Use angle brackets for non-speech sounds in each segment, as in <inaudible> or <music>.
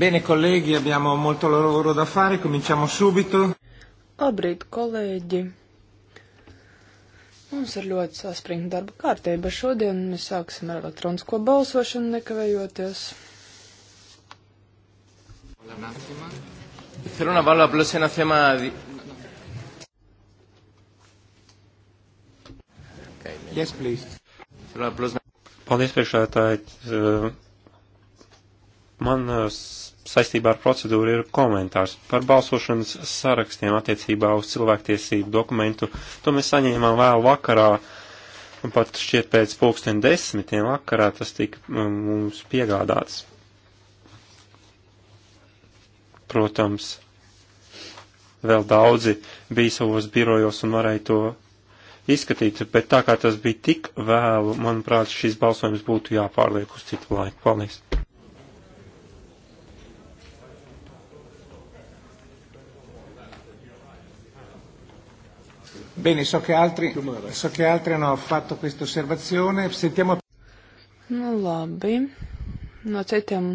Bene colleghi, abbiamo molto lavoro da fare, cominciamo subito. Labrīt, kolēģi! Mums ir ļoti saspringta darba kārtība. Šodien mēs sāksim ar elektronisko balsošanu nekavējoties. Θέλω να βάλω απλώς ένα θέμα... Yes, please. Θέλω απλώς να... Paldies, priekšētāji. Man saistībā ar procedūru ir komentārs par balsošanas sarakstiem attiecībā uz cilvēktiesību dokumentu. To mēs saņēmām vēl vakarā, un pat šķiet pēc pulksten desmitiem vakarā tas tika mm, mums piegādāts. Protams, vēl daudzi bija savos birojos un varēja to izskatīt, bet tā kā tas bija tik vēlu, manuprāt, šis balsojums būtu jāpārliek uz citu laiku. Paldies! Bene, so che altri, so che altri hanno fatto questa osservazione. Sentiamo. Nu, labi. No nu, citiem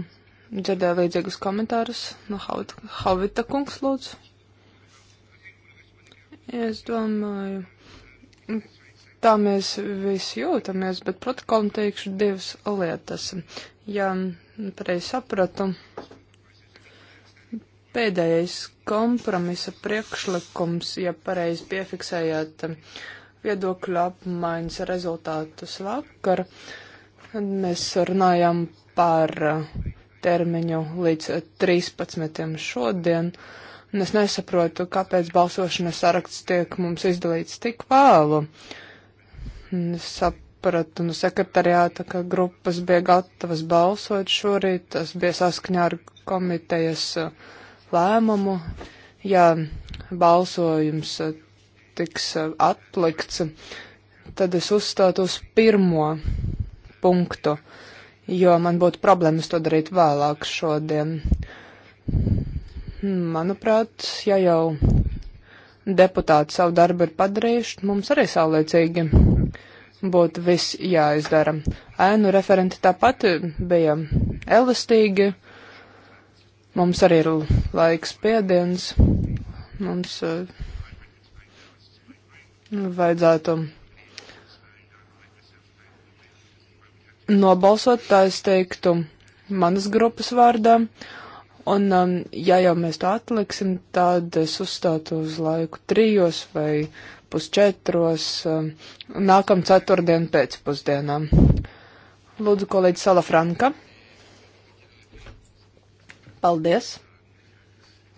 dzirdēju līdzīgus komentārus. No nu, Havita kungs, lūdzu. Es domāju, tā mēs visi jūtamies, bet protokolam teikšu divas lietas. Ja pareizi sapratu, pēdējais kompromisa priekšlikums, ja pareizi piefiksējāt um, viedokļu apmaiņas rezultātus vakar, kad mēs runājām par uh, termiņu līdz 13. šodien, un es nesaprotu, kāpēc balsošanas saraksts tiek mums izdalīts tik vēlu. Es sapratu no nu, sekretariāta, ka grupas bija gatavas balsot šorīt, tas bija saskaņā ar komitejas uh, lēmumu, ja balsojums eh, tiks eh, atlikts, tad es uzstātu uz pirmo punktu, jo man būtu problēmas to darīt vēlāk šodien. Manuprāt, ja jau deputāti savu darbu ir padarījuši, mums arī saulēcīgi būtu viss jāizdara. Ēnu referenti tāpat bija elastīgi, Mums arī ir laiks piediens. Mums uh, vajadzētu nobalsot, tā es teiktu, manas grupas vārdā. Un, um, ja jau mēs to atliksim, tad es uzstātu uz laiku trijos vai pusčetros um, nākam ceturtdien pēcpusdienām. Lūdzu, kolēģi Salafranka. Paldies!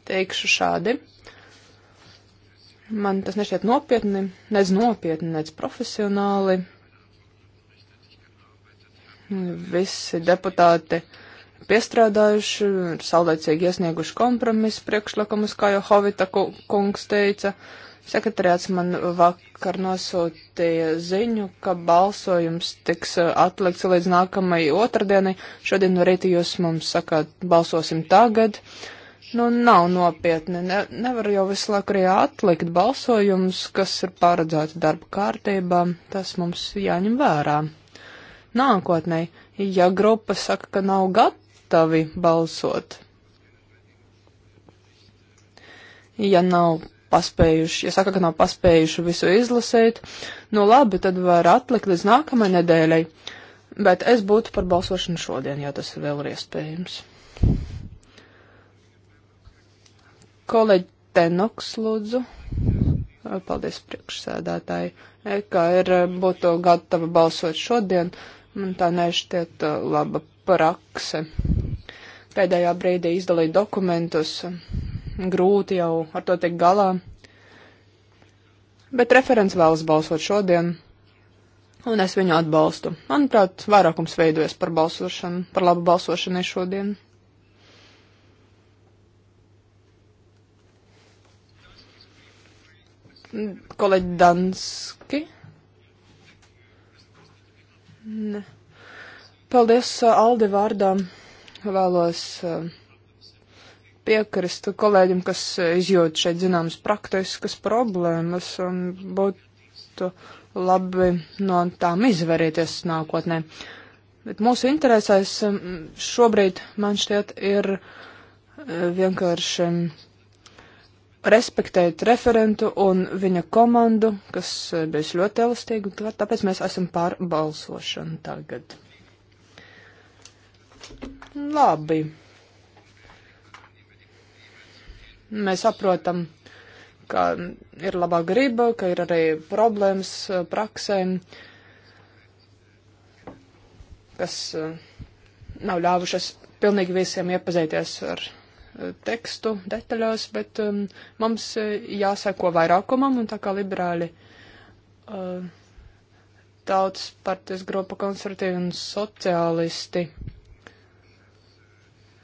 Teikšu šādi. Man tas nešķiet nopietni, nec nopietni, nec profesionāli. Visi deputāti piestrādājuši, saulēcīgi iesnieguši kompromisu priekšlikumus, kā jau Hovita kungs teica. Uh, Sekretariāts man vakar nosūtīja ziņu, ka balsojums tiks uh, atlikts līdz nākamajai otrdienai. Šodien no rīta jūs mums sakāt, balsosim tagad. Nu, nav nopietni. Ne, nevar jau visu laiku arī atlikt balsojums, kas ir paredzēti darba kārtībā. Tas mums jāņem vērā. Nākotnē, ja grupa saka, ka nav gatavi balsot, ja nav paspējuši, ja saka, ka nav paspējuši visu izlasīt, nu labi, tad var atlikt līdz nākamajai nedēļai, bet es būtu par balsošanu šodien, ja tas vēl ir iespējams. Kolēģi Tenoks, lūdzu. Paldies priekšsēdētāji, e ka ir būtu gatava balsot šodien, man tā nešķiet uh, laba prakse. Pēdējā brīdī izdalīt dokumentus grūti jau ar to tikt galā. Bet referents vēlas balsot šodien, un es viņu atbalstu. Manuprāt, vairākums veidojas par balsošanu, par labu balsošanai šodien. Kolēģi Danski. Ne. Paldies Aldi vārdām. Vēlos uh, piekrist kolēģim, kas izjūt šeit zināmas praktiskas problēmas un būtu labi no tām izvarīties nākotnē. Bet mūsu interesēs šobrīd, man šķiet, ir e, vienkārši respektēt referentu un viņa komandu, kas e, bijis ļoti elastīgi, un tāpēc mēs esam pār balsošanu tagad. Labi. Mēs saprotam, ka ir labā griba, ka ir arī problēmas uh, praksēm, kas uh, nav ļāvušas pilnīgi visiem iepazīties ar uh, tekstu detaļās, bet um, mums jāseko vairākumam, un tā kā liberāļi uh, tautas partijas grupa konservatīvi un sociālisti,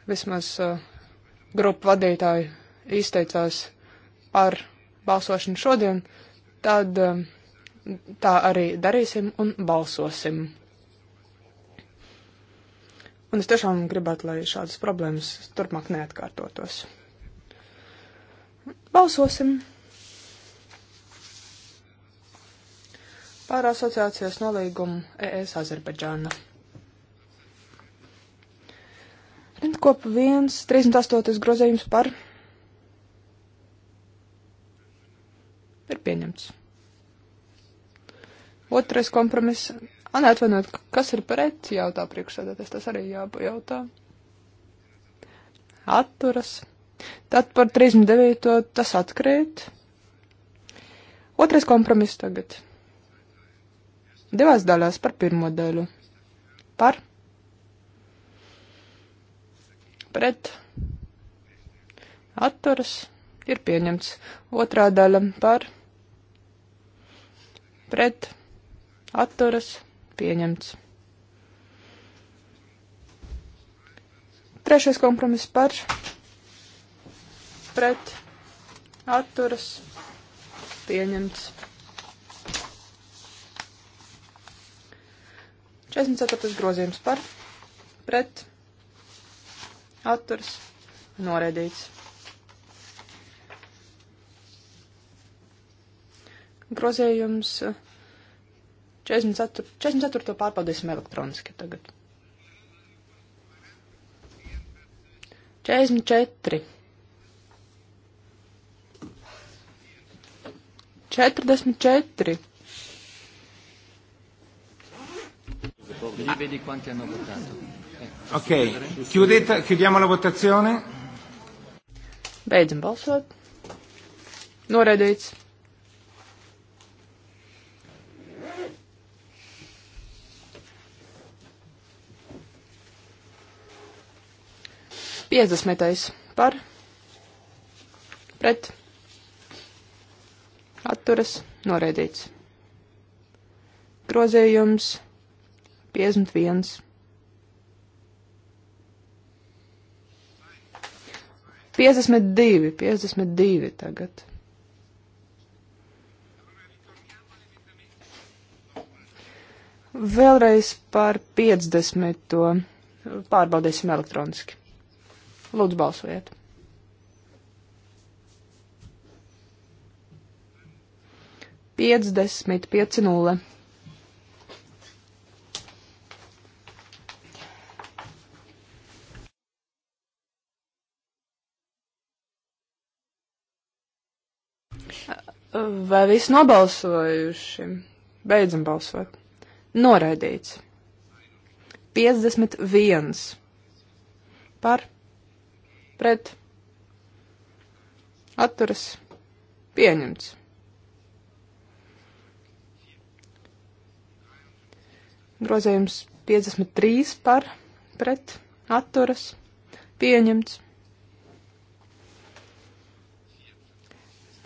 vismaz uh, grupu vadītāji izteicās par balsošanu šodien, tad um, tā arī darīsim un balsosim. Un es tiešām gribētu, lai šādas problēmas turpmāk neatkārtotos. Balsosim par asociācijas nolīgumu ES Azerbaidžāna. Rindkopa 1, 38. grozījums par Ir pieņemts. Otrais kompromiss. Anē, atvainojiet, kas ir pret, jautā priekšsēdētājs, tas arī jāpajautā. Atturas. Tad par 39. tas atkrīt. Otrais kompromiss tagad. Divās daļās par pirmo daļu. Par. Pret. Atturas ir pieņemts. Otrā daļa par pret atturas pieņemts. Trešais kompromiss par pret atturas pieņemts. 44. grozījums par pret atturas noraidīts. grozējums 44. 44. pārbaudīsim elektroniski tagad. 44. 44. Lì vedi quanti hanno votato. Ok, chiudete, chiudiamo la votazione. Beidzam balsot. Noraidīts. 50. par pret atturas noraidīts. Grozējums 51. Piecdesmit divi, piecdesmit divi tagad. Vēlreiz par piecdesmito pārbaudīsim elektroniski. Lūdzu, balsojiet. Piecdesmit pieci nulle. Vai visi nobalsojuši? Beidzam balsot. Noraidīts. 51 par pret atturas pieņemts. Grozījums 53 par pret atturas pieņemts.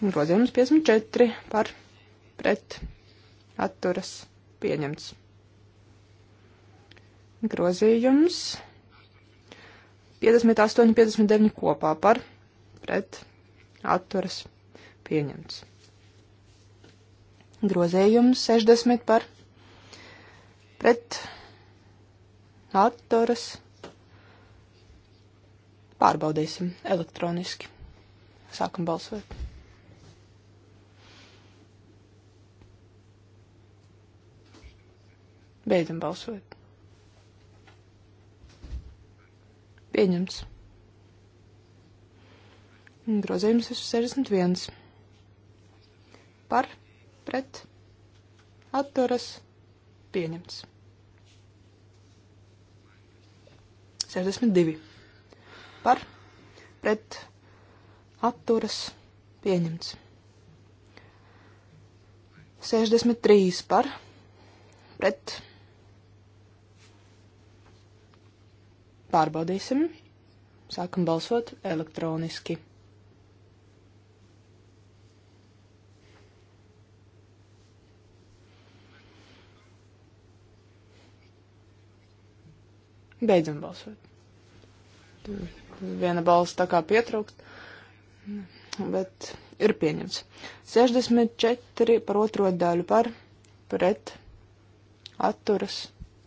Grozījums 54 par pret atturas pieņemts. Grozījums 58, 59 kopā par pret atturas pieņemts. Grozējums 60 par pret atturas pārbaudīsim elektroniski. Sākam balsot. Beidzam balsot. Pieņemts. Grozījums ir 61. Par, pret, atturas, pieņemts. 62. Par, pret, atturas, pieņemts. 63 par, pret, Pārbaudīsim. Sākam balsot elektroniski. Beidzam balsot. Viena balss tā kā pietrūkst, bet ir pieņemts. 64 par otro daļu par pret atturas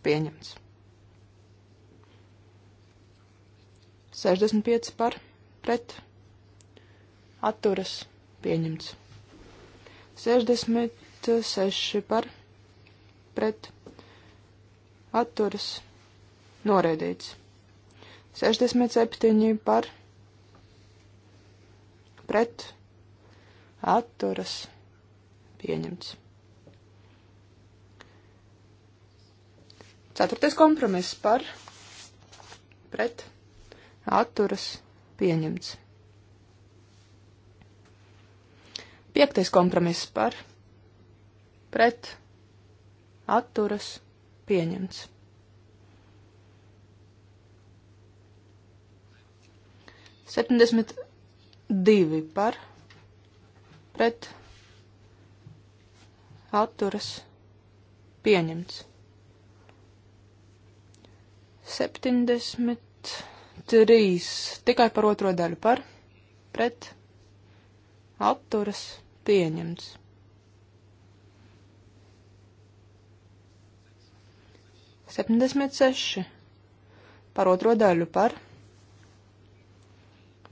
pieņemts. 65 par pret atturas pieņemts. 66 par pret atturas noraidīts. 67 par pret atturas pieņemts. Ceturtais kompromiss par pret atturas pieņemts. Piektais kompromiss par, pret, atturas pieņemts. Septiņdesmit divi par, pret, atturas pieņemts. Septiņdesmit 70... Trīs. Tikai par otro daļu par. Pret. Atturas. Pieņemts. Septiņdesmit seši. Par otro daļu par.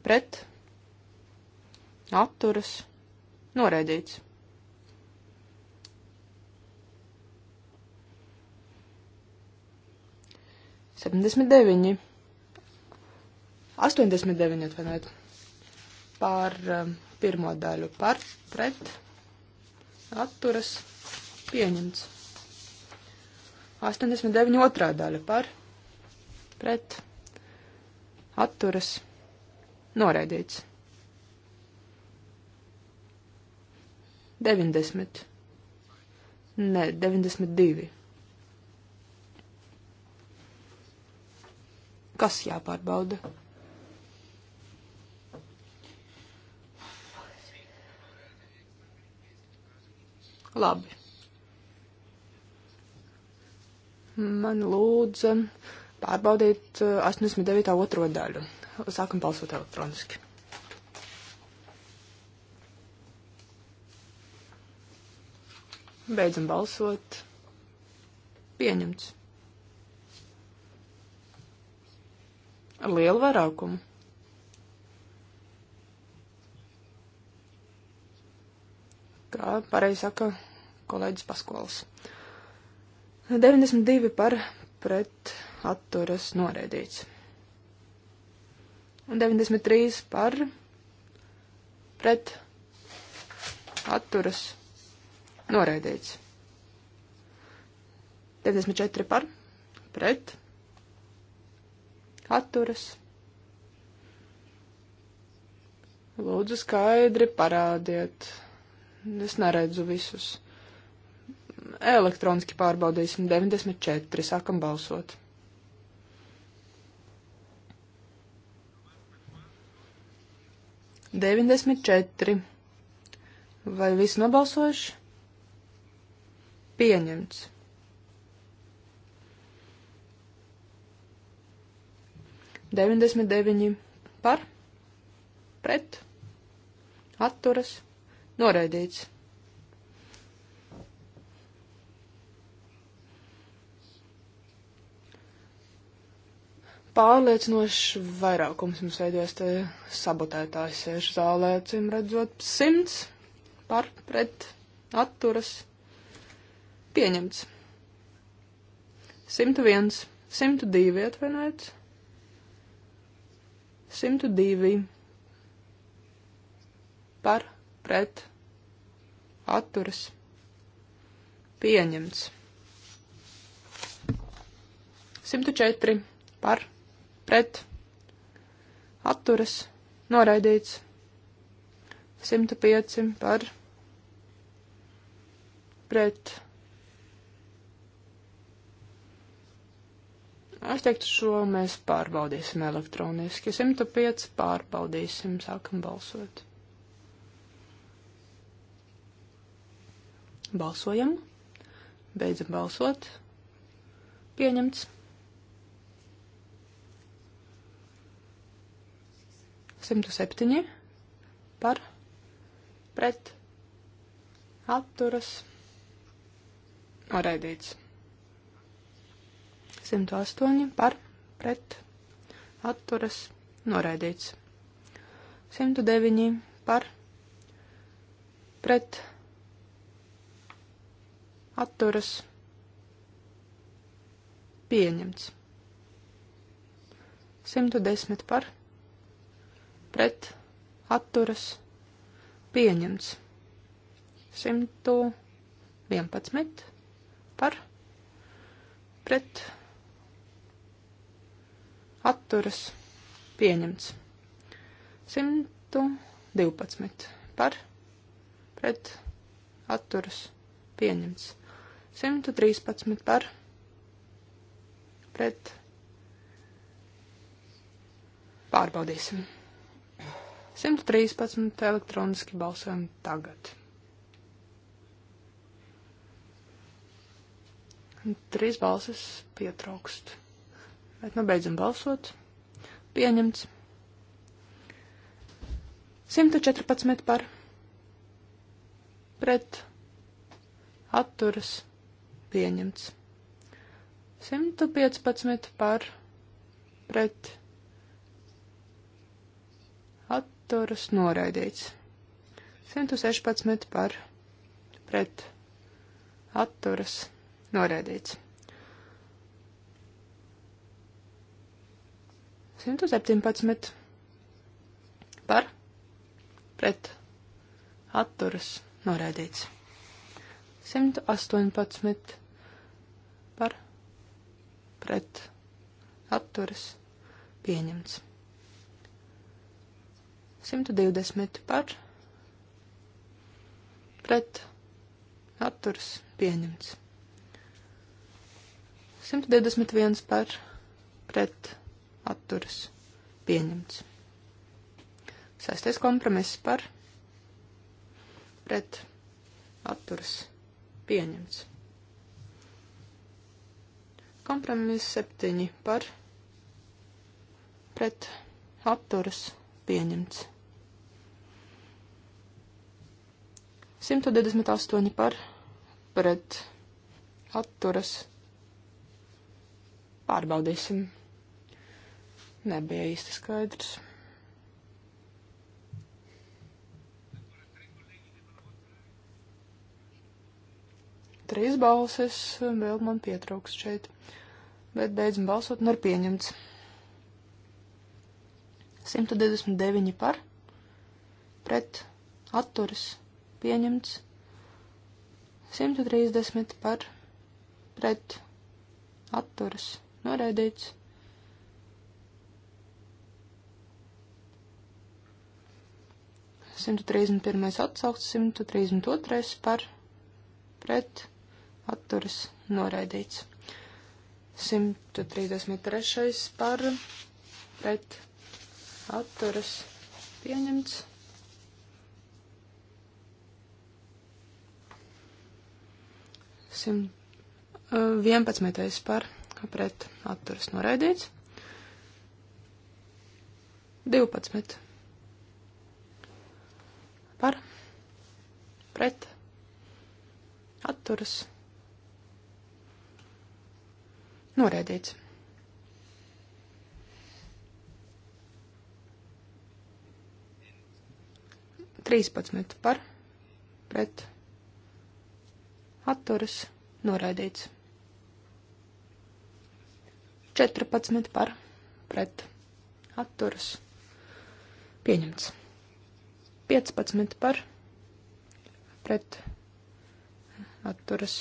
Pret. Atturas. Noraidīts. Septiņdesmit deviņi. 89 atvainojiet par um, pirmo daļu par pret atturas pieņemts. 89 otrā daļa par pret atturas noraidīts. 90. Nē, 92. Kas jāpārbauda? Labi. Man lūdza pārbaudīt 89. Uh, otro daļu. Sākam balsot elektroniski. Beidzam balsot. Pieņemts. Ar lielu vairākumu. Kā pareizi saka kolēģis Paskols. 92 par pret atturas noraidīts. Un 93 par pret atturas noraidīts. 94 par pret atturas. Lūdzu, skaidri parādiet. Es neredzu visus. Elektroniski pārbaudīsim 94. Sākam balsot. Deviņdesmit četri. Vai visi nobalsojuši? Pieņemts. Deviņdesmit deviņi par, pret, atturas, noraidīts. pārliecinošs vairākums mums veidojas te sabotētājs sēž zālē, cim redzot, simts par pret atturas pieņemts. 101, 102 atvienojiet, 102 par pret atturas pieņemts. 104 par pret pret atturas noraidīts 105 par pret. Es teiktu, šo mēs pārbaudīsim elektroniski. 105 pārbaudīsim, sākam balsot. Balsojam, beidzam balsot. Pieņemts. 107 par pret atturas noraidīts. 108 par pret atturas noraidīts. 109 par pret atturas pieņemts. 110 par pret pret atturas pieņemts. 111 par pret atturas pieņemts. 112 par pret atturas pieņemts. 113 par pret pārbaudīsim. 113 elektroniski balsojam tagad. 3 balsis pietrūkst. Bet nu beidzam balsot. Pieņemts. 114 par. Pret. Atturas. Pieņemts. 115 par. Pret atturas noraidīts. 116 par pret atturas noraidīts. 117 par pret atturas noraidīts. 118 par pret atturas pieņemts. 120 par pret atturs pieņemts. 121 par pret atturs pieņemts. Sestais kompromiss par pret atturs pieņemts. Kompromiss septiņi par pret atturs pieņemts. 128 par pret atturas. Pārbaudīsim. Nebija īsti skaidrs. Trīs balses vēl man pietrūks šeit, bet beidzam balsot un ir pieņemts. 129 par pret atturas pieņemts 130 par pret atturas noraidīts. Simt trīsdesmit pirmais atsaukts, simt trīsdesmit otrais par pret atturas noraidīts. 133. par pret atturas pieņemts. 111. par pret atturas noraidīts. 12. Par pret atturas noraidīts. Trīspadsmit par pret atturas noraidīts. 14 par pret atturas pieņemts. 15 par pret atturas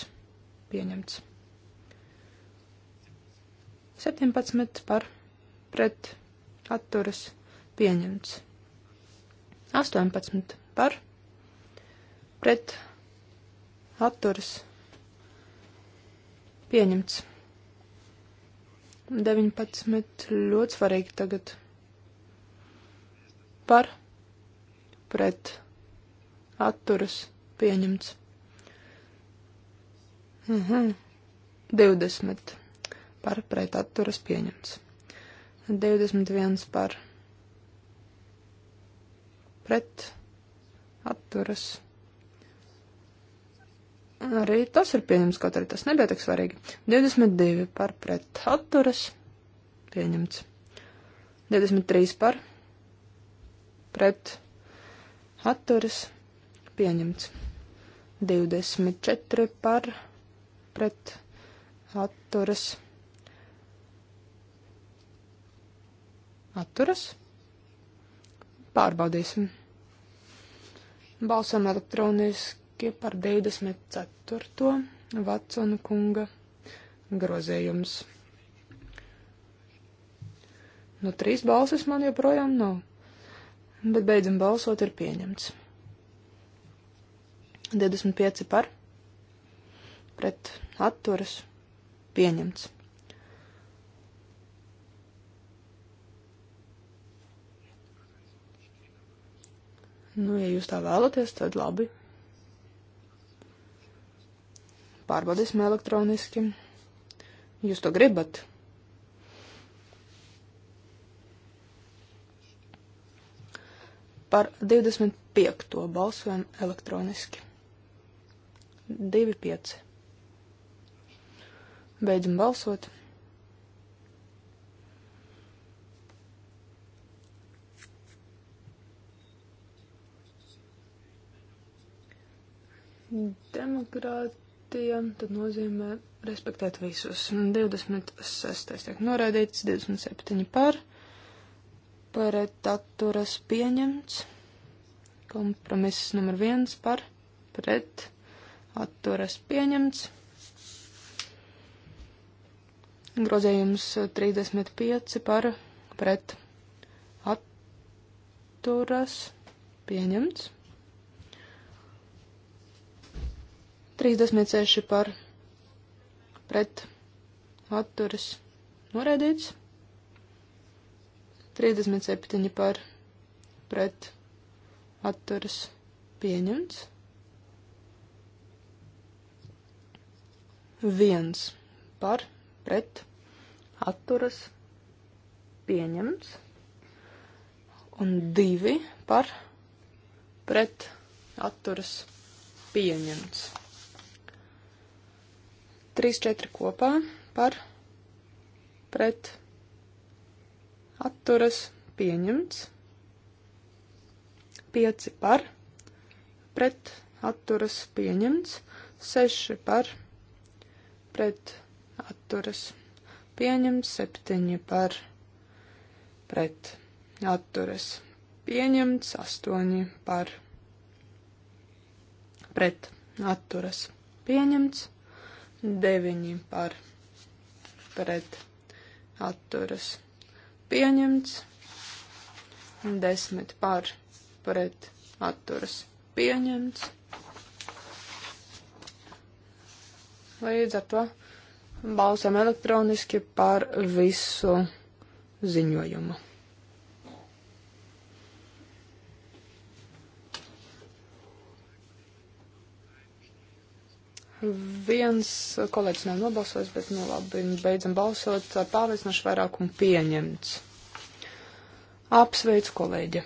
pieņemts. 17 par pret atturas pieņemts. 18 par pret atturas pieņemts. 19 ļoti svarīgi tagad par pret atturas pieņemts. Aha. Mhm. 20 par pret atturas pieņemts. 21 par pret atturas pieņemts Arī tas ir pieņemts, kaut arī tas nebija tik svarīgi. 22 par pret atturas pieņemts. 23 par pret atturas pieņemts. 24 par pret atturas. Atturas? Pārbaudīsim. Balsam elektroniski Jaki par 24. Vatsona kunga grozējums. Nu, trīs balsis man joprojām nav, bet beidzam balsot ir pieņemts. 25 par, pret atturas, pieņemts. Nu, ja jūs tā vēlaties, tad labi. Pārbaudīsim elektroniski. Jūs to gribat? Par 25. balsojam elektroniski. 2,5. Beidzam balsot. Demokrāti partija, tad nozīmē respektēt visus. 26. tiek noraidīts, 27 par, pret atturas pieņemts, kompromiss numur 1 par, pret atturas pieņemts. Grozījums 35 par, pret atturas pieņemts. 36 par pret atturas noraidīts. 37 par pret atturas pieņemts. 1 par pret atturas pieņemts. Un 2 par pret atturas pieņemts. 3, 4 kopā par pret atturas pieņemts, 5 par pret atturas pieņemts, 6 par pret atturas pieņemts, 7 par pret atturas pieņemts, 8 par pret atturas pieņemts 9 par pret atturas pieņemts, 10 par pret atturas pieņemts. Līdz ar to balsam elektroniski par visu ziņojumu. Viens kolēģis nav nobalsojis, bet nu labi, beidzam balsot ar pārliecinošu vairākumu pieņemts. Apsveicu kolēģi!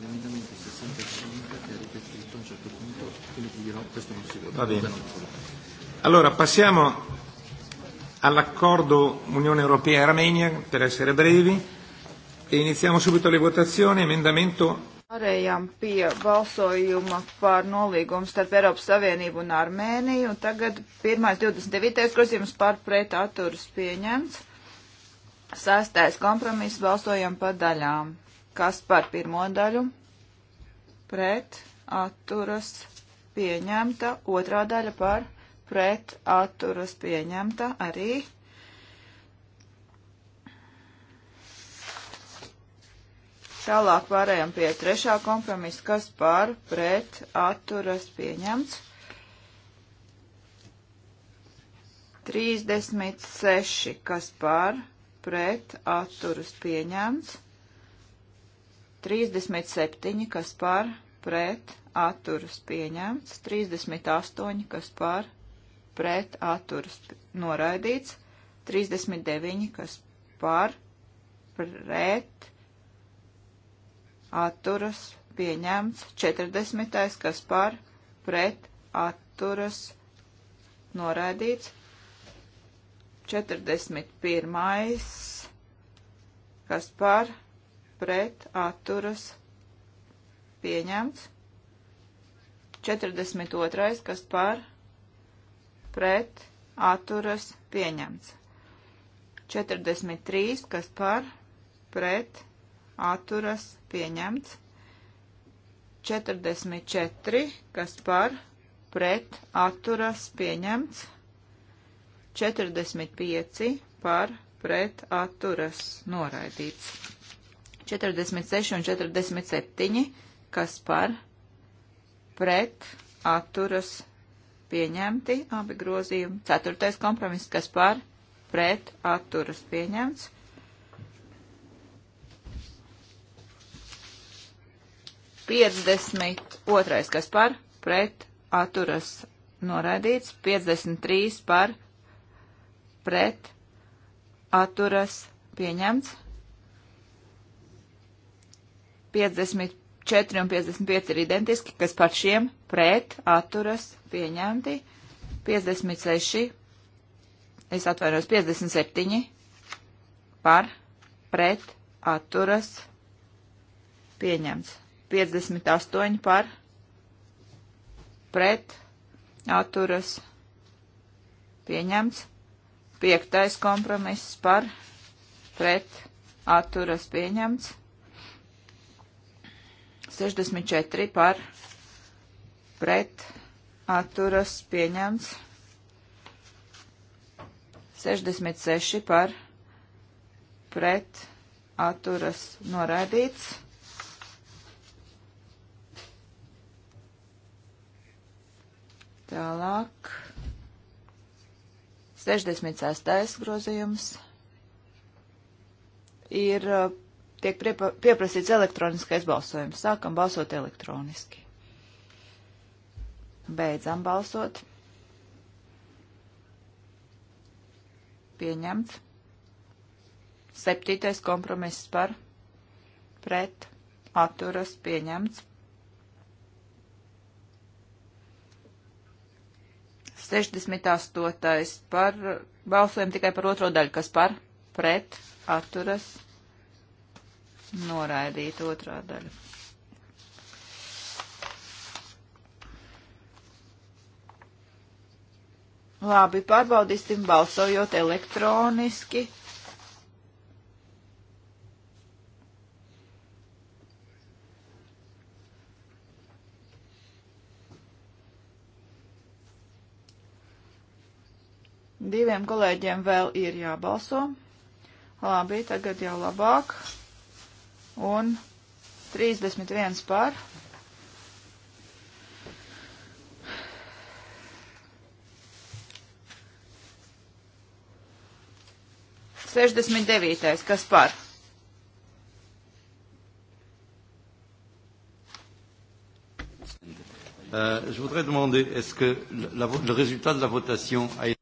L'emendamento 65 che ha ripetuto a un certo punto, quindi ti dirò questo non si vota. Va bene. Allora passiamo all'accordo Unione Europea e Armenia, per essere brevi, e iniziamo subito le votazioni. Emendamento Pārējām pie balsojuma par nolīgumu starp Eiropas Savienību un Armēniju. Un tagad pirmais 29. grozījums par pret atturas pieņemts. Sastais kompromiss balsojam pa daļām. Kas par pirmo daļu? Pret atturas pieņemta. Otrā daļa par pret atturas pieņemta arī. Tālāk pārējām pie trešā kompromisa, kas par pret atturas pieņemts. 36, kas par pret atturas pieņemts. 37, kas par pret atturas pieņemts. 38, kas par pret atturas noraidīts. 39, kas par pret atturas atturas pieņemts, 40. kas par pret atturas noraidīts, 41. kas par pret atturas pieņemts, 42. kas par pret atturas pieņemts, 43. kas par pret atturas pieņemts atturas pieņemts. 44, kas par pret atturas pieņemts. 45 par pret atturas noraidīts. 46 un 47, kas par pret atturas pieņemti abi grozījumi. Ceturtais kompromiss, kas par pret atturas pieņemts. 52. kas par pret atturas noraidīts, 53 par pret atturas pieņemts, 54 un 55 ir identiski, kas par šiem pret atturas pieņemti, 56, es atvainojos, 57 par pret atturas pieņemts. 58 par pret atturas pieņemts. 5. kompromiss par pret atturas pieņemts. 64 par pret atturas pieņemts. 66 par pret atturas noraidīts. Tālāk. 66. grozījums ir, uh, tiek pieprasīts elektroniskais balsojums. Sākam balsot elektroniski. Beidzam balsot. Pieņemts. Septītais kompromiss par pret atturas pieņemts. 68. par balsojam tikai par otro daļu, kas par pret atturas noraidīt otrā daļa. Labi, pārbaudīsim balsojot elektroniski Diviem kolēģiem vēl ir jābalso. Labi, tagad jau labāk. Un 31 par. Sešdesmit devītais, kas par? Uh, je voudrais demander, est-ce que la, le résultat de la votation a été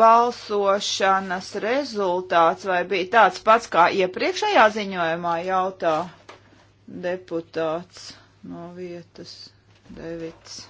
balsošanas rezultāts vai bija tāds pats kā iepriekšējā ziņojumā, jautā deputāts no vietas Devits.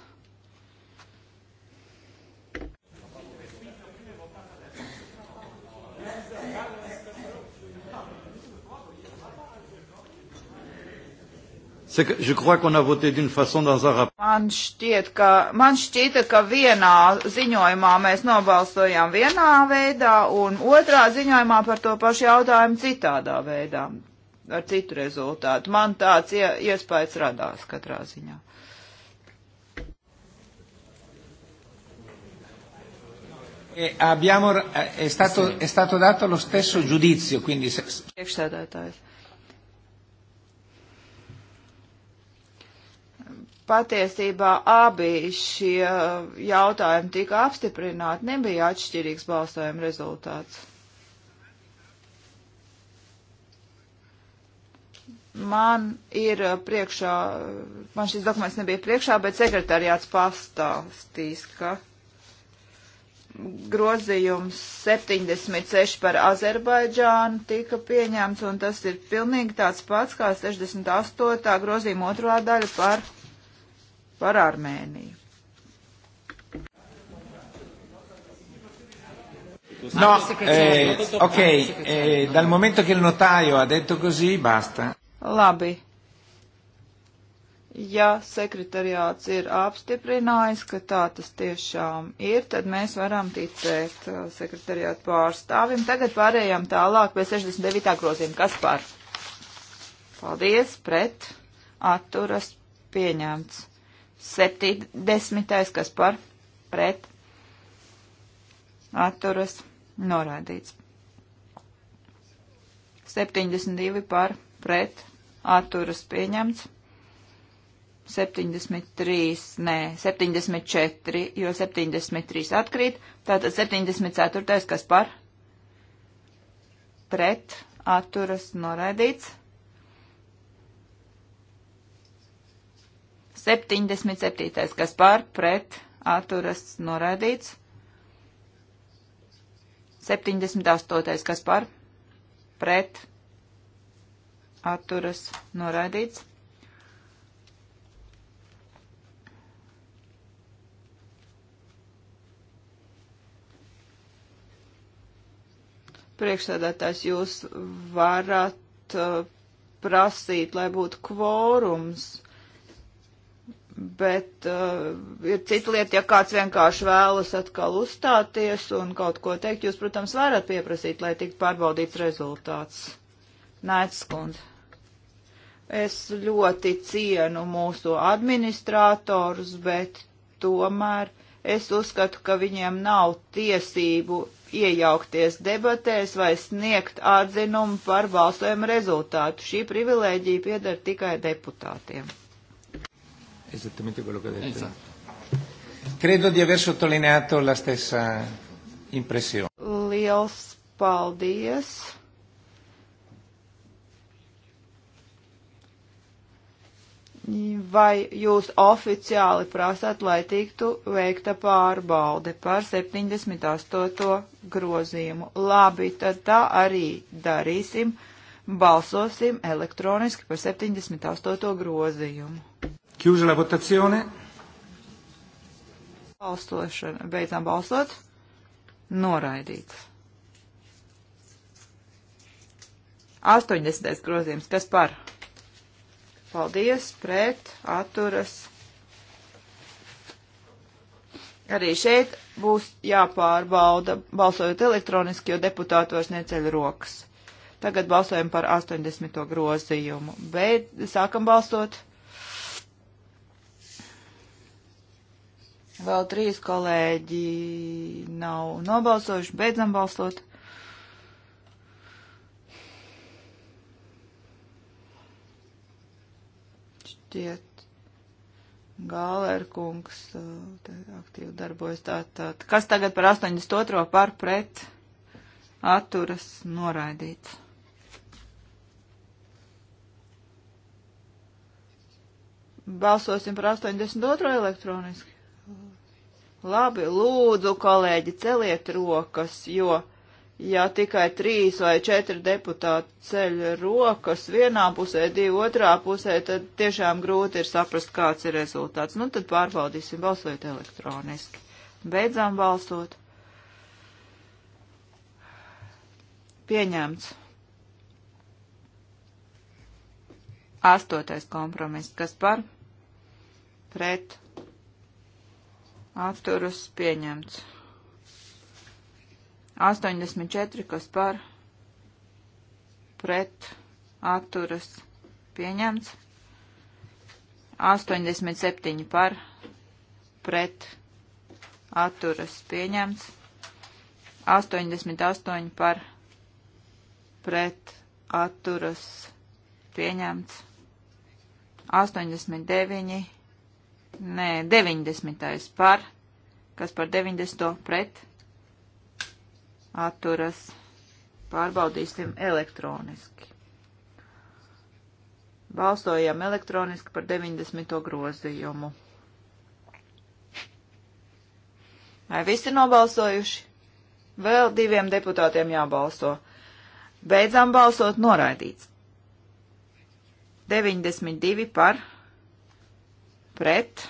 Man šķiet, ka, man šķita, ka vienā ziņojumā mēs nobalsojām vienā veidā un otrā ziņojumā par to pašu jautājumu citādā veidā, ar citu rezultātu. Man tāds iespējas radās katrā ziņā. E abbiamo, e, è, stato, sì. è stato dato lo stesso giudizio, quindi... Priekšsēdētājs. Patiesībā abi šie jautājumi tika apstiprināti, nebija atšķirīgs balsojuma rezultāts. Man ir priekšā, man šis dokuments nebija priekšā, bet sekretariāts pastāstīs, ka grozījums 76 par Azerbaidžānu tika pieņemts, un tas ir pilnīgi tāds pats kā 68. grozījuma otrā daļa par par Armēniju. No, eh, ok, eh, dal momento che il notaio ha detto così, basta. Labi. Ja sekretariāts ir apstiprinājis, ka tā tas tiešām ir, tad mēs varam ticēt eh, sekretariātu pārstāvim. Tagad pārējām tālāk pie 69. grozījuma. Kas par? Paldies, pret, atturas, pieņemts. 70. kas par pret atturas norādīts. 72 par pret atturas pieņemts. 73, nē, 74, jo 73 atkrīt, tātad 74, kas par pret atturas noraidīts. 77. kas par pret atturas noraidīts. 78. kas par pret atturas noraidīts. Priekšsēdētājs jūs varat uh, prasīt, lai būtu kvorums Bet uh, ir cita lieta, ja kāds vienkārši vēlas atkal uzstāties un kaut ko teikt, jūs, protams, varat pieprasīt, lai tiktu pārbaudīts rezultāts. Nēc skundze. Es ļoti cienu mūsu administratorus, bet tomēr es uzskatu, ka viņiem nav tiesību iejaukties debatēs vai sniegt atzinumu par balsojumu rezultātu. Šī privilēģija pieder tikai deputātiem esattamente quello che ha detto. Esatto. Credo di aver sottolineato la stessa impressione. Liels paldies. Vai jūs oficiāli prasat, lai tiktu veikta pārbaude par 78. grozījumu? Labi, tad tā arī darīsim. Balsosim elektroniski par 78. grozījumu. Chiusa la votazione. Balsošana. Beidzām balsot. Noraidīts. 80. grozījums. Kas par? Paldies, pret, atturas. Arī šeit būs jāpārbauda balsojot elektroniski, jo deputāti vairs neceļ rokas. Tagad balsojam par 80. grozījumu. Beid, sākam balsot. Vēl trīs kolēģi nav nobalsojuši, beidzam balsot. Šķiet, Gālērkungs uh, aktīvi darbojas tātad. Tā. Kas tagad par 82. par pret atturas noraidīts? Balsosim par 82. elektroniski. Labi, lūdzu, kolēģi, celiet rokas, jo, ja tikai trīs vai četri deputāti ceļ rokas vienā pusē, divi otrā pusē, tad tiešām grūti ir saprast, kāds ir rezultāts. Nu, tad pārbaudīsim, balsojot elektroniski. Beidzām balsot. Pieņemts. Astotais kompromiss. Kas par? Pret atturus pieņemts. 84, kas par pret atturas pieņemts. 87 par pret atturas pieņemts. 88 par pret atturas pieņemts. 89 Nē, 90. par, kas par 90. pret atturas. Pārbaudīsim elektroniski. Balsojam elektroniski par 90. grozījumu. Vai visi nobalsojuši? Vēl diviem deputātiem jābalso. Beidzām balsot noraidīts. 92 par pret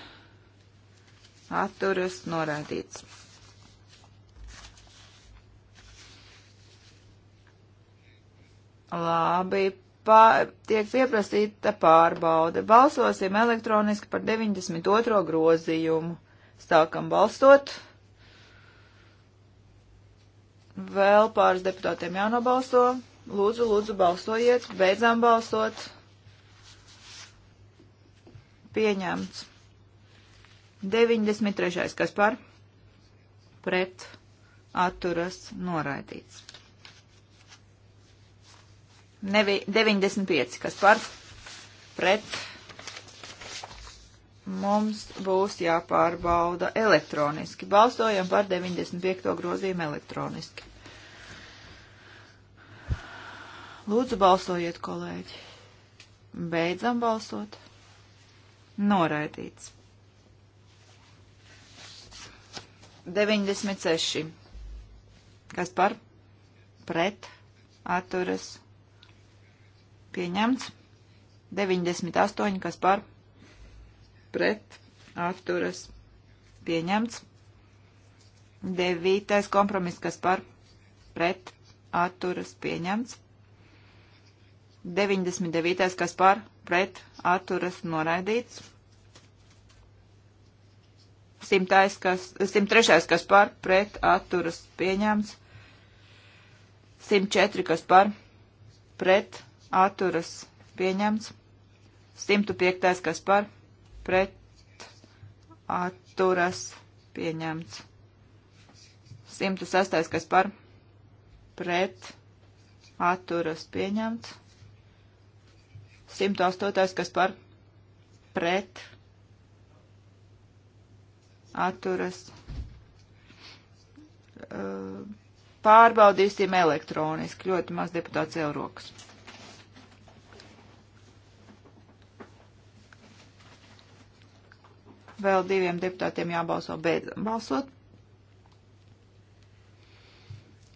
atturas norādīts. Labi, pā, tiek pieprasīta pārbaude. Balsosim elektroniski par 92. grozījumu. Sākam balstot. Vēl pāris deputātiem jānobalso. Lūdzu, lūdzu, balsojiet. Beidzām balsot pieņemts. 93. kas par pret atturas noraidīts. Nevi, 95. kas par pret mums būs jāpārbauda elektroniski. Balsojam par 95. grozījumu elektroniski. Lūdzu, balsojiet, kolēģi. Beidzam balsot. Noraidīts. 96. Kas par? Pret. Atturas. Pieņemts. 98. Kas par? Pret. Atturas. Pieņemts. 9. Kompromiss. Kas par? Pret. Atturas. Pieņemts. 99. Kas par? Pret pret atturas noraidīts. 103. kas, 103, kas par pret atturas pieņemts. 104. kas par pret atturas pieņemts. 105. kas par pret atturas pieņemts. 106. kas par pret atturas pieņemts. 108. kas par pret atturas. Pārbaudīsim elektroniski. Ļoti maz deputāts jau rokas. Vēl diviem deputātiem jābalso. Beidzam balsot.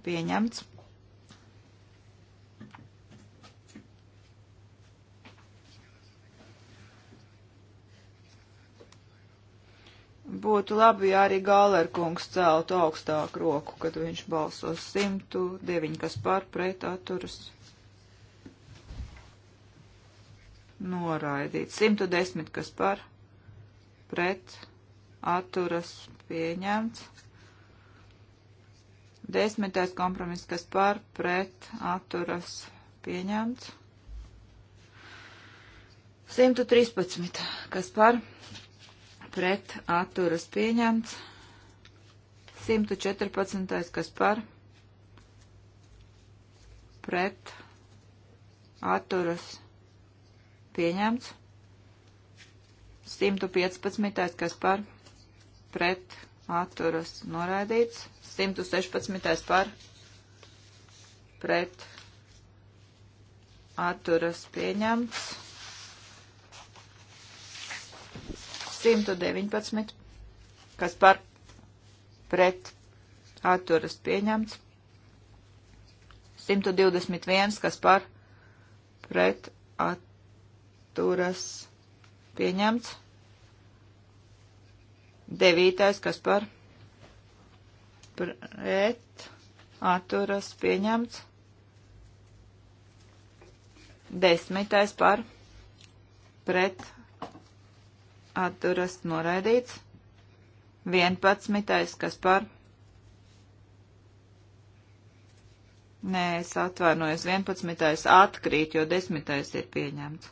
Pieņemts. Būtu labi, ja arī Gālerkungs celtu augstāku roku, kad viņš balsos 109, kas par pret atturas. Noraidīt. 110, kas par pret atturas pieņemts. Desmitais kompromiss, kas par pret atturas pieņemts. 113, kas par pret atturas pieņemts. 114. kas par pret atturas pieņemts. 115. kas par pret atturas noraidīts. 116. par pret atturas pieņemts. 119, kas par pret atturas pieņemts. 121, kas par pret atturas pieņemts. 9, kas par pret atturas pieņemts. 10 par pret atturas noraidīts. 11. kas par? Nē, es atvainojos, 11. atkrīt, jo 10. ir pieņemts.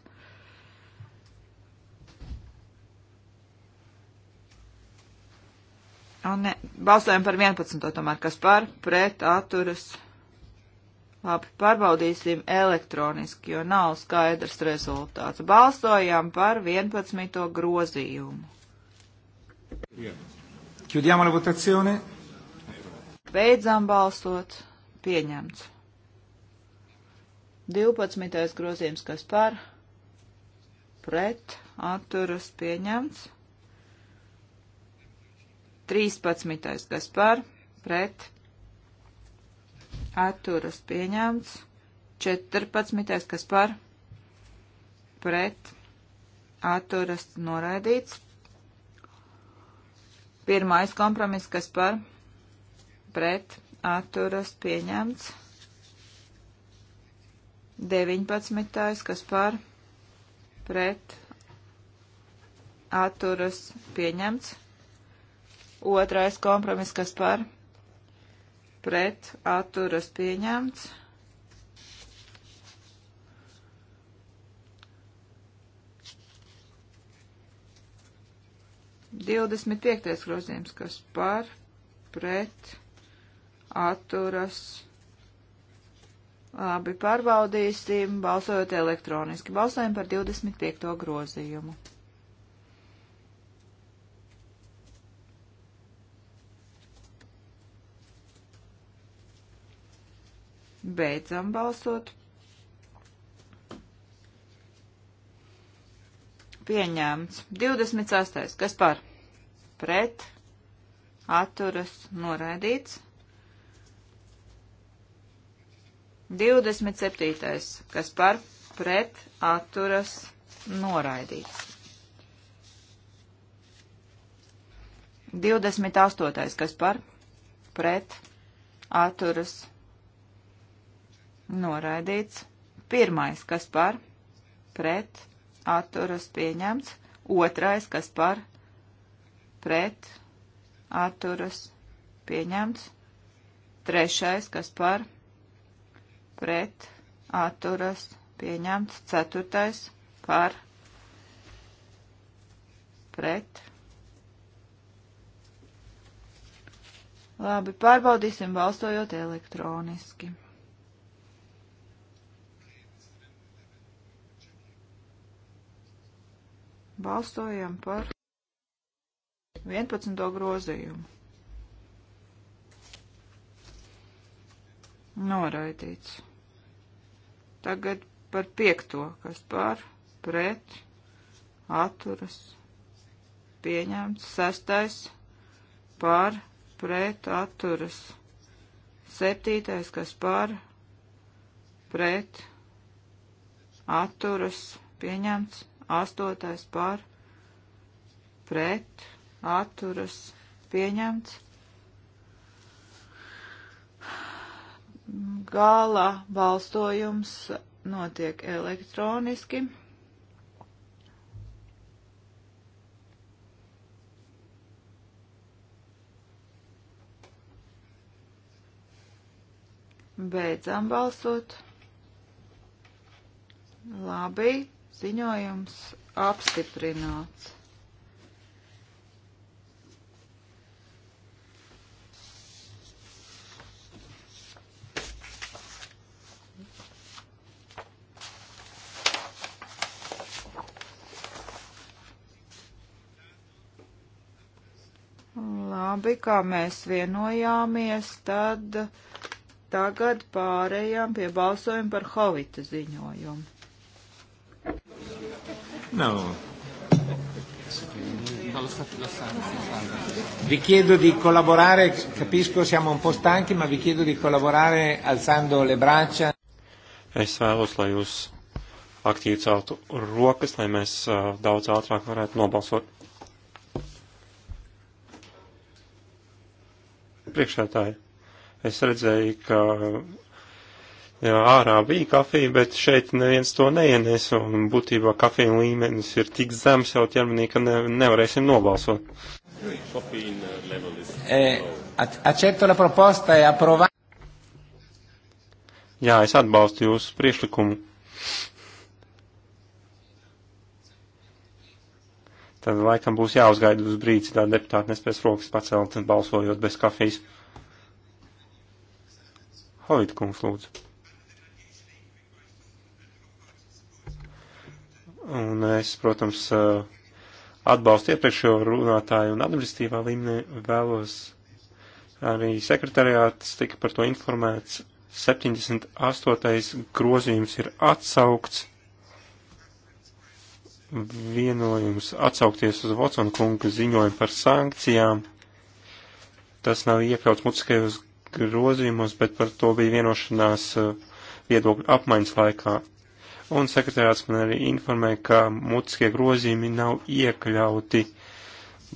Un ne, balsojam par 11. tomēr, kas par pret atturas noraidīts Labi, pārbaudīsim elektroniski, jo nav skaidrs rezultāts. Balsojām par 11. grozījumu. Chiudiamo la votazione. Beidzām balsot. Pieņemts. 12. grozījums, kas par, pret, atturas, pieņemts. 13. kas par, pret, atturas pieņemts. 14. kas par pret atturas noraidīts. Pirmais kompromiss, kas par pret atturas pieņemts. 19. kas par pret atturas pieņemts. Otrais kompromiss, kas par pret pret atturas pieņemts. Divdesmit piektais grozījums, kas par pret atturas pieņemts. Labi, pārbaudīsim, balsojot elektroniski. Balsojam par 25. grozījumu. Beidzam balsot. Pieņēmts. 26. Kas par? Pret. Atturas. Noraidīts. 27. Kas par? Pret. Atturas. Noraidīts. 28. Kas par? Pret. Atturas. Noraidīts noraidīts. Pirmais, kas par, pret, atturas pieņemts. Otrais, kas par, pret, atturas pieņemts. Trešais, kas par, pret, atturas pieņemts. Ceturtais, par, pret. Labi, pārbaudīsim balsojot elektroniski. Balsojam par 11. grozījumu. Noraidīts. Tagad par piekto, kas par, pret, atturas, pieņemts, sestais, par, pret, atturas, septītais, kas par, pret, atturas, pieņemts, Astotais par pret atturas pieņemts. Gala balstojums notiek elektroniski. Beidzam balsot. Labi, Ziņojums apstiprināts. Labi, kā mēs vienojāmies, tad tagad pārējām pie balsojuma par Hovita ziņojumu. No. Vi chiedo di collaborare, capisco siamo un po' stanchi, ma vi chiedo di collaborare alzando le braccia. Es vēlos, lai jūs aktīvi celtu rokas, lai mēs uh, daudz ātrāk varētu nobalsot. Priekšētāji, es redzēju, ka Jā, ārā bija kafija, bet šeit neviens to neienies, un būtībā kafija līmenis ir tik zems jau ķermenī, ka ne, nevarēsim nobalsot. Eh, e Jā, es atbalstu jūsu priešlikumu. Tad laikam būs jāuzgaida uz brīdi, tā deputāti nespēs rokas pacelt, balsojot bez kafijas. Hovita kungs, lūdzu. Un es, protams, eh, atbalstu iepriekšējo runātāju un administratīvā līmenī vēlos arī sekretariāts tika par to informēts. 78. grozījums ir atsaukts. Vienojums atsaukties uz Vocona kunga ziņojumu par sankcijām. Tas nav iekļauts mutiskajos grozījumos, bet par to bija vienošanās eh, viedokļu apmaiņas laikā un sekretārāts man arī informēja, ka mutiskie grozījumi nav iekļauti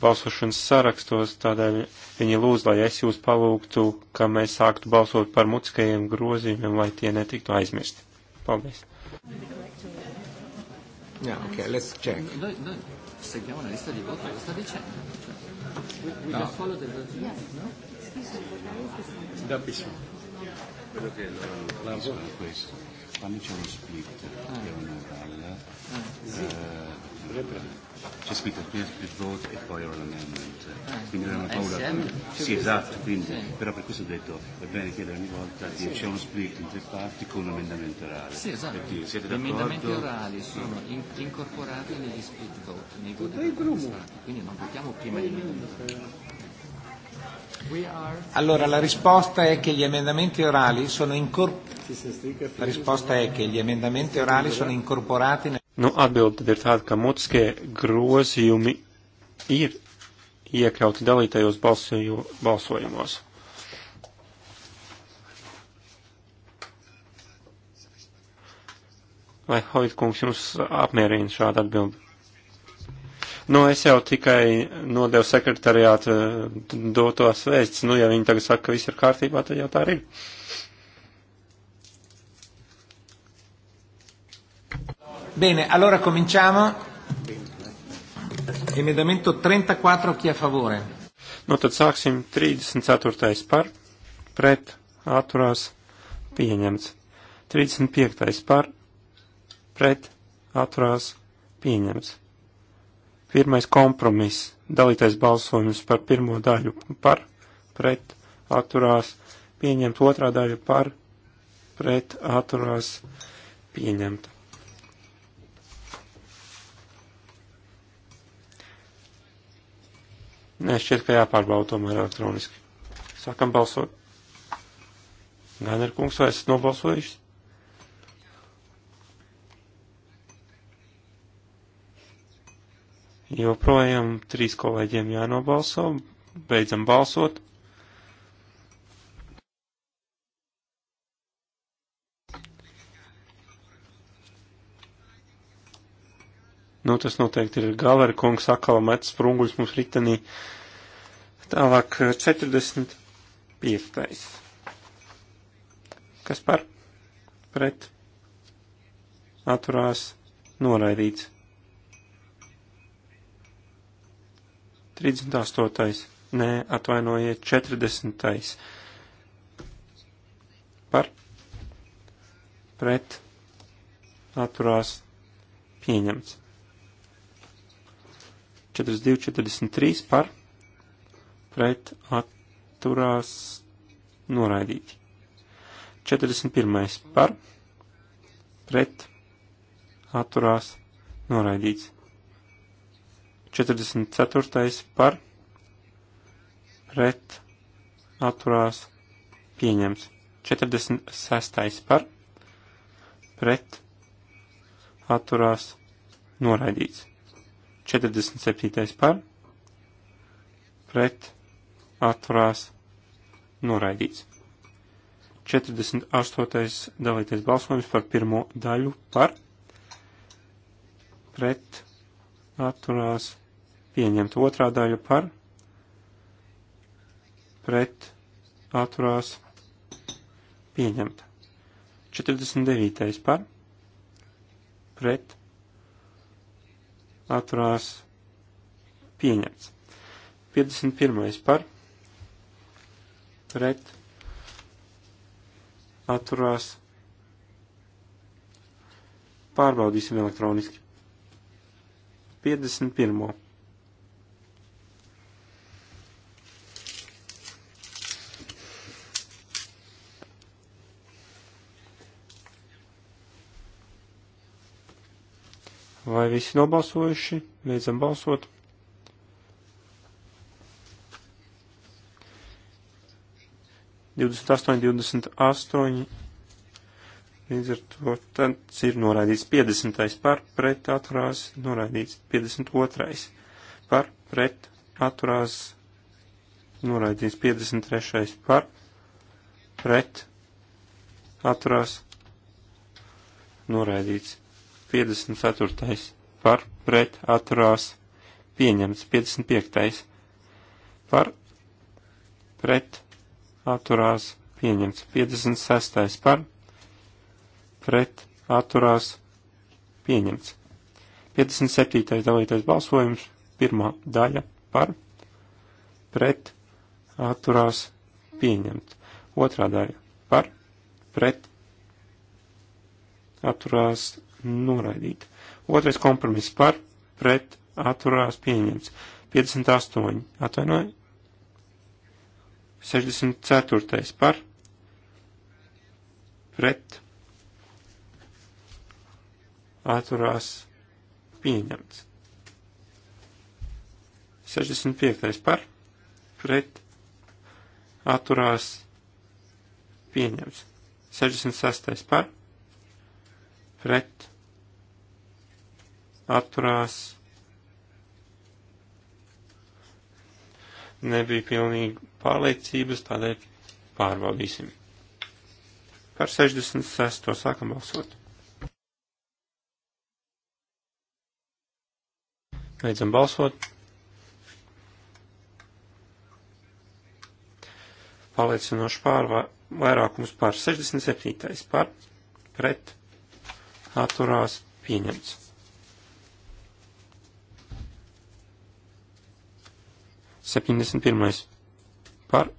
balsošanas sarakstos, tādēļ viņi lūdz, lai es jūs palūgtu, ka mēs sāktu balsot par mutiskajiem grozījumiem, lai tie netiktu aizmirsti. Paldies. Yeah, okay, let's check. No, no, seguiamo la lista di voto, lo sta dicendo. We, we no. just follow the vote. Yes. No? Da bisogno. Quello che la voce questo. Spanish split Leonel c'è scritto prima split vote e poi oral amendment quindi era una paura sì esatto quindi, però per questo ho detto è bene chiedere ogni volta che c'è uno split in tre parti con un emendamento orale sì esatto Perché siete gli emendamenti orali sono in, incorporati negli split vote nei voti quindi non votiamo prima gli emendamenti Allora la risposta è che gli emendamenti orali sono incorporati. La risposta è che gli emendamenti orali sono incorporati. Ne... Nu, atbilde ir tāda, ka mutiskie grozījumi ir iekļauti dalītajos balsoju, balsojumos. Vai Hovid kungs jums apmierina šādu atbildi? Nu, es jau tikai nodevu sekretariātu eh, dotos vēsts. Nu, ja viņi tagad saka, ka viss ir kārtībā, tad jau tā arī ir. Bene, allora cominciamo. Emendamento 34, chi è a favore? Nu, tad sāksim 34. par, pret, atturās, pieņemts. 35. par, pret, atturās, pieņemts. Pirmais kompromiss. Dalītais balsojums par pirmo daļu par, pret, atturās, pieņemt otrā daļa par, pret, atturās, pieņemt. Nē, šķiet, ka jāpārbauda tomēr elektroniski. Sākam balsot. Gan ir kungs, vai esat nobalsojuši? Joprojām trīs kolēģiem jānobalso. Beidzam balsot. Nu, tas noteikti ir Galera kungs atkal met sprunguļus mums ritenī. Tālāk 45. Eh, Kas par? Pret. Atturās. Noraidīts. 38. Nē, atvainojiet, 40. Par pret atturās pieņemts. 42, 43 par pret atturās noraidīti. 41 par pret atturās noraidīts. 44. par pret atturās pieņems. 46. par pret atturās noraidīts. 47. par pret atturās noraidīts. 48. dalīties balsojums par pirmo daļu par pret atturās noraidīts pieņemta. Otrā daļa par pret atturās pieņemta. 49. par pret atturās pieņemts. 51. par pret atturās pārbaudīsim elektroniski. 51. Vai visi nobalsojuši? Beidzam balsot. Divdesmit astoņi, divdesmit astoņi. Līdz ar to tad ir noraidīts 50. par pret atturās, noraidīts 52. par pret atturās, noraidīts 53. par pret atturās, noraidīts 54. par pret atturās pieņemts 55. par pret atturās pieņemts 56. par pret atturās pieņemts 57. dalītais balsojums pirmā daļa par pret atturās pieņemt otrā daļa par pret atturās noraidīta. Otrais kompromiss par, pret, atturās pieņemts. 58, atvainoju. 64. par, pret, atturās pieņemts. 65. par, pret, atturās pieņemts. 66. par, pret, atturās. Nebija pilnīgi pārliecības, tādēļ pārbaudīsim. Par 66. sākam balsot. Beidzam balsot. Paliecinoši pārvā, vairākums par 67. par pret atturās pieņemts. 71. par.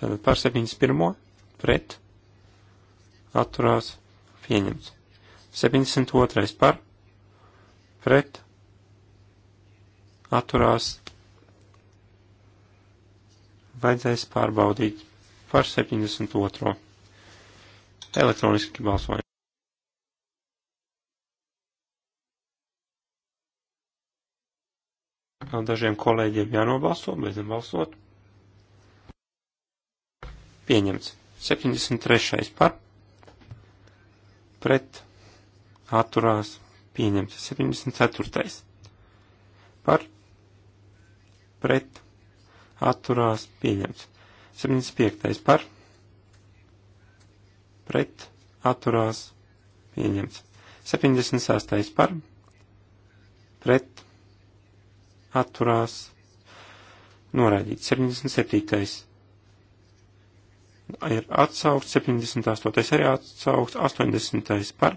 Tātad par 71. pret. Atturās pieņemts. 72. par. Pret. Atturās. Vajadzēs pārbaudīt par 72. Elektroniski balsojam. Vēl dažiem kolēģiem jānobalso, beidzam balsot. Pieņemts. 73. par. Pret. Atturās. Pieņemts. 74. Par. Pret. Atturās. Pieņemts. 75. par. Pret. Atturās. Pieņemts. 76. par. Pret atturās noraidīts. 77. ir atsaukt, 78. arī atsaukt, 80. par.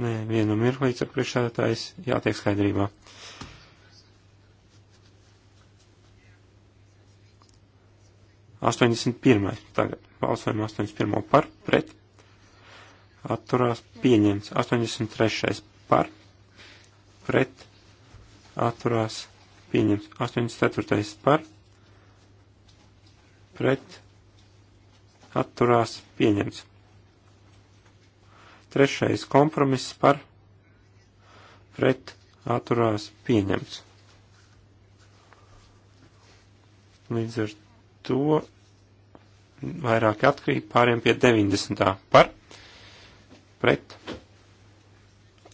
Nē, vienu mirklī, cik priekšsēdētājs jātiek skaidrībā. Astoņdesmit pirmais, tagad balsojam astoņdesmit pirmo par, pret, atturās pieņemts, astoņdesmit trešais par pret atturās pieņemts. 84. par pret atturās pieņemts. Trešais kompromiss par pret atturās pieņemts. Līdz ar to vairāk atkrīt pāriem pie 90. par pret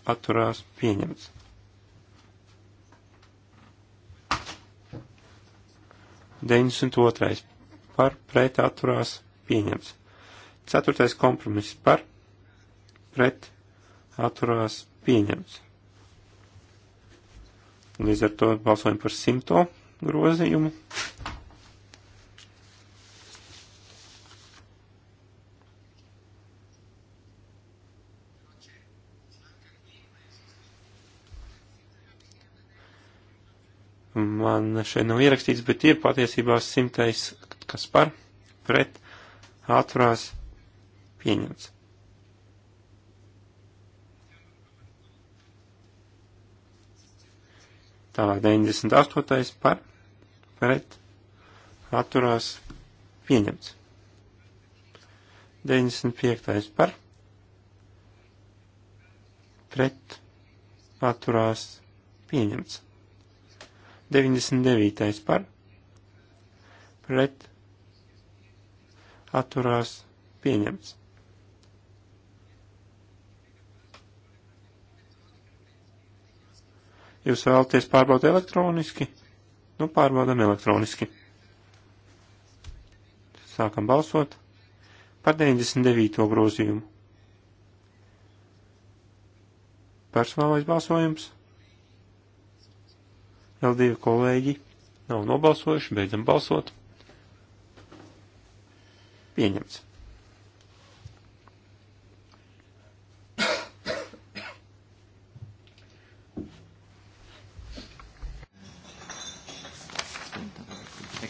atturās pieņemts. Deviņdesmit otrais par pret atturās pieņemts. Ceturtais kompromiss par pret atturās pieņemts. Līdz ar to balsojam par simto grozījumu man šeit nav ierakstīts, bet ir patiesībā simtais, kas par, pret, atturās, pieņemts. Tālāk 98. par, pret, atturās, pieņemts. 95. par, pret, atturās, pieņemts. 99. par pret atturās pieņemts. Jūs vēlaties pārbaudīt elektroniski? Nu, pārbaudam elektroniski. Sākam balsot par 99. grozījumu. Personālais balsojums. Vēl divi kolēģi nav nobalsojuši, beidzam balsot. Pieņemts.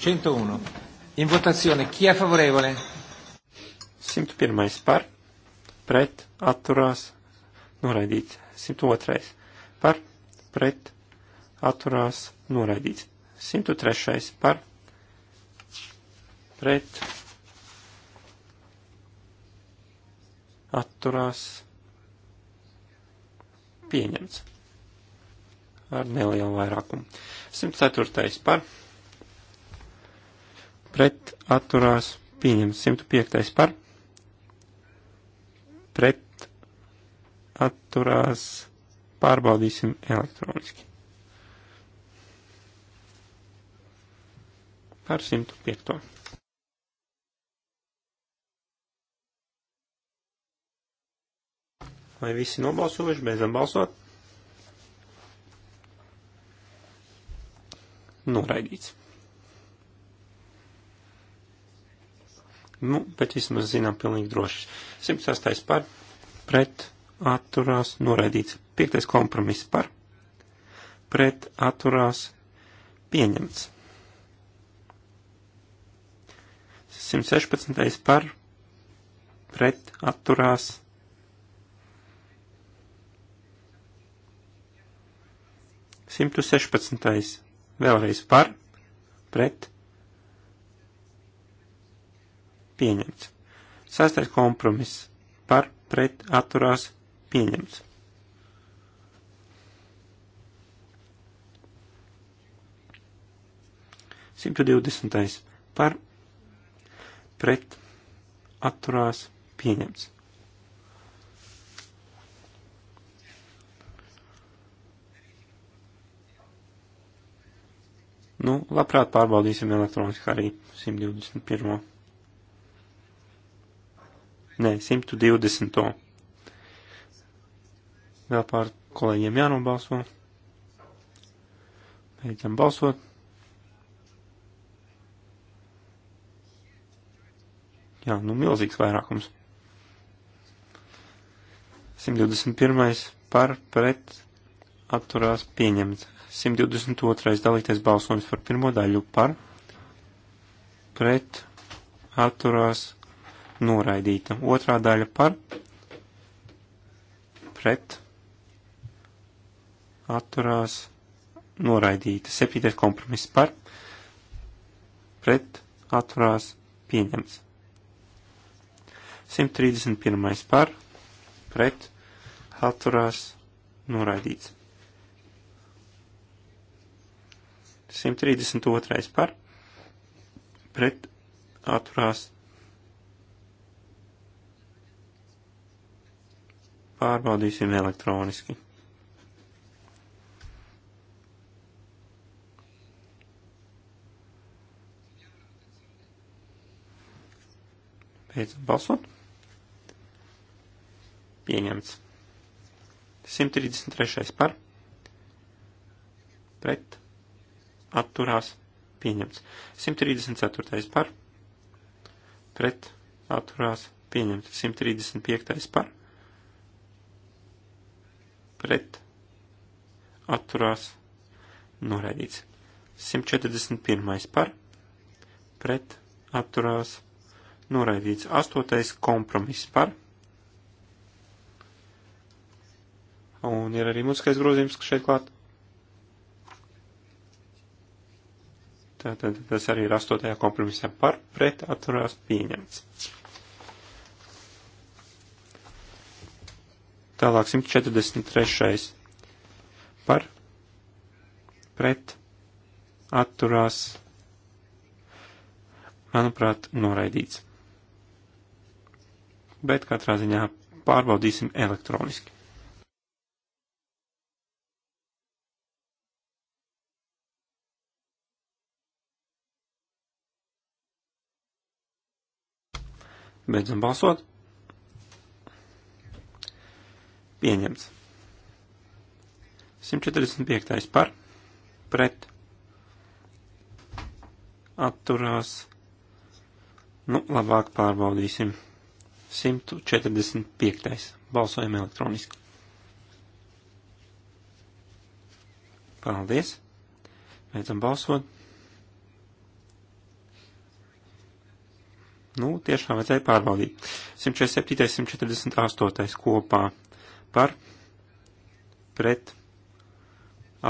Centouno. In votazione chi è favorevole? 101 par, pret, atturās, noraidīts. 102 par, pret, atturās noraidīts. 103. par pret atturās pieņemts ar nelielu vairākumu. 104. par pret atturās pieņemts. 105. par pret atturās pārbaudīsim elektroniski. par 105. Vai visi nobalsojuši? Beidzam balsot. Noraidīts. Nu, bet vismaz zinām pilnīgi droši. 108 par, pret, atturās, noraidīts. 5. kompromiss par, pret, atturās, pieņemts. 116. par pret atturās. Simtu sešpadsmitais vēlreiz par, pret, pieņemts. Sastais kompromiss par, pret, atturās, pieņemts. Simtu divdesmitais par, pret atturās pieņemts. Nu, labprāt pārbaudīsim elektroniski arī 121. Nē, 120. Vēl pār kolēģiem jānobalso. Beidzam balsot. Jā, nu milzīgs vairākums. 121. par pret atturās pieņemts. 122. dalīties balsojums par pirmo daļu par pret atturās noraidīta. Otrā daļa par pret atturās noraidīta. Septītais kompromiss par pret atturās pieņemts. 131. par, pret, atturās, noraidīts. 132. par, pret, atturās, pārbaudīsim elektroniski. Pēc balsot. Pieņemts. 133. par. Pret. Atturās. Pieņemts. 134. par. Pret. Atturās. Pieņemts. 135. par. Pret. Atturās. Noraidīts. 141. par. Pret. Atturās. Noraidīts. 8. kompromiss par Un ir arī mutiskais grozījums šeit klāt. Tātad tas arī ir astotajā kompromisā par pret atturās pieņemts. Tālāk 143. par pret atturās, manuprāt, noraidīts. Bet katrā ziņā pārbaudīsim elektroniski. Beidzam balsot. Pieņemts. 145. par, pret, atturās, nu, labāk pārbaudīsim. 145. Balsojam elektroniski. Paldies. Beidzam balsot. Nu, tiešām vajadzēja pārbaudīt. 147. 148. kopā par pret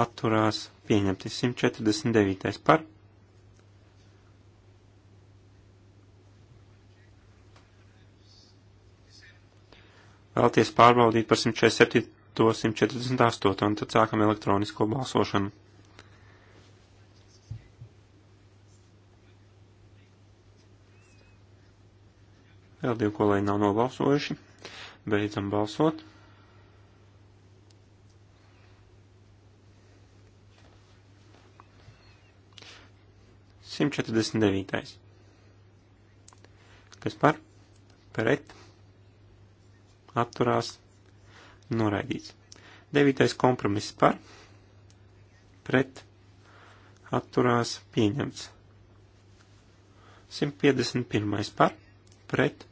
atturās pieņemti. 149. par Vēlties pārbaudīt par 147. 148. un tad sākam elektronisko balsošanu. Vēl divi kolēģi nav nobalsojuši. Beidzam balsot. Simt četrdesmit devītais. Kas par? Pret. Atturās. Noraidīts. Devītais kompromiss par. Pret. Atturās. Pieņemts. 151. par pret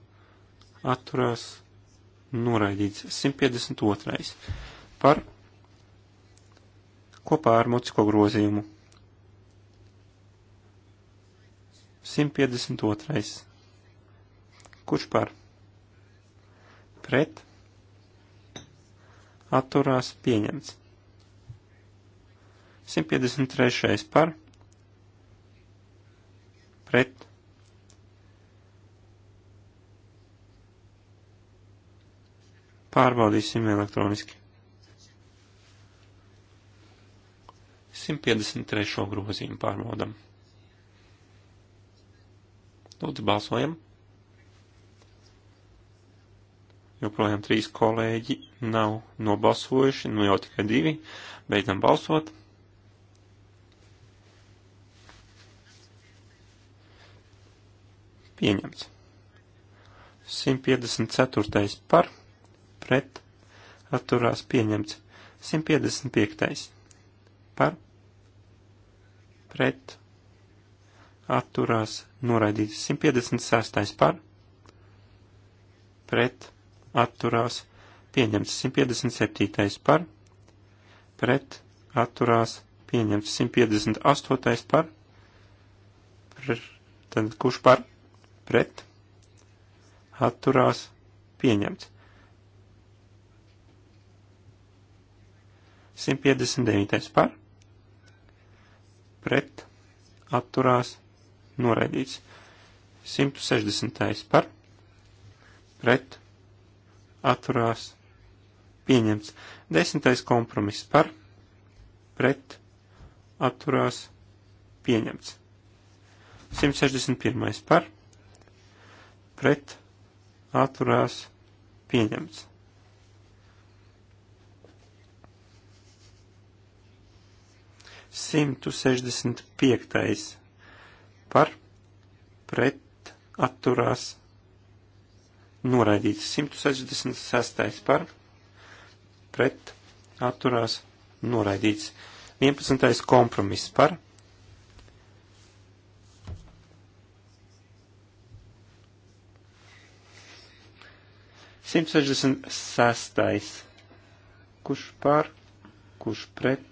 atturās noraidīts. 152. par kopā ar muciko grozījumu. 152. Kurš par? Pret. Atturās pieņemts. 153. par. Pret. Pārbaudīsim elektroniski. 153. grozījumu pārbaudam. Lūdzu, balsojam. Joprojām trīs kolēģi nav nobalsojuši, nu jau tikai divi. Beidzam balsot. Pieņemts. 154. par pret, atturās pieņemts. 155. par, pret, atturās noraidīts. 156. par, pret, atturās pieņemts. 157. par, pret, atturās pieņemts. 158. par, pret, tad kurš par, pret, atturās pieņemts. 159. par, pret, atturās, noraidīts. 160. par, pret, atturās, pieņemts. 10. kompromiss par, pret, atturās, pieņemts. 161. par, pret, atturās, pieņemts. 165. par pret atturās noraidīts. 166. par pret atturās noraidīts. 11. kompromiss par Simtsešdesmit sestais. Kurš par, kurš pret,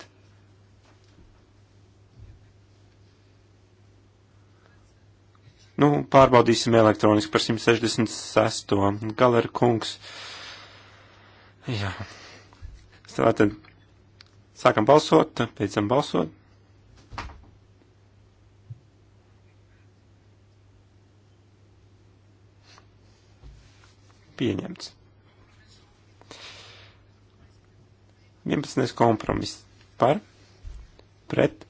Nu, pārbaudīsim elektroniski par 166. Galera kungs. Jā. Tātad sākam balsot, beidzam balsot. Pieņemts. 11. kompromiss par, pret,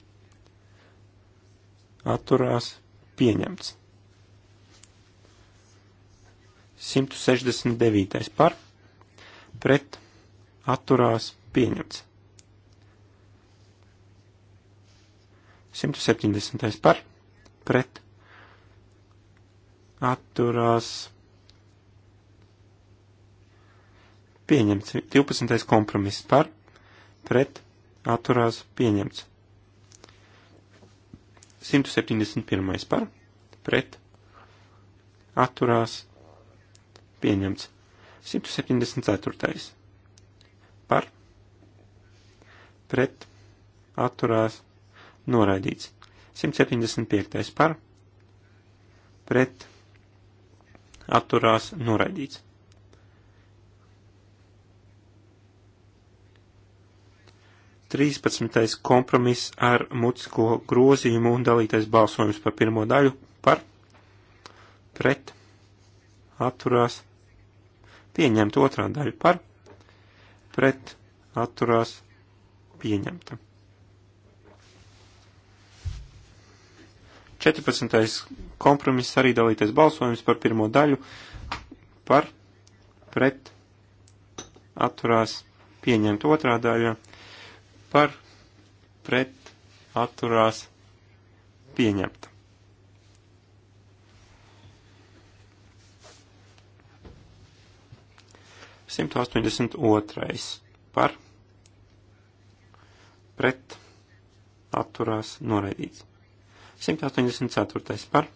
atturās, pieņemts. 169. par pret atturās pieņemts. 170. par pret atturās pieņemts. 12. kompromiss par pret atturās pieņemts. 171. par pret atturās pieņemts pieņemts. 174. par pret atturās noraidīts. 175. par pret atturās noraidīts. Trīspadsmitais kompromiss ar mutisko grozījumu un dalītais balsojums par pirmo daļu par pret atturās noraidīts pieņemta otrā daļa par, pret atturās pieņemta. 14. kompromiss arī dalīties balsojums par pirmo daļu par, pret atturās pieņemta otrā daļa par, pret atturās pieņemta. 182. par pret atturās noraidīts. 184. par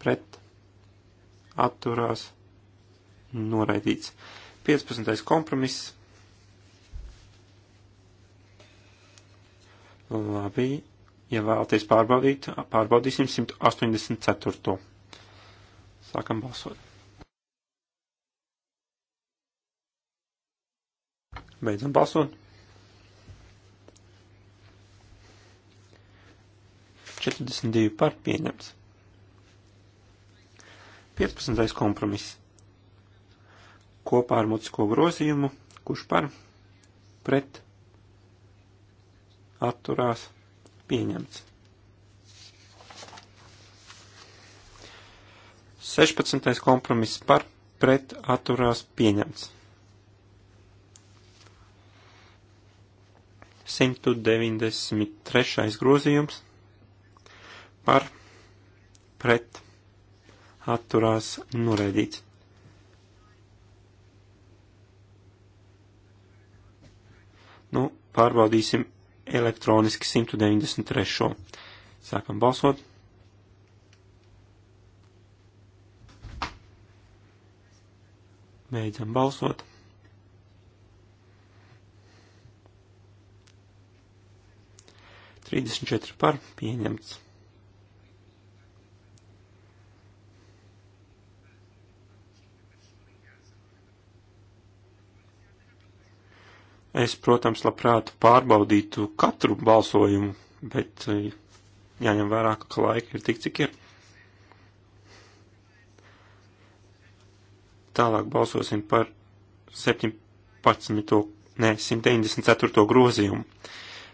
pret atturās noraidīts. 15. kompromiss. Labi, ja vēlaties pārbaudīt, pārbaudīsim 184. Sākam balsot. Beidzam balsot. 42 par pieņemts. 15. kompromiss. Kopā ar mutisko grozījumu, kurš par, pret, atturās, pieņemts. 16. kompromiss par, pret, atturās, pieņemts. 193. grozījums par pret atturās noraidīts. Nu, pārbaudīsim elektroniski 193. Sākam balsot. Beidzam balsot. 34 par pieņemts. Es, protams, labprāt pārbaudītu katru balsojumu, bet eh, jāņem vērā, ka laika ir tik, cik ir. Tālāk balsosim par 17. ne, 194. grozījumu.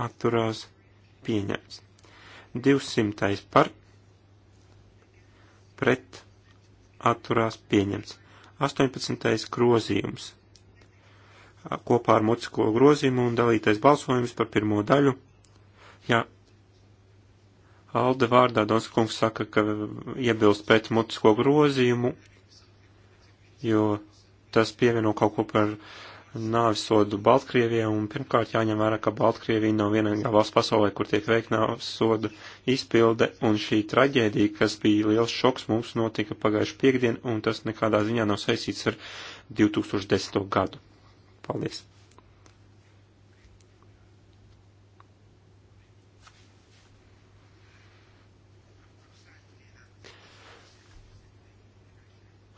atturās pieņemts. 200. par pret atturās pieņemts. 18. grozījums kopā ar mocisko grozījumu un dalītais balsojums par pirmo daļu. Jā, Alda vārdā Donskungs saka, ka iebilst pēc mutisko grozījumu, jo tas pievieno kaut ko par uh, nāvisodu Baltkrievijā, un pirmkārt jāņem vērā, ka Baltkrievija nav vienīgā valsts pasaulē, kur tiek veikta nāvisodu izpilde, un šī traģēdija, kas bija liels šoks, mums notika pagājuši piekdien, un tas nekādā ziņā nav saistīts ar 2010. gadu. Paldies!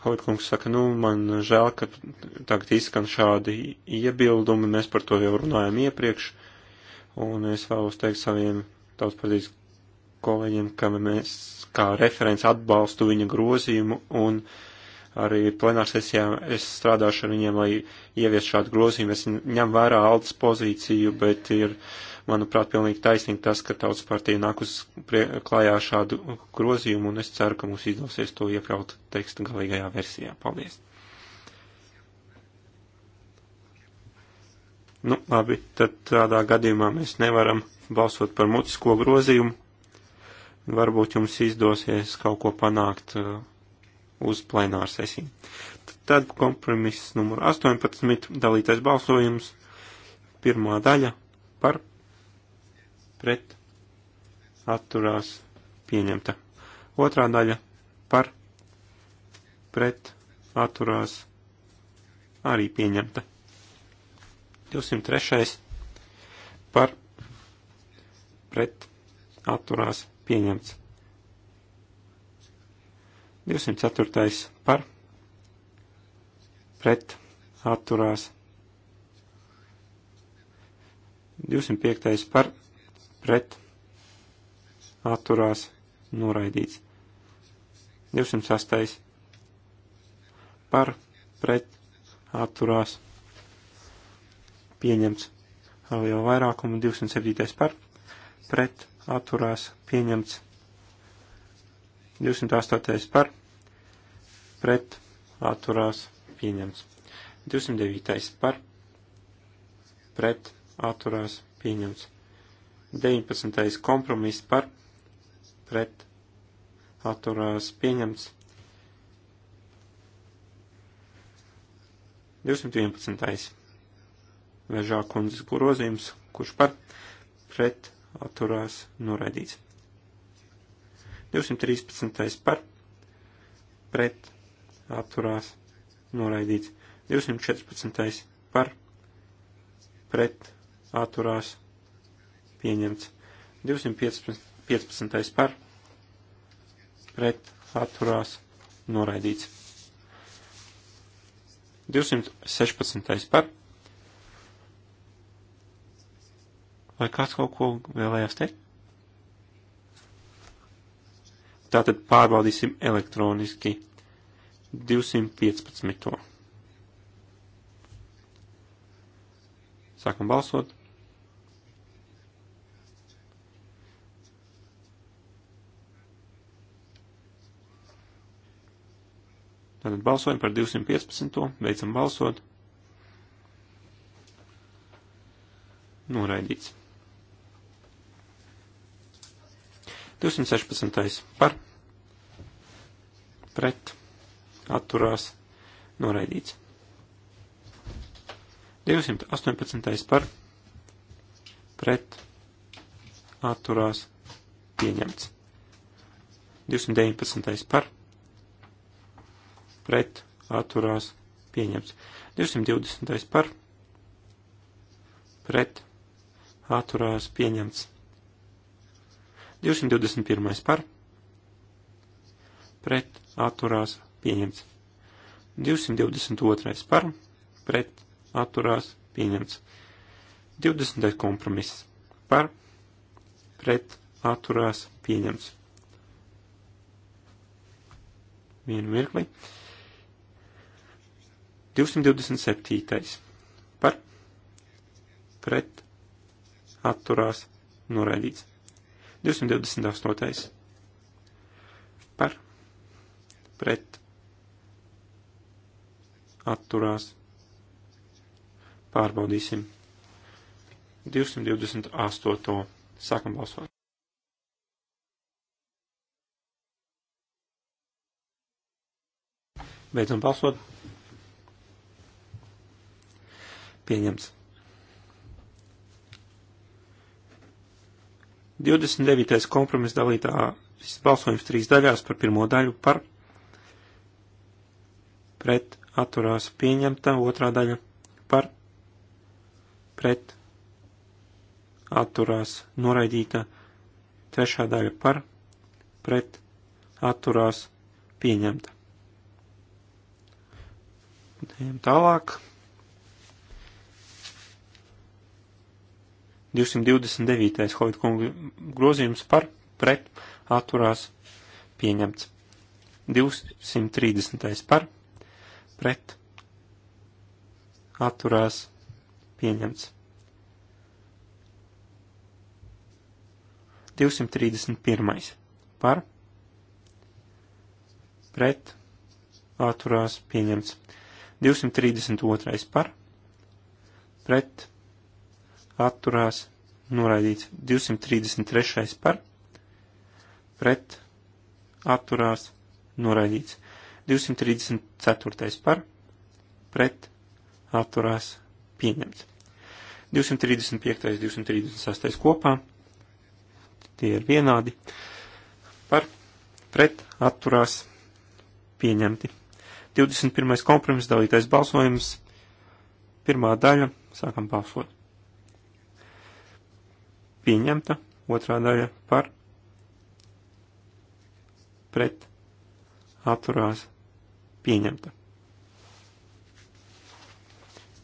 Hautkungs saka, nu, man žēl, ka tagad izskan šādi iebildumi, mēs par to jau runājam iepriekš, un es vēlos teikt saviem tautspartijas kolēģiem, ka mēs kā referents atbalstu viņa grozījumu, un arī plenārsesijā es strādāšu ar viņiem, lai ievies šādu grozījumu. Es ņem vērā altas pozīciju, bet ir. Uh, manuprāt, pilnīgi taisnīgi tas, ka tautas partija nāk uz klājā šādu grozījumu, un es ceru, ka mums izdosies to iekļaut teksta galīgajā versijā. Paldies! Nu, labi, tad tādā gadījumā mēs nevaram balsot par mutisko grozījumu. Varbūt jums izdosies kaut ko panākt uh, uz plenāru sesiju. Tad kompromiss numur 18, dalītais balsojums, pirmā daļa par pret atturās pieņemta. Otrā daļa par pret atturās arī pieņemta. 203. par pret atturās pieņemts. 204. par pret atturās. 205. par pret atturās noraidīts. 206. par pret atturās pieņemts ar lielu vairākumu 207. par pret atturās pieņemts 208. par pret atturās pieņemts 209. par pret atturās pieņemts 19. kompromiss par pret atturās pieņemts. 211. Vežā kundzes grozījums, kurš par pret atturās noraidīts. 213. par pret atturās noraidīts. 214. par pret atturās noraidīts pieņemts. 215. par pret atturās noraidīts. 216. par. Vai kāds kaut ko vēlējās teikt? Tātad pārbaudīsim elektroniski 215. Sākam balsot. Tātad balsojam par 215. Beidzam balsot. Noraidīts. 216. par pret atturās noraidīts. 218. par pret atturās pieņemts. 219. par pret pret atturās pieņemts. 220. par pret atturās pieņemts. 221. par pret atturās pieņemts. 222. par pret atturās pieņemts. 20. kompromiss par pret atturās pieņemts. Vienu mirkli. 227. par pret atturās noraidīts. 228. par pret atturās pārbaudīsim. 228. sākam balsot. Beidzam balsot. Pieņemts. 29. kompromiss dalītā šis balsojums trīs daļās par pirmo daļu par pret atturās pieņemta, otrā daļa par pret atturās noraidīta, trešā daļa par pret atturās pieņemta. Ejam tālāk. 229. Hoitkunga grozījums par pret atturās pieņemts. 230. par pret atturās pieņemts. 231. par pret atturās pieņemts. 232. par pret atturās noraidīts 233 par, pret atturās noraidīts 234 par, pret atturās pieņemts. 235, 236 kopā, tie ir vienādi, par, pret atturās pieņemti. 21. kompromiss dalītais balsojums, pirmā daļa, sākam balsot pieņemta, otrā daļa par pret atturās pieņemta.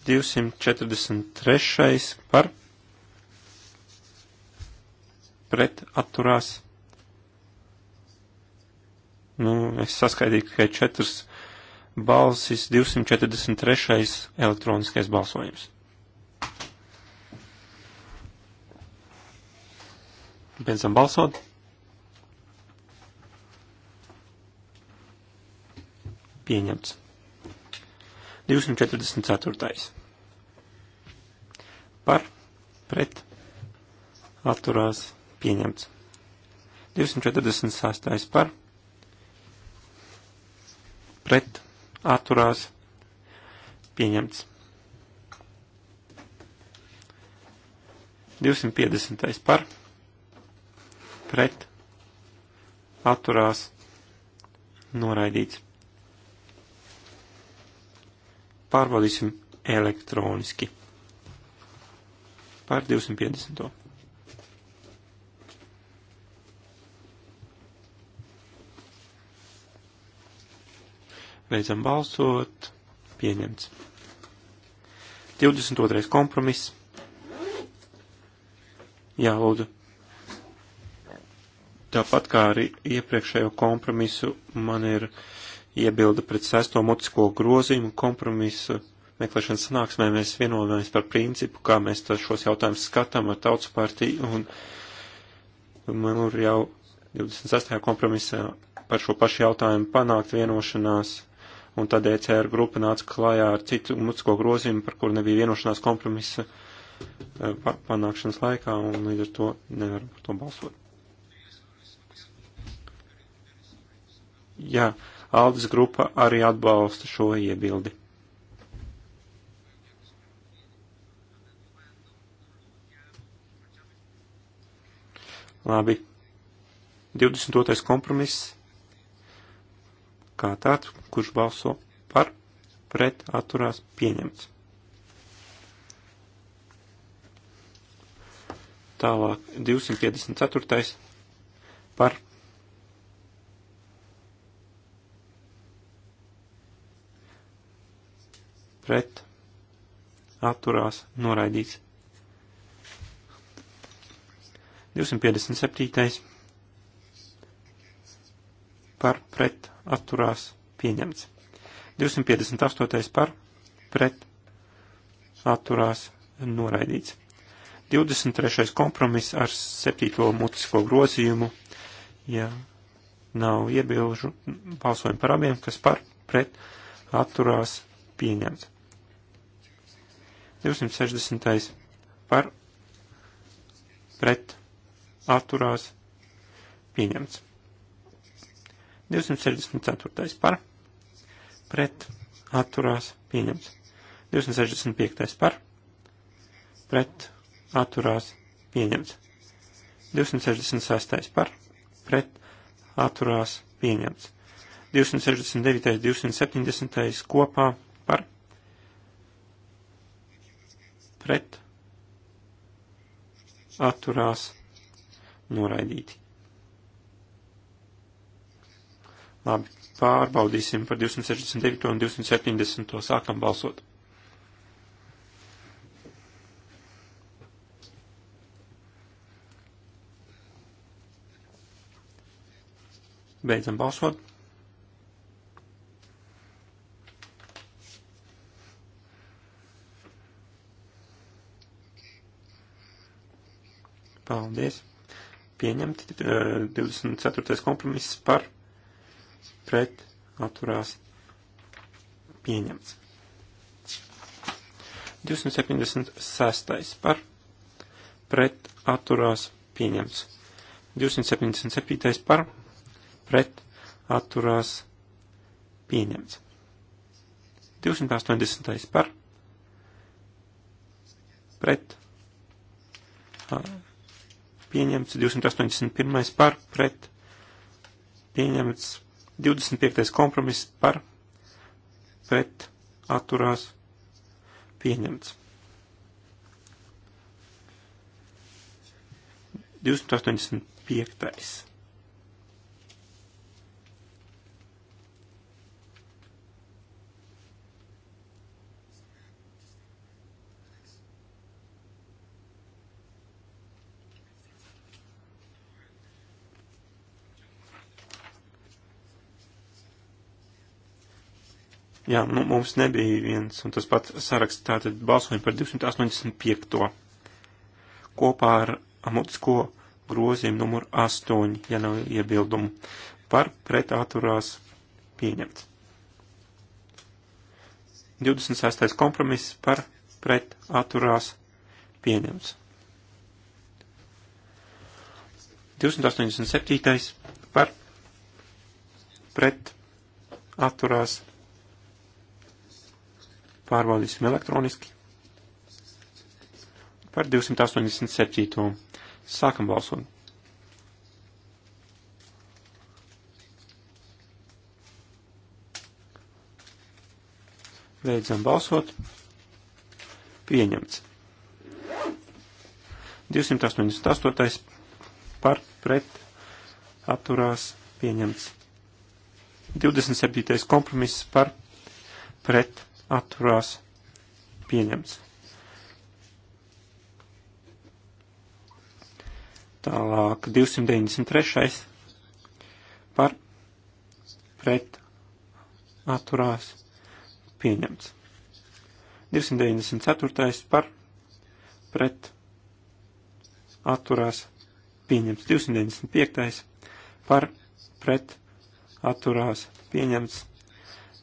243. par pret atturās. Nu, es saskaidīju tikai četras balsis, 243. elektroniskais balsojums. Beidzam balsot. Pieņemts. 244. Par, pret, atturās, pieņemts. 246. par, pret, atturās, pieņemts. 250. par, pret, atturās, pieņemts pret atturās noraidīts. Pārbaudīsim elektroniski par 250. Beidzam balsot. Pieņemts. 22. kompromiss. Jā, lūdzu. Tāpat kā arī iepriekšējo kompromisu, man ir iebilda pret sesto mutisko grozījumu kompromisu. Meklēšanas sanāksmē mēs vienojāmies par principu, kā mēs šos jautājumus skatām ar tautas partiju, un man ir jau 26. kompromisā par šo pašu jautājumu panākt vienošanās un tad ECR grupa nāca klājā ar citu mutisko grozījumu, par kuru nebija vienošanās kompromisa eh, panākšanas laikā, un līdz ar to nevaram par to balsot. ja Aldis grupa arī atbalsta šo iebildi. Labi. 22. kompromiss. Kā tāds, kurš balso par, pret, atturās, pieņemts. Tālāk 254. par, pret, atturās, noraidīts. 257. par pret, atturās, pieņemts. 258. par pret, atturās, noraidīts. 23. kompromiss ar 7. mutisko grozījumu, ja nav iebilžu, balsojam par abiem, kas par pret, atturās, pieņemts. 260. par pret atturās pieņemts. 264. par pret atturās pieņemts. 265. par pret atturās pieņemts. 266. par pret atturās pieņemts. 269. 270. kopā pret, atturās, noraidīti. Labi, pārbaudīsim par 269 un 270. Sākam balsot. Beidzam balsot. Paldies. Pieņemti 24. Eh, kompromiss par pret atturās pieņemts. 276. par pret atturās pieņemts. 277. par pret atturās pieņemts. 280. par pret pieņemts, 281 par pret pieņemts, 25. kompromiss par pret atturās pieņemts. 285. Jā, nu, mums nebija viens un tas pats saraksts, tātad balsojumi par 285. kopā ar amutisko grozījumu numuru 8, ja nav iebildumu, par pret atturās pieņemts. 26. kompromiss par pret atturās pieņemts. 287. par pret atturās pieņemts Pārbaudīsim elektroniski. Par 287. Sākam balsot. Beidzam balsot. Pieņemts. 288. par pret atturās pieņemts. 27. kompromiss par pret atturās pieņemts. Tālāk 293. par pret atturās pieņemts. 294. par pret atturās pieņemts. 295. par pret atturās pieņemts.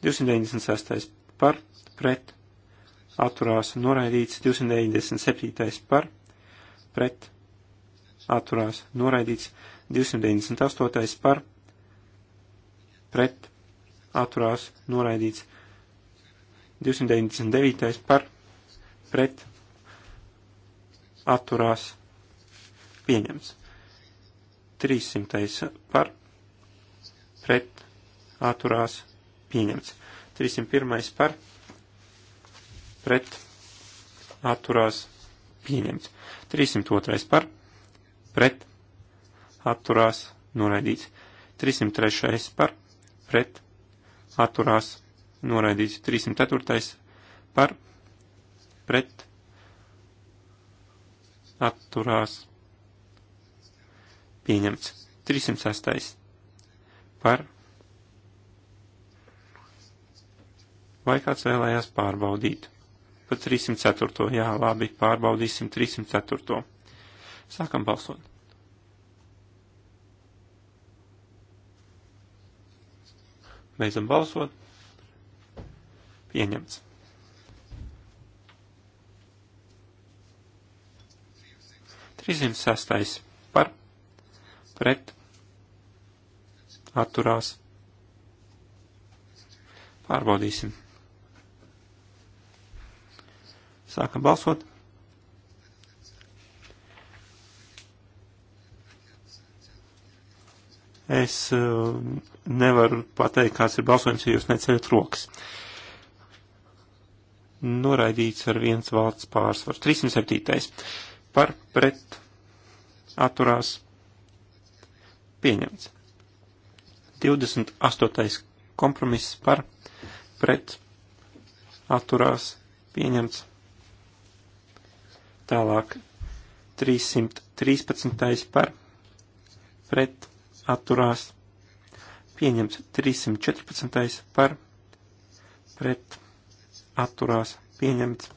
296. par pret atturās noraidīts 297. par pret atturās noraidīts 298. par pret atturās noraidīts 299. par pret atturās pieņems. 300. par pret atturās pieņemts. 301. par pret pret atturās pieņemts. 302. par pret atturās noraidīts. 303. par pret atturās noraidīts. 304. par pret atturās pieņemts. 306. par vai kāds vēlējās pārbaudīt par 304. Jā, labi, pārbaudīsim 304. Sākam balsot. Beidzam balsot. Pieņemts. 306. par pret atturās. Pārbaudīsim. Sākam balsot. Es uh, nevaru pateikt, kāds ir balsojums, ja jūs neceļat rokas. Noraidīts ar viens valsts pārsvars. 307. Par pret atturās pieņemts. 28. kompromiss par pret atturās pieņemts. Tālāk 313. par pret atturās. Pieņemts 314. par pret atturās. Pieņemts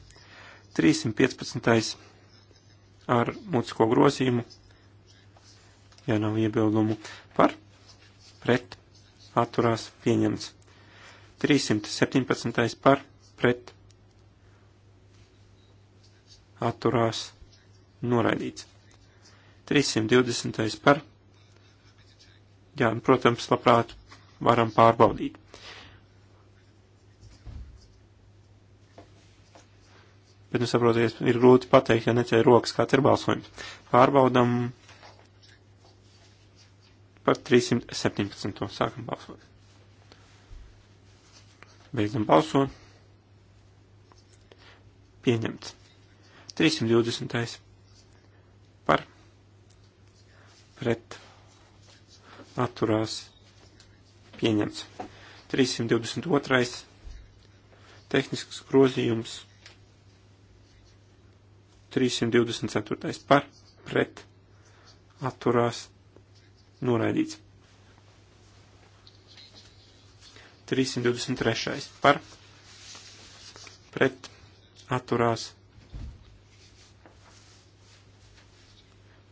315. ar mutisko grozījumu, ja nav iebildumu, par pret atturās. Pieņemts 317. par pret atturās atturās noraidīts. 320. par. Jā, un, nu, protams, labprāt varam pārbaudīt. Bet, nu, saprotiet, ir grūti pateikt, ja necēja rokas, kāds ir balsojums. Pārbaudam par 317. sākam balsot. Beidzam balsot. Pieņemts. 320. par pret atturās pieņemts. 322. tehnisks grozījums 324. par pret atturās noraidīts. 323. par pret atturās noraidīts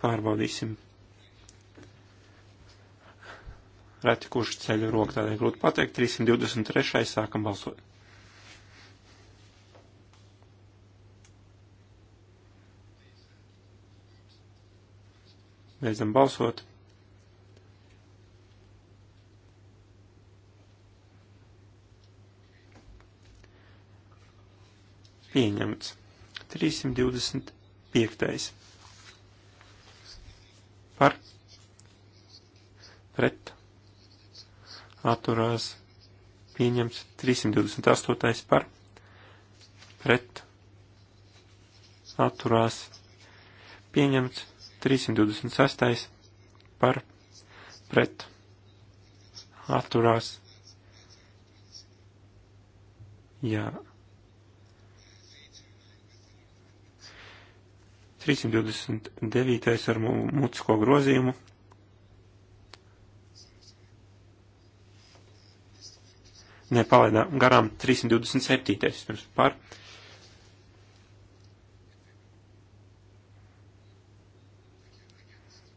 Pārbaudīsim. Reti kurš ceļu roku tādēļ grūti pateikt. 323. sākam balsot. Beidzam balsot. Pieņemts. 325 par pret atturās pieņemts 328 par pret atturās pieņemts 326 par pret atturās. Jā. Yeah. 329. ar mutisko grozījumu. Nē, palaidā garām 327. pirms par.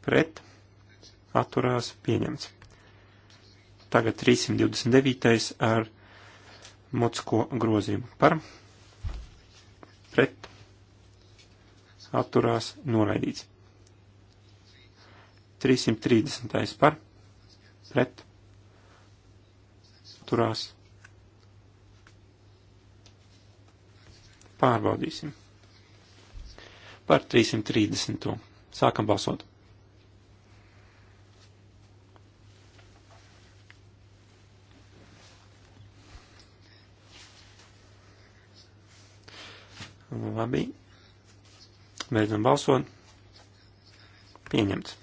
Pret atturās pieņemts. Tagad 329. ar mutisko grozījumu par. Pret atturās noraidīts. 330. par pret atturās pārbaudīsim. Par 330. Sākam balsot. Labi, Beidzam balsot. Pieņemts.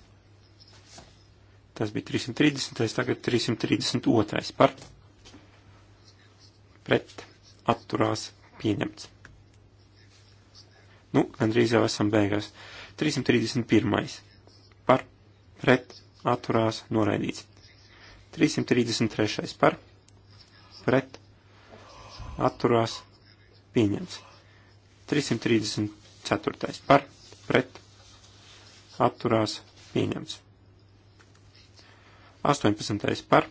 Tas bija 330. tagad 332. par pret atturās pieņemts. Nu, gandrīz jau esam beigās. 331. par pret atturās noraidīts. 333. par pret atturās pieņemts. 334. Ceturtais par, pret, atturās, pieņemts. 18. par,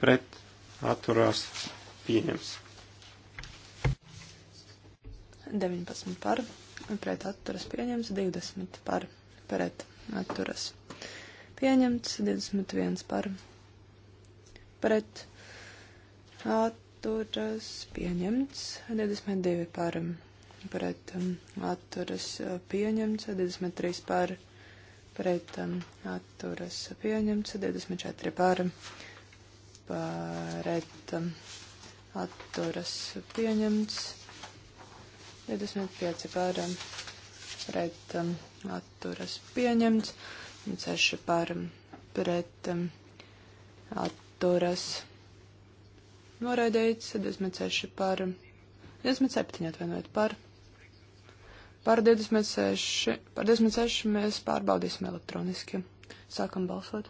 pret, atturās, pieņemts. 19 par, pret atturas pieņemts, 20 par, pret atturas pieņemts, 21 par, pret atturas pieņemts, 22 par, pret pret um, uh, um, atturas pieņemts, 23 par pret um, atturas pieņemts, 24 par pret atturas pieņemts, 25 par pret atturas pieņemts, 6 par pret atturas noraidīts, 26 par 27 atvainojiet par pret Par 26, par 26 mēs pārbaudīsim elektroniski. Sākam balsot.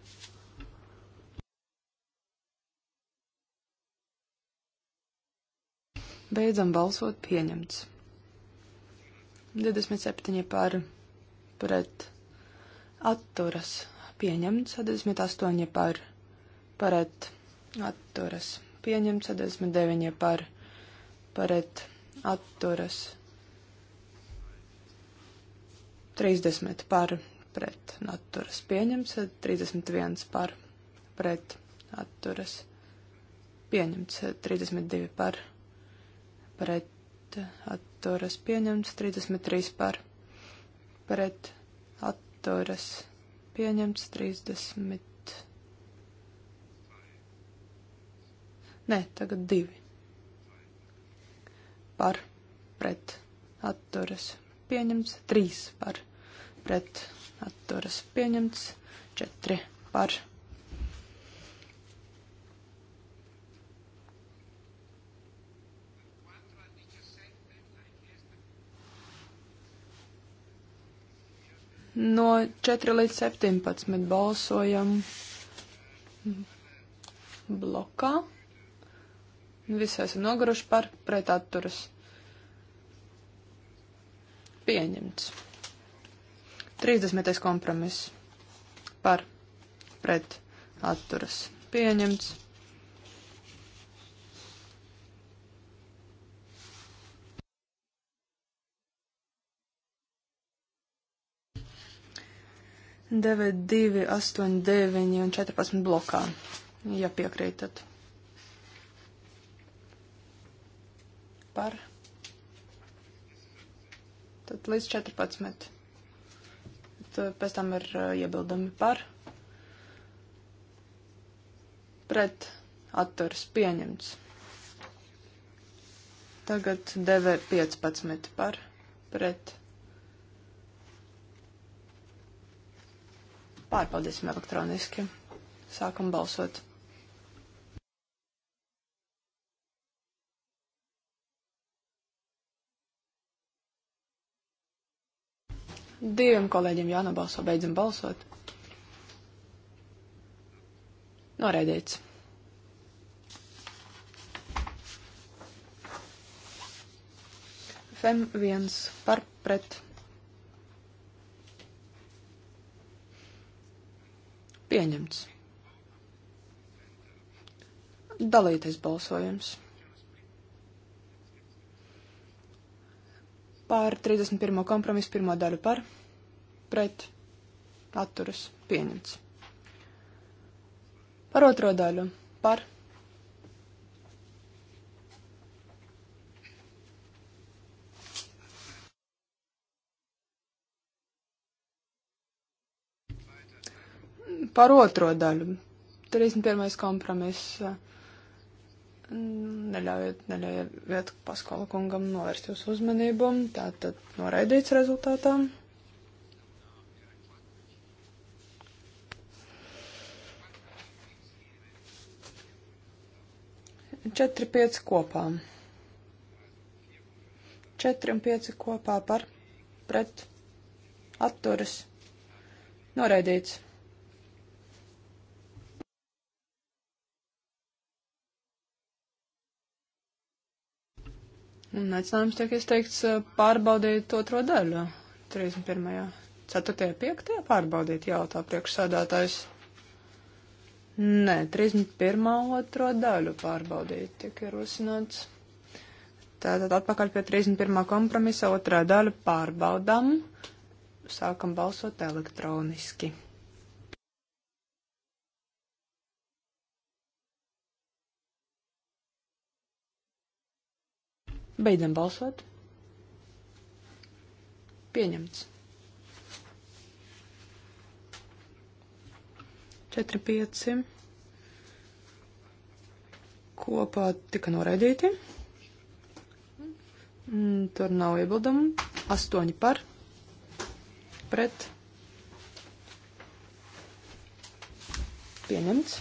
Beidzam balsot pieņemts. 27 par pret atturas pieņemts, 28 par pret atturas pieņemts, 29 par pret atturas pieņemts 30 par pret atturas pieņemts, 31 par pret atturas pieņemts, 32 par pret atturas pieņemts, 33 par pret atturas pieņemts, 30. Nē, tagad divi par pret atturas pieņemts, 3 par pret pret atturas pieņemts 4 par. No 4 līdz 17 balsojam blokā. Visi esam noguruši par pretatturas pieņemts. 30. kompromiss par pret atturas pieņemts. Devet, divi, astoņi, deviņi un četrpadsmit blokā, ja piekrītat. Par. Tad līdz četrpadsmit. Eh, pēc tam ir eh, iebildami par pret atturas pieņemts. Tagad DV 15 par pret. Pārbaudīsim elektroniski. Sākam balsot. Diviem kolēģiem jānobalso, beidzam balsot. Noraidīts. Fem viens par pret. Pieņemts. Dalīties balsojums. Par 31. kompromisu pirmo daļu par pret atturas pieņemts. Par otro daļu par. Par otro daļu. 31. kompromiss neļaujiet, neļaujiet paskola kungam novērst jūsu uzmanību. Tātad noraidīts rezultātā. Četri pieci kopā. Četri un pieci kopā par pret atturas noraidīts. Un aicinājums tiek izteikts eh, pārbaudīt otro daļu 31. 4. 5. pārbaudīt jautā priekšsādātājs. Nē, 31. otro daļu pārbaudīt tiek ierosināts. Tātad atpakaļ pie 31. kompromisa otrā daļa pārbaudām. Sākam balsot elektroniski. Beidzam balsot. Pieņemts. 4, 5 kopā tika noraidīti. Mm, tur nav iebildumu. 8 par pret pieņemts.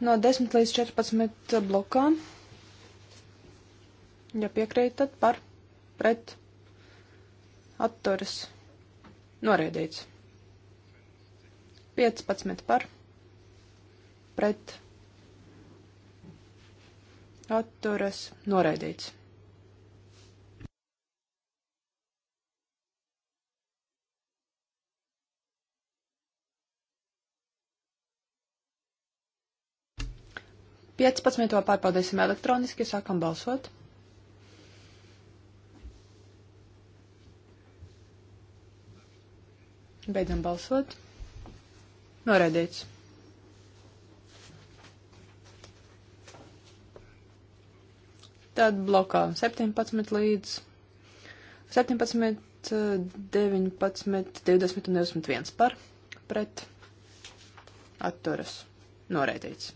no 10 līdz 14 blokā. Ja piekrītat par pret atturas noraidīts. 15 par pret atturas noraidīts. 15. pārbaudīsim elektroniski, sākam balsot. Beidzam balsot. Noraidīts. Tad blokā 17 līdz 17, 19, 20 un 21 par pret atturas. Noraidīts.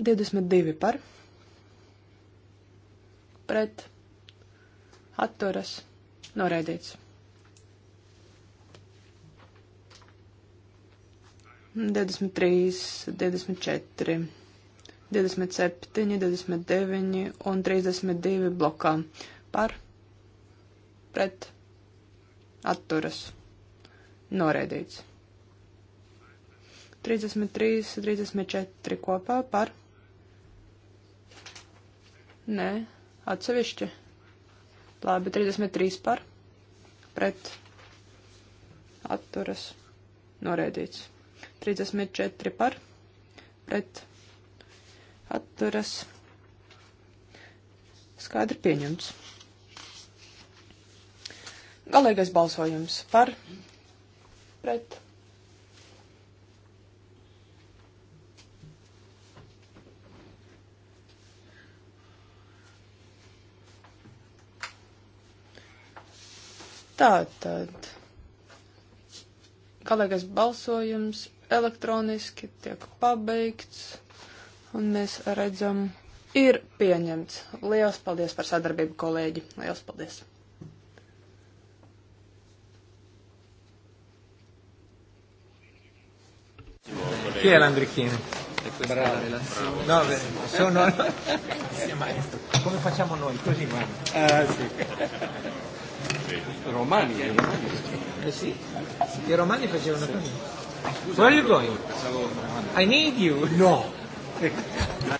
22 par, pret, atturas, noraidīts. 23, 24, 27, 29 un 32 blokā par, pret, atturas, noraidīts. 33, 34 kopā par Nē, atsevišķi. Labi, 33 par. Pret. Atturas. Norēdīts. 34 par. Pret. Atturas. Skaidri pieņemts. Galīgais balsojums par. Pret. Tātad, galīgais balsojums elektroniski tiek pabeigts, un mēs redzam, ir pieņemts. Lielas paldies par sadarbību, kolēģi. Lielas paldies! Chi è l'Andrichino? Bravo. No, beh, sono... Grazie maestro. Come facciamo noi? Così, guarda. Ah, sì. Romani, i eh, romani. Eh sì, i romani facevano così. Where are you going? I need you. No. <laughs>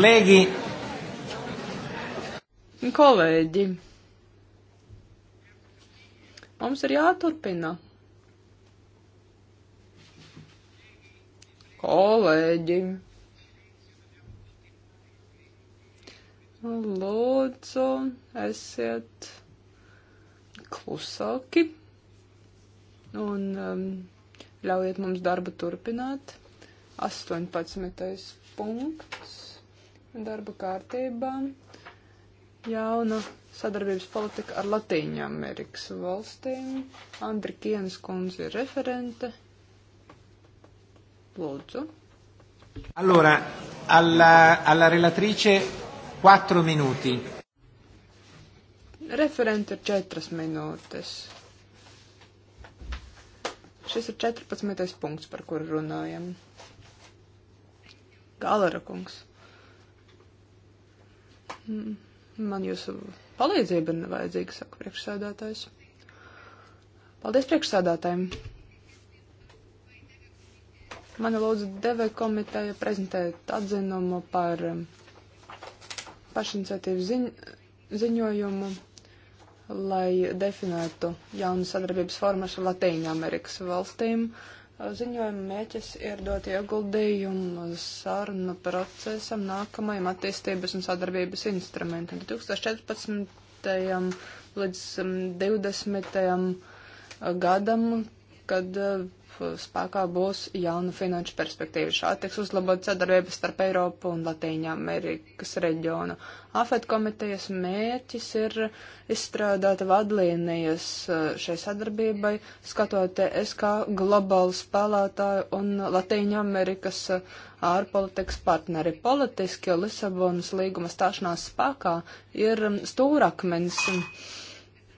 colleghi. Kolēģi, mums ir jāturpina. Kolēģi, lūdzu, esiet klusāki un um, ļaujiet mums darbu turpināt. 18. punkts darba kārtībā jauna sadarbības politika ar Latīņu Amerikas valstīm. Andri Kienas kundze ir referente. Lūdzu. Allora, alla, alla relatrice 4 minūti. Referente ir 4 minūtes. Šis ir 14. punkts, par kuru runājam. Galera kungs. Mm, man jūsu palīdzība ir nevajadzīga, saka priekšsēdētājs. Paldies priekšsēdētājiem. Mani lūdzu deve komiteja prezentēt atzinumu par um, pašiniciatīvu ziņ ziņojumu, lai definētu jaunu sadarbības formu ar Latīņu Amerikas valstīm. Uh, Ziņojuma mēķis ir dot ieguldījumu sarunu procesam nākamajam attīstības un sadarbības instrumentam. 2014. līdz 20. Mm, eh, gadam, kad eh, spēkā būs jauna finanšu perspektīva. Šādi tiks uzlabot sadarbības starp Eiropu un Latīņu Amerikas reģionu. AFET komitejas mērķis ir izstrādāt vadlīnijas e, šai sadarbībai, skatot es kā globālu spēlētāju un Latīņu Amerikas e, ārpolitikas partneri. Politiski Lisabonas līguma stāšanās spēkā ir stūrakmens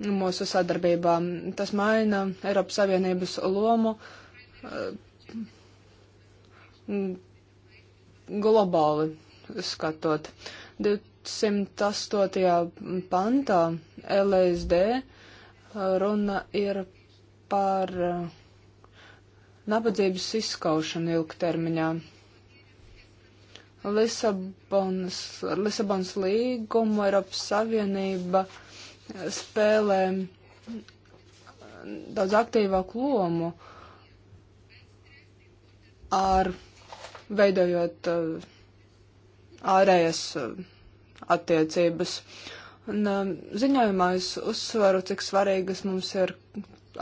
mūsu sadarbībā. Tas maina Eiropas Savienības lomu globāli skatot. 208. pantā LSD uh, runa ir par uh, nabadzības izskaušanu ilgtermiņā. Lisabonas, Lisabonas līguma Eiropas Savienība spēlē uh, daudz aktīvāku lomu uh, ar veidojot uh, ārējas uh, attiecības. Un, uh, ziņojumā es uzsvaru, cik svarīgas mums ir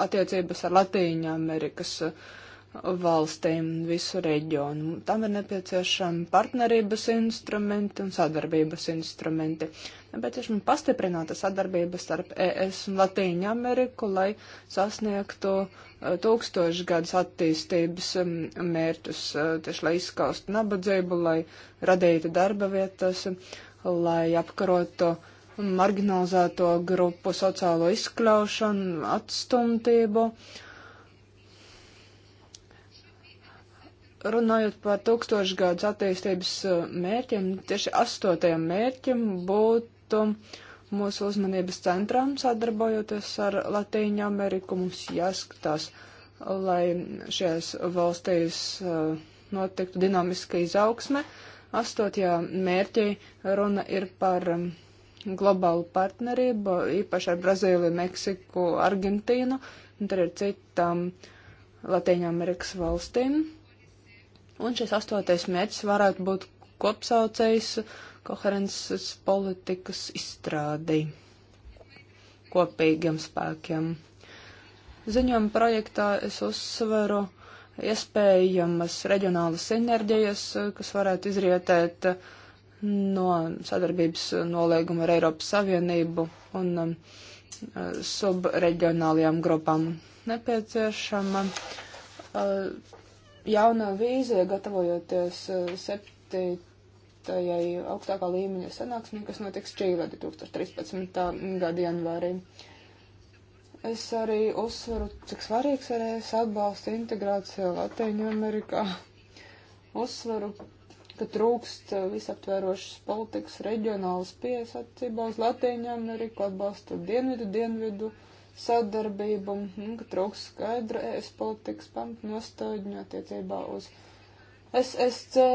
attiecības ar Latīņu Amerikas uh, valstīm, visu reģionu. Tam ir nepieciešami partnerības instrumenti un sadarbības instrumenti. Nepieciešama pastiprināta sadarbība starp ES un Latīņu Ameriku, lai sasniegtu uh, tūkstošu gadus attīstības um, mērķus, uh, tieši lai izskaustu nabadzību, lai radītu darba vietas, lai apkarotu marginalizēto grupu sociālo izkļaušanu, atstumtību. Runājot par tūkstošgadus attīstības uh, mērķiem, tieši astotajam mērķim būtu uh, mūsu uzmanības centram sadarbojoties ar Latīņu Ameriku. Mums jāskatās, lai šajās valstīs uh, notiktu dinamiska izaugsme. Astotajā mērķī runa ir par um, globālu partnerību, īpaši ar Brazīliju, Meksiku, Argentīnu, un tad ir citām um, Latīņu Amerikas valstīm. Un šis astotais mērķis varētu būt kopsaucējs uh, koherences politikas izstrādi kopīgiem spēkiem. Ziņojuma projektā es uzsveru iespējamas reģionālas sinerģijas, kas varētu izrietēt no sadarbības nolēguma ar Eiropas Savienību un um, subreģionālajām grupām. Nepieciešama uh, jauna vīzija, gatavojoties uh, septīt 12. augstākā līmeņa sanāksmē, kas notiks Čīlē 2013. gada janvārī. Es arī uzsveru, cik svarīgs ir es atbalstu integrāciju Latviju Amerikā. Uzsveru, ka trūkst visaptverošas politikas reģionālas pieejas attiecībā uz Latviju Ameriku, atbalstu dienvidu, dienvidu sadarbību, un ka trūkst skaidra ES politikas pamatnostādņu attiecībā uz SSC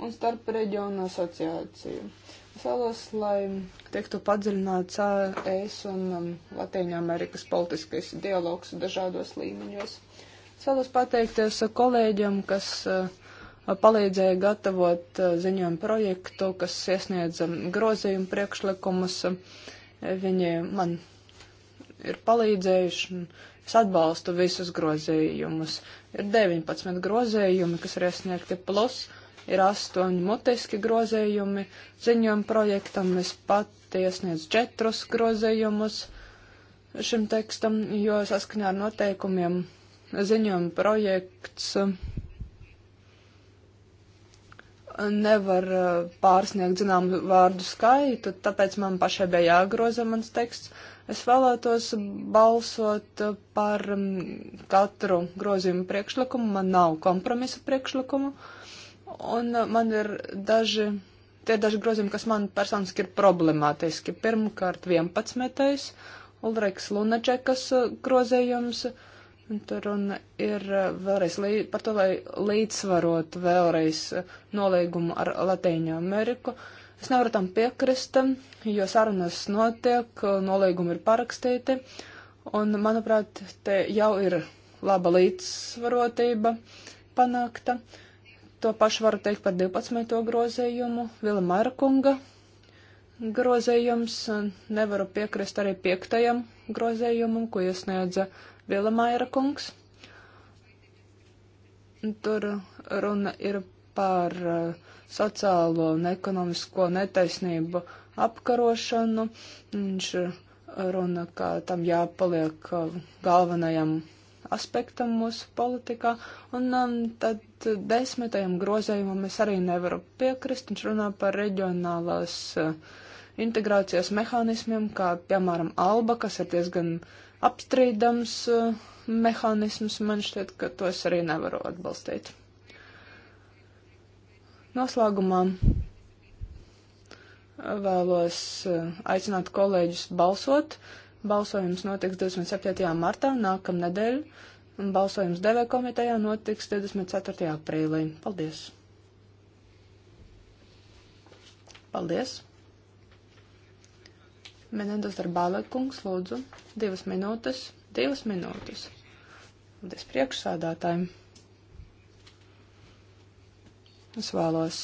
un starp reģionu asociāciju. Es vēlos, lai tiktu padziļināts ES un um, Latīņa Amerikas politiskais dialogs dažādos līmeņos. Es vēlos pateikties kolēģiem, kas uh, palīdzēja gatavot ziņojumu projektu, kas iesniedza um, grozījumu priekšlikumus. Viņi man ir palīdzējuši, un es atbalstu visus grozījumus. Ir 19 grozījumi, kas ir iesniegti plus ir astoņi mutiski grozējumi ziņojuma projektam. Es pati iesniedzu četrus grozējumus šim tekstam, jo saskaņā ar noteikumiem ziņojuma projekts uh, nevar uh, pārsniegt zināmu vārdu skaitu, tāpēc man pašai bija jāgroza mans teksts. Es vēlētos balsot uh, par um, katru grozījumu priekšlikumu, man nav kompromisa priekšlikumu. Uh, Un uh, man ir daži, tie daži grozījumi, kas man personiski ir problemātiski. Pirmkārt, 11. Ulriks Lunačekas uh, grozījums. Tur un ir uh, vēlreiz lī, par to, lai līdzsvarot vēlreiz nolīgumu ar Latīņu Ameriku. Es nevaru tam piekrist, jo sarunas notiek, nolīgumi ir parakstīti. Un, manuprāt, te jau ir laba līdzsvarotība panākta. Uh, To pašu varu teikt par 12. grozējumu, Vila Markunga grozējums. Nevaru piekrist arī 5. grozējumam, ko iesniedza Vila Mairakungs. Tur runa ir par eh, sociālo un ekonomisko netaisnību apkarošanu. Viņš eh, runa, ka tam jāpaliek eh, galvenajam aspektam mūsu politikā, un um, tad desmitajam grozējumam es arī nevaru piekrist, viņš runā par reģionālās uh, integrācijas mehānismiem, kā piemēram alba, kas ir diezgan apstrīdams uh, mehānisms, man šķiet, ka to es arī nevaru atbalstīt. Noslēgumā uh, vēlos uh, aicināt kolēģus balsot. Uh, Balsojums notiks 27. martā nākamnedēļ, un balsojums DV komitejā notiks 24. aprīlī. Paldies! Paldies! Menendas darbālekungs, lūdzu, divas minūtes, divas minūtes. Paldies priekšsādātājiem! Es vēlos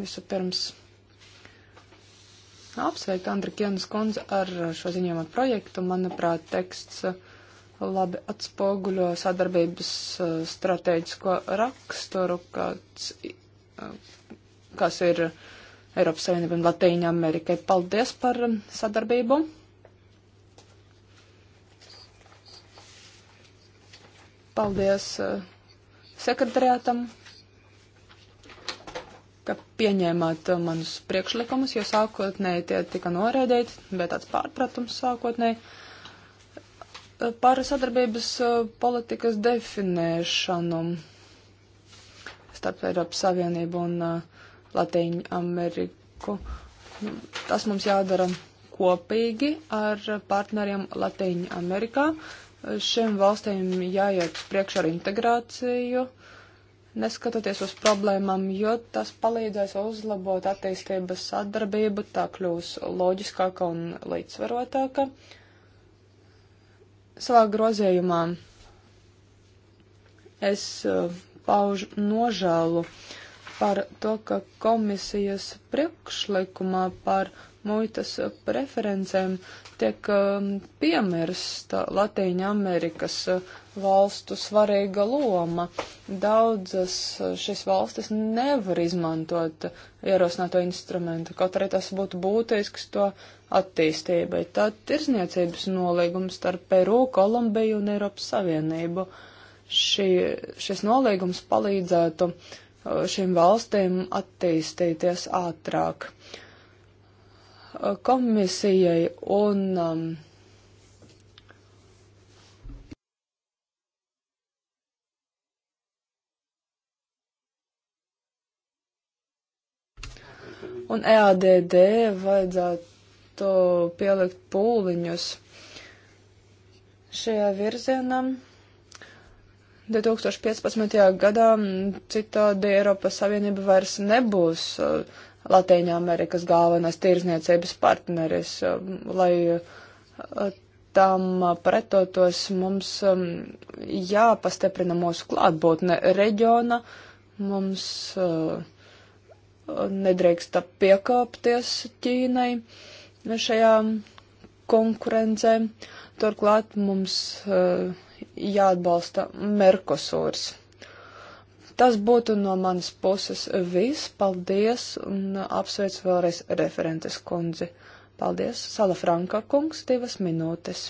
visu pirms apsveikt Andrikienas kundzi ar šo ziņojumu projektu. Manuprāt, teksts uh, labi atspoguļo sadarbības uh, strateģisko raksturu, kāds, uh, kas ir Eiropas Savienībai un Latīņa Amerikai. Paldies par um, sadarbību! Paldies sekretariātam! ka pieņēmāt uh, manus priekšlikumus, jo sākotnēji tie tika noraidīti, bet tāds pārpratums sākotnēji. Uh, par sadarbības uh, politikas definēšanu starp Eiropas Savienību un Latīņu Ameriku. Tas mums jādara kopīgi ar partneriem Latīņu Amerikā. Šiem valstīm jāiet priekš ar integrāciju neskatoties uz problēmām, jo tas palīdzēs uzlabot attīstības sadarbību, tā kļūs loģiskāka un līdzsvarotāka. Savā grozījumā es uh, paužu nožēlu par to, ka komisijas priekšlikumā par uh, muitas preferencēm tiek um, piemirsta Latīņa Amerikas uh, valstu svarīga loma. Daudzas uh, šīs valstis nevar izmantot uh, ierosināto instrumentu, kaut arī tas būtu būtisks to attīstībai. Tā tirzniecības nolīgums starp Peru, Kolumbiju un Eiropas Savienību. Šī, šis nolīgums palīdzētu šīm valstīm attīstīties ātrāk. Uh, komisijai un um, un EADD vajadzētu pielikt pūliņus šajā virzienā. 2015. gadā citādi Eiropas Savienība vairs nebūs uh, Latīņa Amerikas galvenais tirzniecības partneris, um, lai uh, tam uh, pretotos mums um, jāpastiprina mūsu klātbūtne reģiona, mums uh, nedrīkst piekāpties Ķīnai šajā konkurencē. Turklāt mums jāatbalsta Merkosūrs. Tas būtu no manas puses viss. Paldies un apsveicu vēlreiz referentes kundzi. Paldies, Sala Franka kungs, divas minūtes.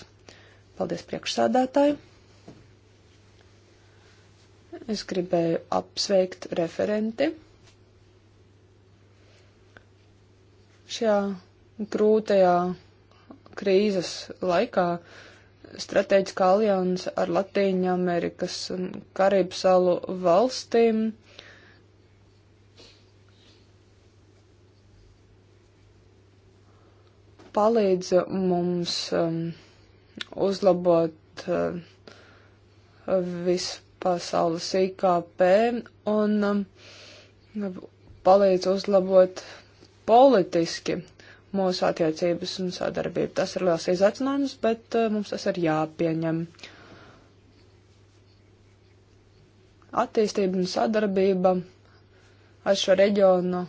Paldies priekšsādātāji. Es gribēju apsveikt referenti. Šajā grūtajā krīzes laikā uh, strateģiskā alianse ar Latīņu Amerikas un Karību salu valstīm. palīdz mums um, uzlabot uh, visu pasaules IKP un um, palīdz uzlabot politiski mūsu attiecības un sadarbību. Tas ir liels izaicinājums, bet uh, mums tas ir jāpieņem. Attīstība un sadarbība ar šo reģionu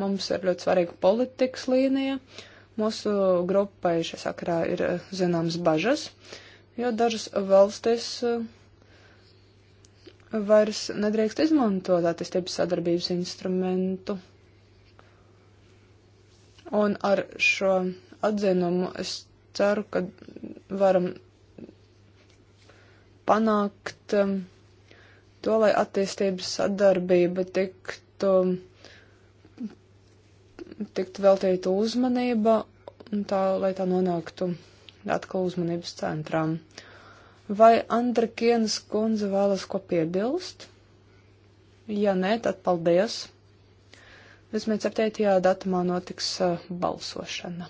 mums ir ļoti svarīga politikas līnija. Mūsu grupai šajā sakarā ir uh, zināmas bažas, jo dažas valstis uh, vairs nedrīkst izmantot attīstības sadarbības instrumentu. Un ar šo atzinumu es ceru, ka varam panākt um, to, lai attīstības sadarbība tiktu, tiktu veltīta uzmanība, tā, lai tā nonāktu atkal uzmanības centrām. Vai Andra Kienas kundze vēlas ko piebilst? Ja nē, tad paldies! 27. datumā notiks eh, balsošana.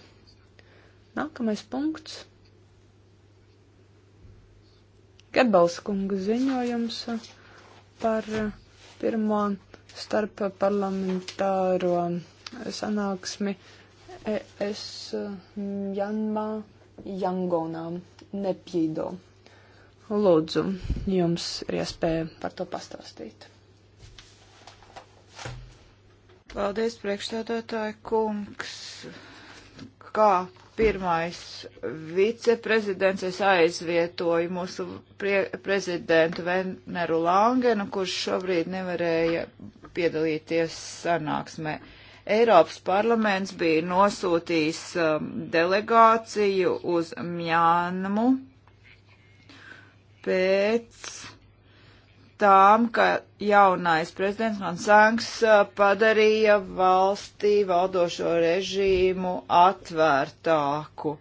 Nākamais punkts. Gebels kunga ziņojums eh, par eh, pirmo starp parlamentāro sanāksmi ES Janmā Jangonā Nepjīdo. Lūdzu, jums ir iespēja par to pastāstīt. Paldies, priekšstādātāji kungs. Kā pirmais viceprezidents es aizvietoju mūsu prezidentu Veneru Langenu, kurš šobrīd nevarēja piedalīties sanāksmē. Eiropas parlaments bija nosūtījis um, delegāciju uz Mjānmu pēc tām, ka jaunais prezidents Hansangs uh, padarīja valstī valdošo režīmu atvērtāku.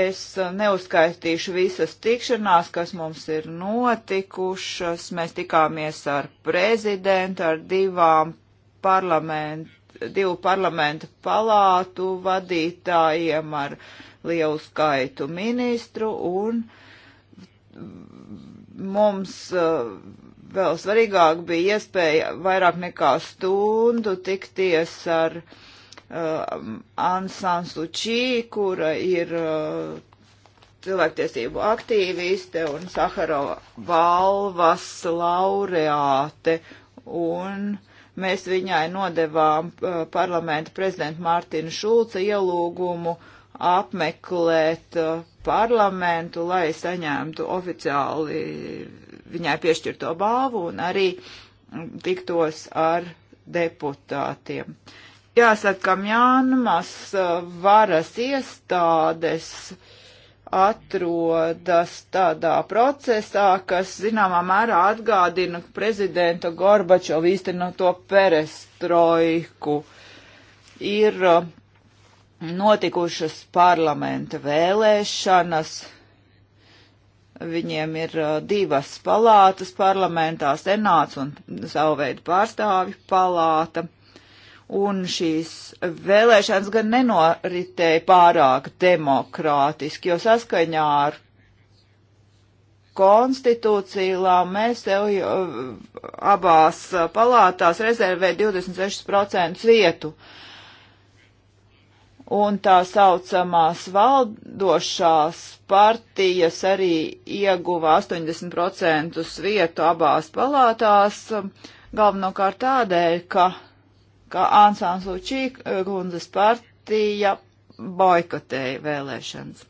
Es uh, neuzskaitīšu visas tikšanās, kas mums ir notikušas. Mēs tikāmies ar prezidentu, ar divām parlamentu, divu parlamentu palātu vadītājiem, ar lielu skaitu ministru un mums uh, vēl svarīgāk bija iespēja vairāk nekā stundu tikties ar uh, Ansan Sučī, kura ir uh, cilvēktiesību aktīviste un Saharova balvas laureāte. Un mēs viņai nodevām uh, parlamenta prezidenta Mārtina Šulca ielūgumu apmeklēt uh, parlamentu, lai saņemtu oficiāli viņai piešķirto balvu un arī tiktos ar deputātiem. Jāsaka, Mjānmas uh, varas iestādes atrodas tādā procesā, kas zināmā mērā atgādina prezidenta Gorbačovu īstenoto perestroiku. Ir uh, notikušas parlamenta vēlēšanas, Viņiem ir uh, divas palātas parlamentā, senāts un savu veidu pārstāvju palāta. Un šīs vēlēšanas gan nenoritēja pārāk demokrātiski, jo saskaņā ar konstitūciju mēs tev uh, abās palātās rezervē 26% vietu. Uh, un tā saucamās valdošās partijas arī ieguva 80% vietu abās palātās, galvenokārt tādēļ, ka, ka Ansāns Lučī eh, kundzes partija boikotēja vēlēšanas.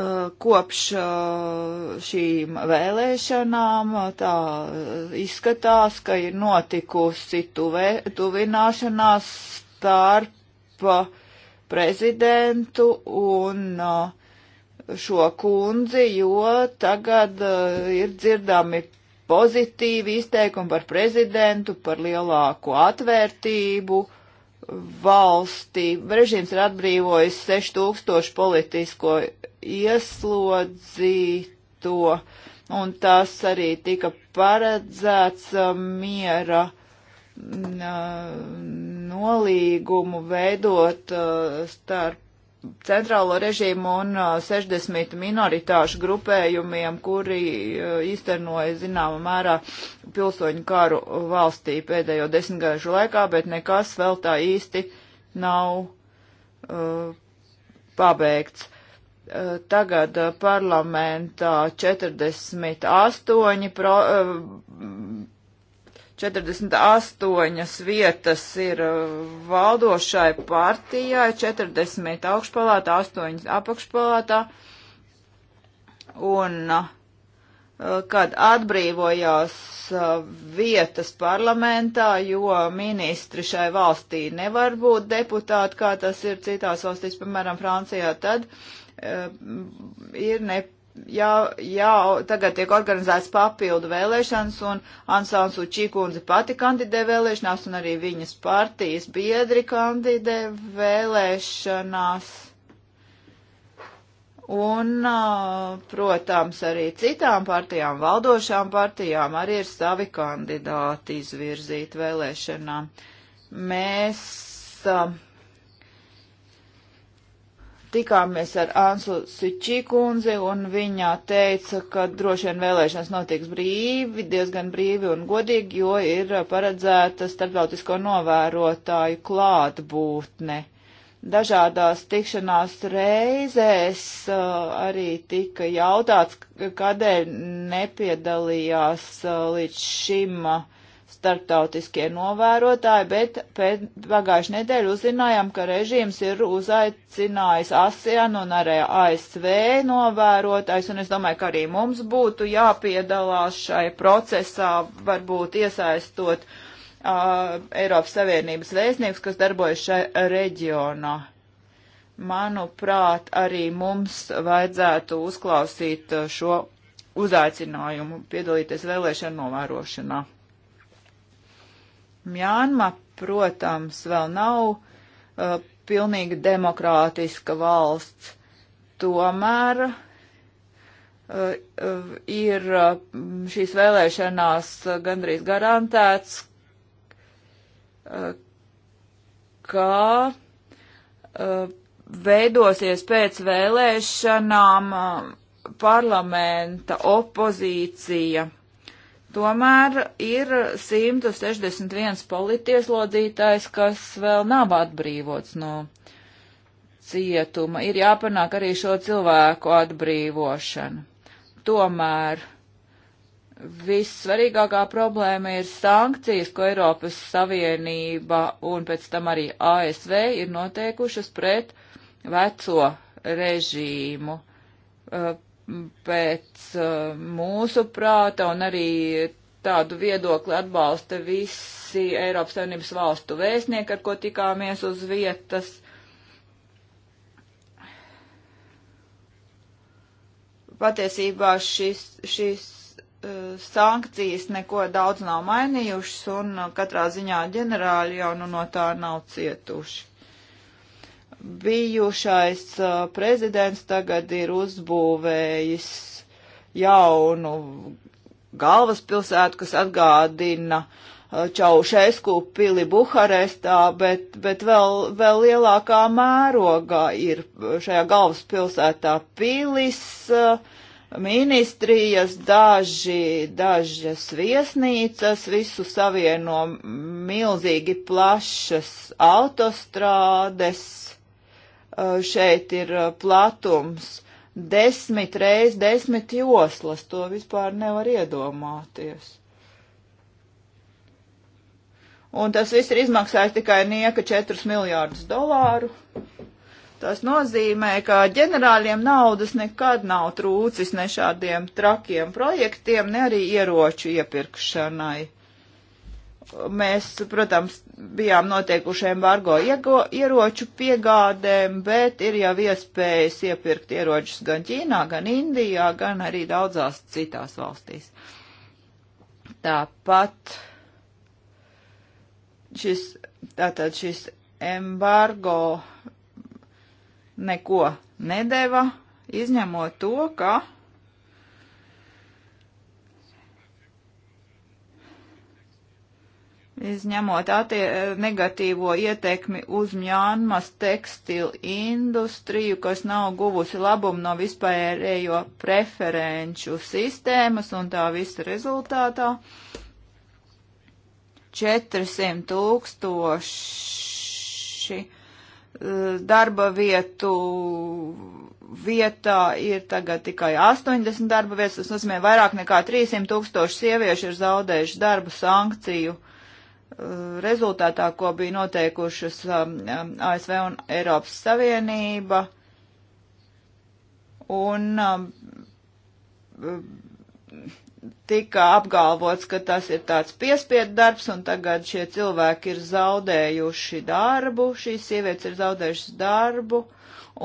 Eh, kopš eh, šīm vēlēšanām tā izskatās, ka ir notikusi tuvē, tuvināšanās starp prezidentu un uh, šo kundzi, jo tagad uh, ir dzirdami pozitīvi izteikumi par prezidentu, par lielāku atvērtību valstī. Režīms ir atbrīvojis 6000 politisko ieslodzīto, un tas arī tika paredzēts uh, miera nolīgumu veidot uh, starp centrālo režīmu un 60 uh, minoritāšu grupējumiem, kuri uh, īstenoja zināmā mērā pilsoņu karu valstī pēdējo desmitgažu laikā, bet nekas vēl tā īsti nav uh, pabeigts. Uh, tagad uh, parlamentā 48 pro, 48 vietas ir uh, valdošai partijai, 40 augšpalātā, 8 apakšpalātā. Un uh, kad atbrīvojās uh, vietas parlamentā, jo ministri šai valstī nevar būt deputāti, kā tas ir citās valstīs, piemēram, Francijā, tad ir nepieciešams Jā, jā, tagad tiek organizēts papildu vēlēšanas, un Ansāns Učīkundze pati kandidē vēlēšanās, un arī viņas partijas biedri kandidē vēlēšanās. Un, protams, arī citām partijām, valdošām partijām arī ir savi kandidāti izvirzīti vēlēšanām. Mēs uh, tikāmies ar Anslu Sičikundzi, un viņa teica, ka droši vien vēlēšanas notiks brīvi, diezgan brīvi un godīgi, jo ir paredzēta starptautisko novērotāju klātbūtne. Dažādās tikšanās reizēs uh, arī tika jautāts, kādēļ nepiedalījās uh, līdz šim uh, starptautiskie novērotāji, bet pēc pagājušajā nedēļā uzzinājām, ka režīms ir uzaicinājis ASEAN un arī ASV novērotājs, un es domāju, ka arī mums būtu jāpiedalās šai procesā, varbūt iesaistot uh, Eiropas Savienības vēstnieks, kas darbojas šajā reģionā manuprāt, arī mums vajadzētu uzklausīt šo uzaicinājumu piedalīties vēlēšanu novērošanā. Mjānma, protams, vēl nav uh, pilnīgi demokrātiska valsts, tomēr uh, uh, ir uh, šīs vēlēšanās gandrīz garantēts, uh, ka uh, veidosies pēc vēlēšanām parlamenta opozīcija Tomēr ir 161 politieslodzītājs, kas vēl nav atbrīvots no cietuma. Ir jāpanāk arī šo cilvēku atbrīvošana. Tomēr vissvarīgākā problēma ir sankcijas, ko Eiropas Savienība un pēc tam arī ASV ir noteikušas pret veco režīmu. Uh, pēc uh, mūsu prāta un arī tādu viedokli atbalsta visi Eiropas Savienības valstu vēstnieki, ar ko tikāmies uz vietas. Patiesībā šis, šis uh, sankcijas neko daudz nav mainījušas un uh, katrā ziņā ģenerāļi jau nu no tā nav cietuši bijušais uh, prezidents tagad ir uzbūvējis jaunu galvaspilsētu, kas atgādina uh, Čaušesku pili Buharestā, bet, bet vēl, vēl lielākā mērogā ir šajā galvaspilsētā pilis, uh, ministrijas, daži, dažas viesnīcas, visu savieno milzīgi plašas autostrādes šeit ir platums desmit reiz desmit joslas. To vispār nevar iedomāties. Un tas viss ir izmaksājis tikai nieka 4 miljārdus dolāru. Tas nozīmē, ka ģenerāļiem naudas nekad nav trūcis ne šādiem trakiem projektiem, ne arī ieroču iepirkšanai. Mēs, protams, bijām noteikuši embargo iego, ieroču piegādēm, bet ir jau iespējas iepirkt ieročus gan Ķīnā, gan Indijā, gan arī daudzās citās valstīs. Tāpat šis, tātad šis embargo neko nedeva, izņemot to, ka izņemot attie, negatīvo ietekmi uz Mjānmas tekstilu industriju, kas nav guvusi labumu no vispārējo preferenču sistēmas un tā visa rezultātā. 400 tūkstoši eh, darba vietu vietā ir tagad tikai 80 darba vietas, tas nozīmē vairāk nekā 300 tūkstoši sieviešu ir zaudējuši darbu sankciju uh, rezultātā, ko bija noteikušas um, um, ASV un Eiropas Savienība, un um, tika apgalvots, ka tas ir tāds piespiedu darbs, un tagad šie cilvēki ir zaudējuši darbu, šīs sievietes ir zaudējušas darbu,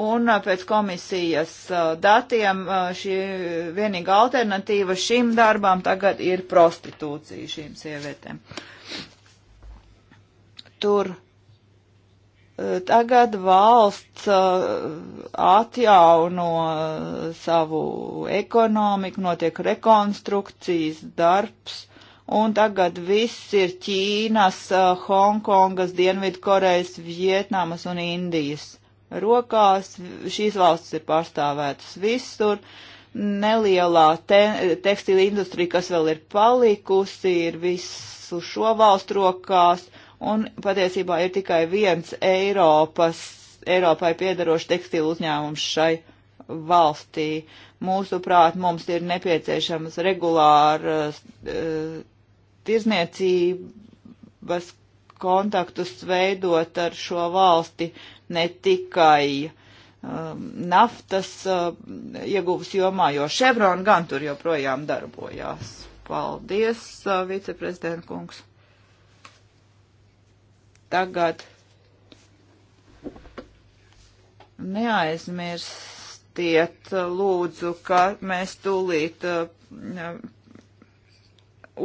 un uh, pēc komisijas uh, datiem uh, šī vienīga alternatīva šim darbām tagad ir prostitūcija šīm sievietēm. Uh, tur e, tagad valsts e, atjauno e, savu ekonomiku, notiek rekonstrukcijas darbs, un tagad viss ir Ķīnas, Hongkongas, Dienvidkorejas, Vietnamas un Indijas rokās. Šīs valstis ir pārstāvētas visur. Nelielā te tekstila industrija, kas vēl ir palikusi, ir visu šo valstu rokās. Uh, un patiesībā ir tikai viens Eiropas, Eiropai piedarošs tekstilu uzņēmums šai valstī. Mūsuprāt, mums ir nepieciešamas regulāras uh, eh, tirzniecības kontaktus veidot ar šo valsti ne tikai um, naftas uh, ieguvas jomā, jo Chevron gan tur joprojām darbojās. Paldies, uh, eh, viceprezidenta kungs tagad neaizmirstiet, lūdzu, ka mēs tūlīt uh,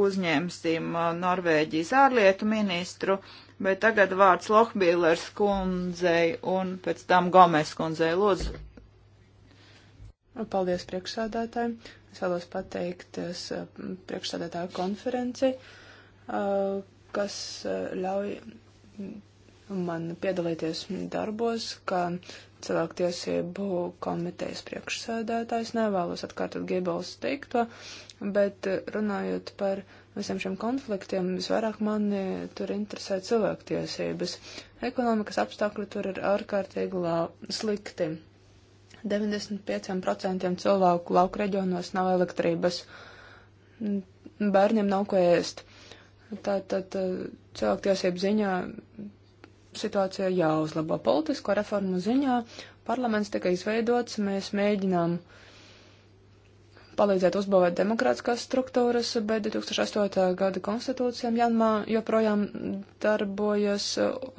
uzņemsim uh, Norvēģijas ārlietu ministru, bet tagad vārds Lohbīlers kundzei un pēc tam Gomes kundzei. Lūdzu. Paldies priekšsādātājiem. Es vēlos pateikties uh, priekšsādātāju konferenci, kas ļauj man piedalīties darbos, kā cilvēktiesību komitejas priekšsēdētājs. Nevēlos atkārtot Gibels teikto, bet runājot par visiem šiem konfliktiem, visvairāk mani tur interesē cilvēktiesības. Ekonomikas apstākļi tur ir ārkārtīgi lā, slikti. 95% cilvēku lauku reģionos nav elektrības. Bērniem nav ko ēst. Tātad eh, cilvēktiesību ziņā situācija jāuzlabo politisko reformu ziņā. Parlaments tika izveidots, mēs mēģinām palīdzēt uzbūvēt demokrātiskās struktūras, bet 2008. gada konstitūcijām Janmā joprojām darbojas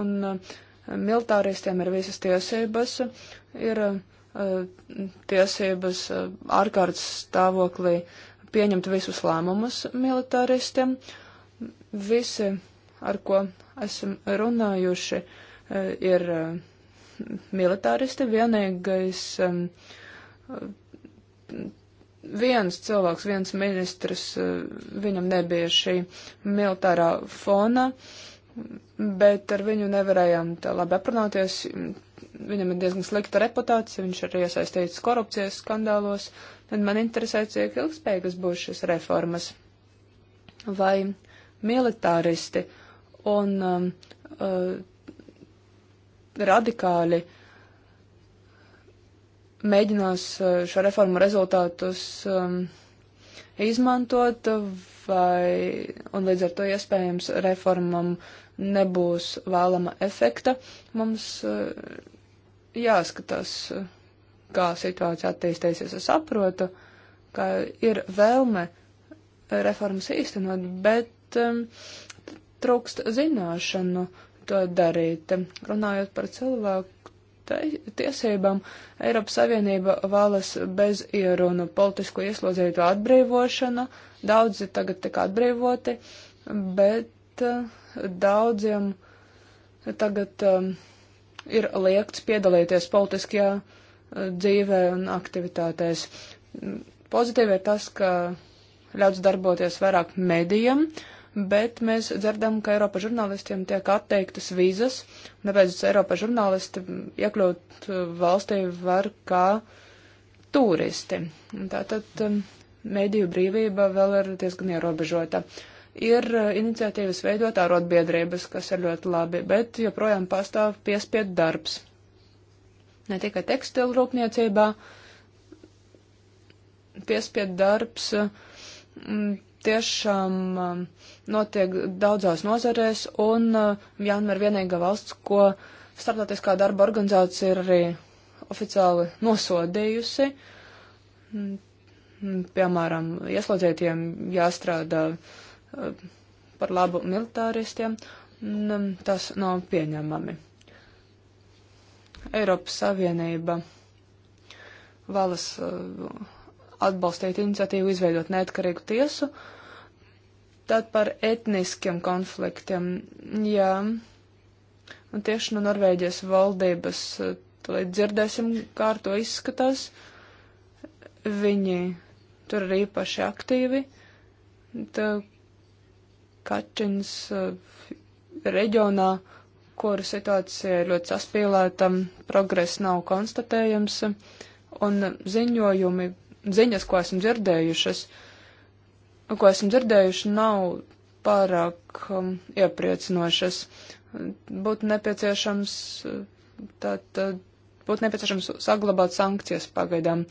un eh, militāristiem ir visas tiesības, ir eh, tiesības ārkārtas stāvoklī pieņemt visus lēmumus militāristiem. Uh, Visi, ar ko esam runājuši, eh, ir eh, militāristi. Vienīgais viens cilvēks, viens ministrs, eh, viņam nebija šī militārā fona, bet ar viņu nevarējām tā labi aprunāties. Viņam ir diezgan slikta reputācija, viņš ir iesaistīts korupcijas skandālos. Tad man interesē, cik ilgspējīgas būs šīs reformas. Vai uh, militāristi un um, uh, radikāļi mēģinās uh, šo reformu rezultātus um, izmantot, vai, un līdz ar to iespējams reformam nebūs vēlama efekta. Mums uh, jāskatās, kā situācija attīstīsies. Es saprotu, ka ir vēlme reformas īstenot, bet bet um, trūkst zināšanu to darīt. Runājot par cilvēku tiesībām, Eiropas Savienība vēlas bez ierunu politisko ieslodzītu atbrīvošanu. Daudzi tagad tika atbrīvoti, bet uh, daudziem tagad um, ir liekts piedalīties politiskajā uh, dzīvē un aktivitātēs. Pozitīvi ir tas, ka ļauts darboties vairāk medijam. Uh, bet mēs dzirdam, ka Eiropas žurnālistiem tiek atteiktas vīzas, un tāpēc Eiropas žurnālisti iekļūt uh, valstī var kā turisti. Tātad um, mediju brīvība vēl ir diezgan ierobežota. Ir uh, iniciatīvas veidot arotbiedrības, kas ir ļoti labi, bet joprojām pastāv piespiedu darbs. Ne tikai tekstilu rūpniecībā, piespiedu darbs m, mm, tiešām um, notiek daudzās nozarēs, un Mjanma um, ir vienīgā valsts, ko starptautiskā darba organizācija ir arī oficiāli nosodījusi. Mm, piemēram, ieslodzītiem jāstrādā uh, par labu militāristiem, un um, tas nav pieņemami. Eiropas Savienība valas uh, atbalstīt iniciatīvu izveidot neatkarīgu tiesu. Tad par etniskiem konfliktiem. Jā, un tieši no Norvēģijas valdības eh, tad dzirdēsim, kā ar to izskatās. Viņi tur ir īpaši aktīvi. Tā Kačins eh, reģionā, kur situācija ir ļoti saspīlēta, progress nav konstatējams, un ziņojumi ziņas, ko esmu dzirdējušas, ko esmu dzirdējuši, nav pārāk um, iepriecinošas. Būtu nepieciešams, tad, būtu nepieciešams saglabāt sankcijas pagaidām,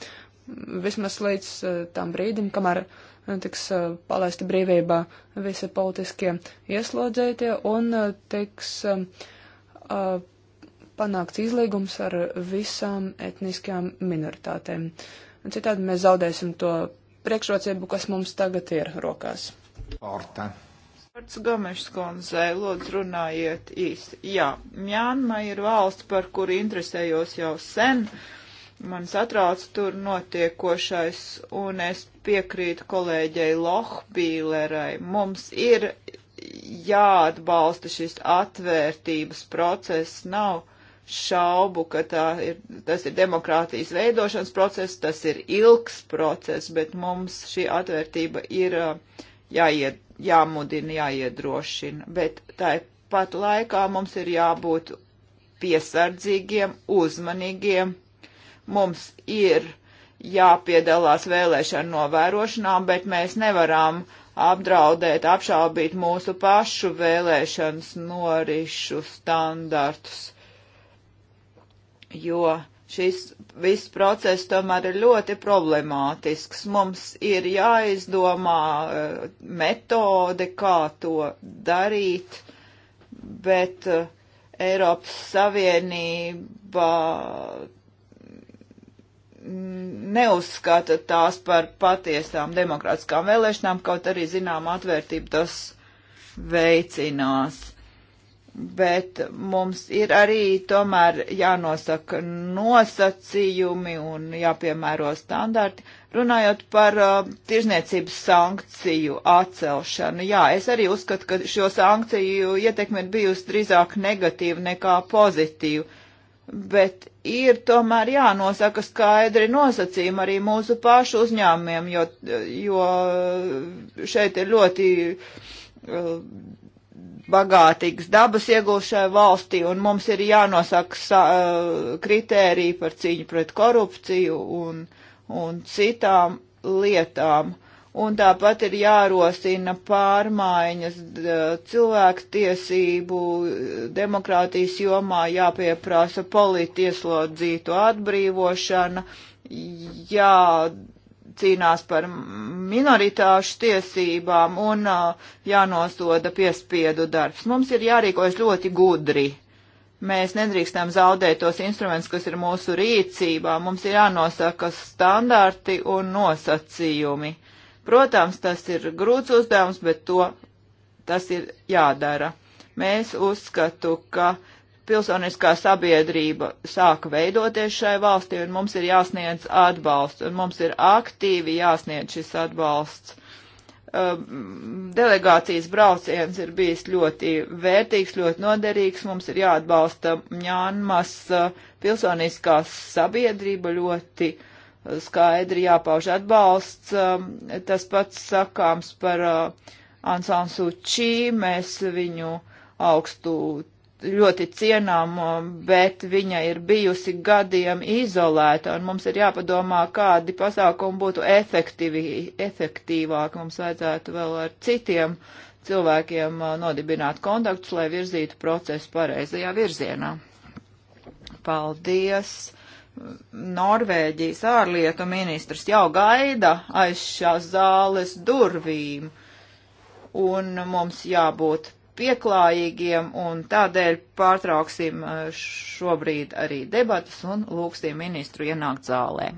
vismaz līdz uh, tam brīdim, kamēr uh, tiks uh, palaisti brīvībā visi politiskie ieslodzītie un uh, tiks um, uh, panākts izlīgums ar visām etniskajām minoritātēm. Uh, un citādi mēs zaudēsim to priekšrocību, kas mums tagad ir rokās. Orta. Vārds Gomešs konzē, lūdzu runājiet īsti. Jā, Mjānma ir valsts, par kuru interesējos jau sen. Man satrauc tur notiekošais, un es piekrītu kolēģei Lohbīlerai. Mums ir jāatbalsta šis atvērtības process, nav šaubu, ka tā ir, tas ir demokrātijas veidošanas process, tas ir ilgs process, bet mums šī atvērtība ir uh, jāiet, jāmudina, jāiedrošina. Bet tāpat laikā mums ir jābūt piesardzīgiem, uzmanīgiem. Mums ir jāpiedalās vēlēšanu novērošanām, bet mēs nevaram apdraudēt, apšaubīt mūsu pašu vēlēšanas norišu standartus jo šis viss process tomēr ir ļoti problemātisks. Mums ir jāizdomā eh, metode, kā to darīt, bet eh, Eiropas Savienība neuzskata tās par patiesām demokrātiskām vēlēšanām, kaut arī zinām atvērtību tas veicinās bet mums ir arī tomēr jānosaka nosacījumi un jāpiemēro standarti. Runājot par uh, tirzniecības sankciju atcelšanu, jā, es arī uzskatu, ka šo sankciju ietekme ir bijusi drīzāk negatīva nekā pozitīva, bet ir tomēr jānosaka skaidri nosacījumi arī mūsu pašu uzņēmumiem, jo, jo šeit ir ļoti uh, bagātīgas dabas iegūšai valstī, un mums ir jānosaka eh, kritērija par cīņu pret korupciju un, un citām lietām. Un tāpat ir jārosina pārmaiņas cilvēku tiesību, demokrātijas jomā jāpieprasa politieslodzīto atbrīvošana, jā, jācīnās par minoritāšu tiesībām un jānosoda piespiedu darbs. Mums ir jārīkojas ļoti gudri. Mēs nedrīkstam zaudēt tos instrumentus, kas ir mūsu rīcībā. Mums ir jānosaka standarti un nosacījumi. Protams, tas ir grūts uzdevums, bet to tas ir jādara. Mēs uzskatu, ka uh, pilsoniskā sabiedrība sāka veidoties šai valstī, un mums ir jāsniedz atbalsts, un mums ir aktīvi jāsniedz šis atbalsts. Um, delegācijas brauciens ir bijis ļoti vērtīgs, ļoti noderīgs. Mums ir jāatbalsta Ņānmas uh, pilsoniskā sabiedrība ļoti uh, skaidri jāpauž atbalsts. Um, tas pats sakāms par uh, Ansansu Čī. Mēs viņu augstu ļoti cienāmo, bet viņa ir bijusi gadiem izolēta, un mums ir jāpadomā, kādi pasākumi būtu efektīvāki. Mums vajadzētu vēl ar citiem cilvēkiem uh, nodibināt kontaktus, lai virzītu procesu pareizajā virzienā. Paldies! Norvēģijas ārlietu ministrs jau gaida aiz šās zāles durvīm, un mums jābūt pieklājīgiem un tādēļ pārtrauksim eh, šobrīd arī debatas un lūgsim ministru ienākt zālē.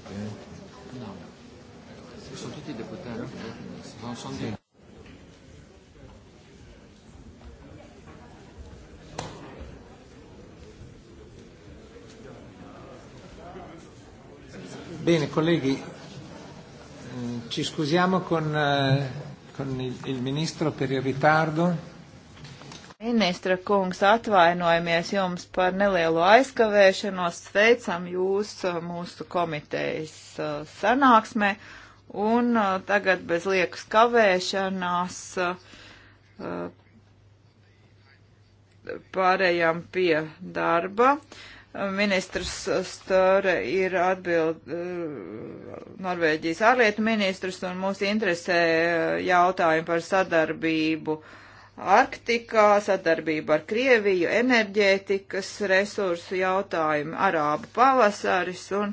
europeo. No. Sono tutti deputati. Sono, sono sì. Bene, colleghi, eh, ci scusiamo con, eh, con il, il Ministro per il ritardo. Ministra kungs, atvainojamies jums par nelielu aizkavēšanos, sveicam jūs uh, mūsu komitejas uh, sanāksmē un uh, tagad bez liekas kavēšanās pārējām pie darba. Ministrs Stāre ir atbild Norvēģijas ārlietu ministrs un mūs interesē jautājumi par sadarbību uh, Arktikā, sadarbība ar Krieviju, enerģētikas resursu jautājumi, Arābu pavasaris un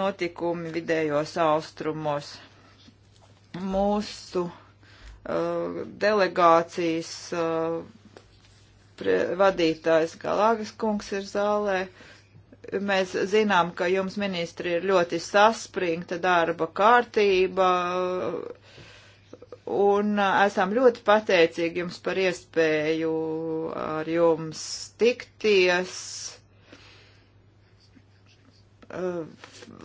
notikumi vidējos austrumos. Mūsu uh, delegācijas uh, vadītājs Galāgas kungs ir zālē. Mēs zinām, ka jums ministri ir ļoti saspringta darba kārtība, un esam ļoti pateicīgi jums par iespēju ar jums tikties.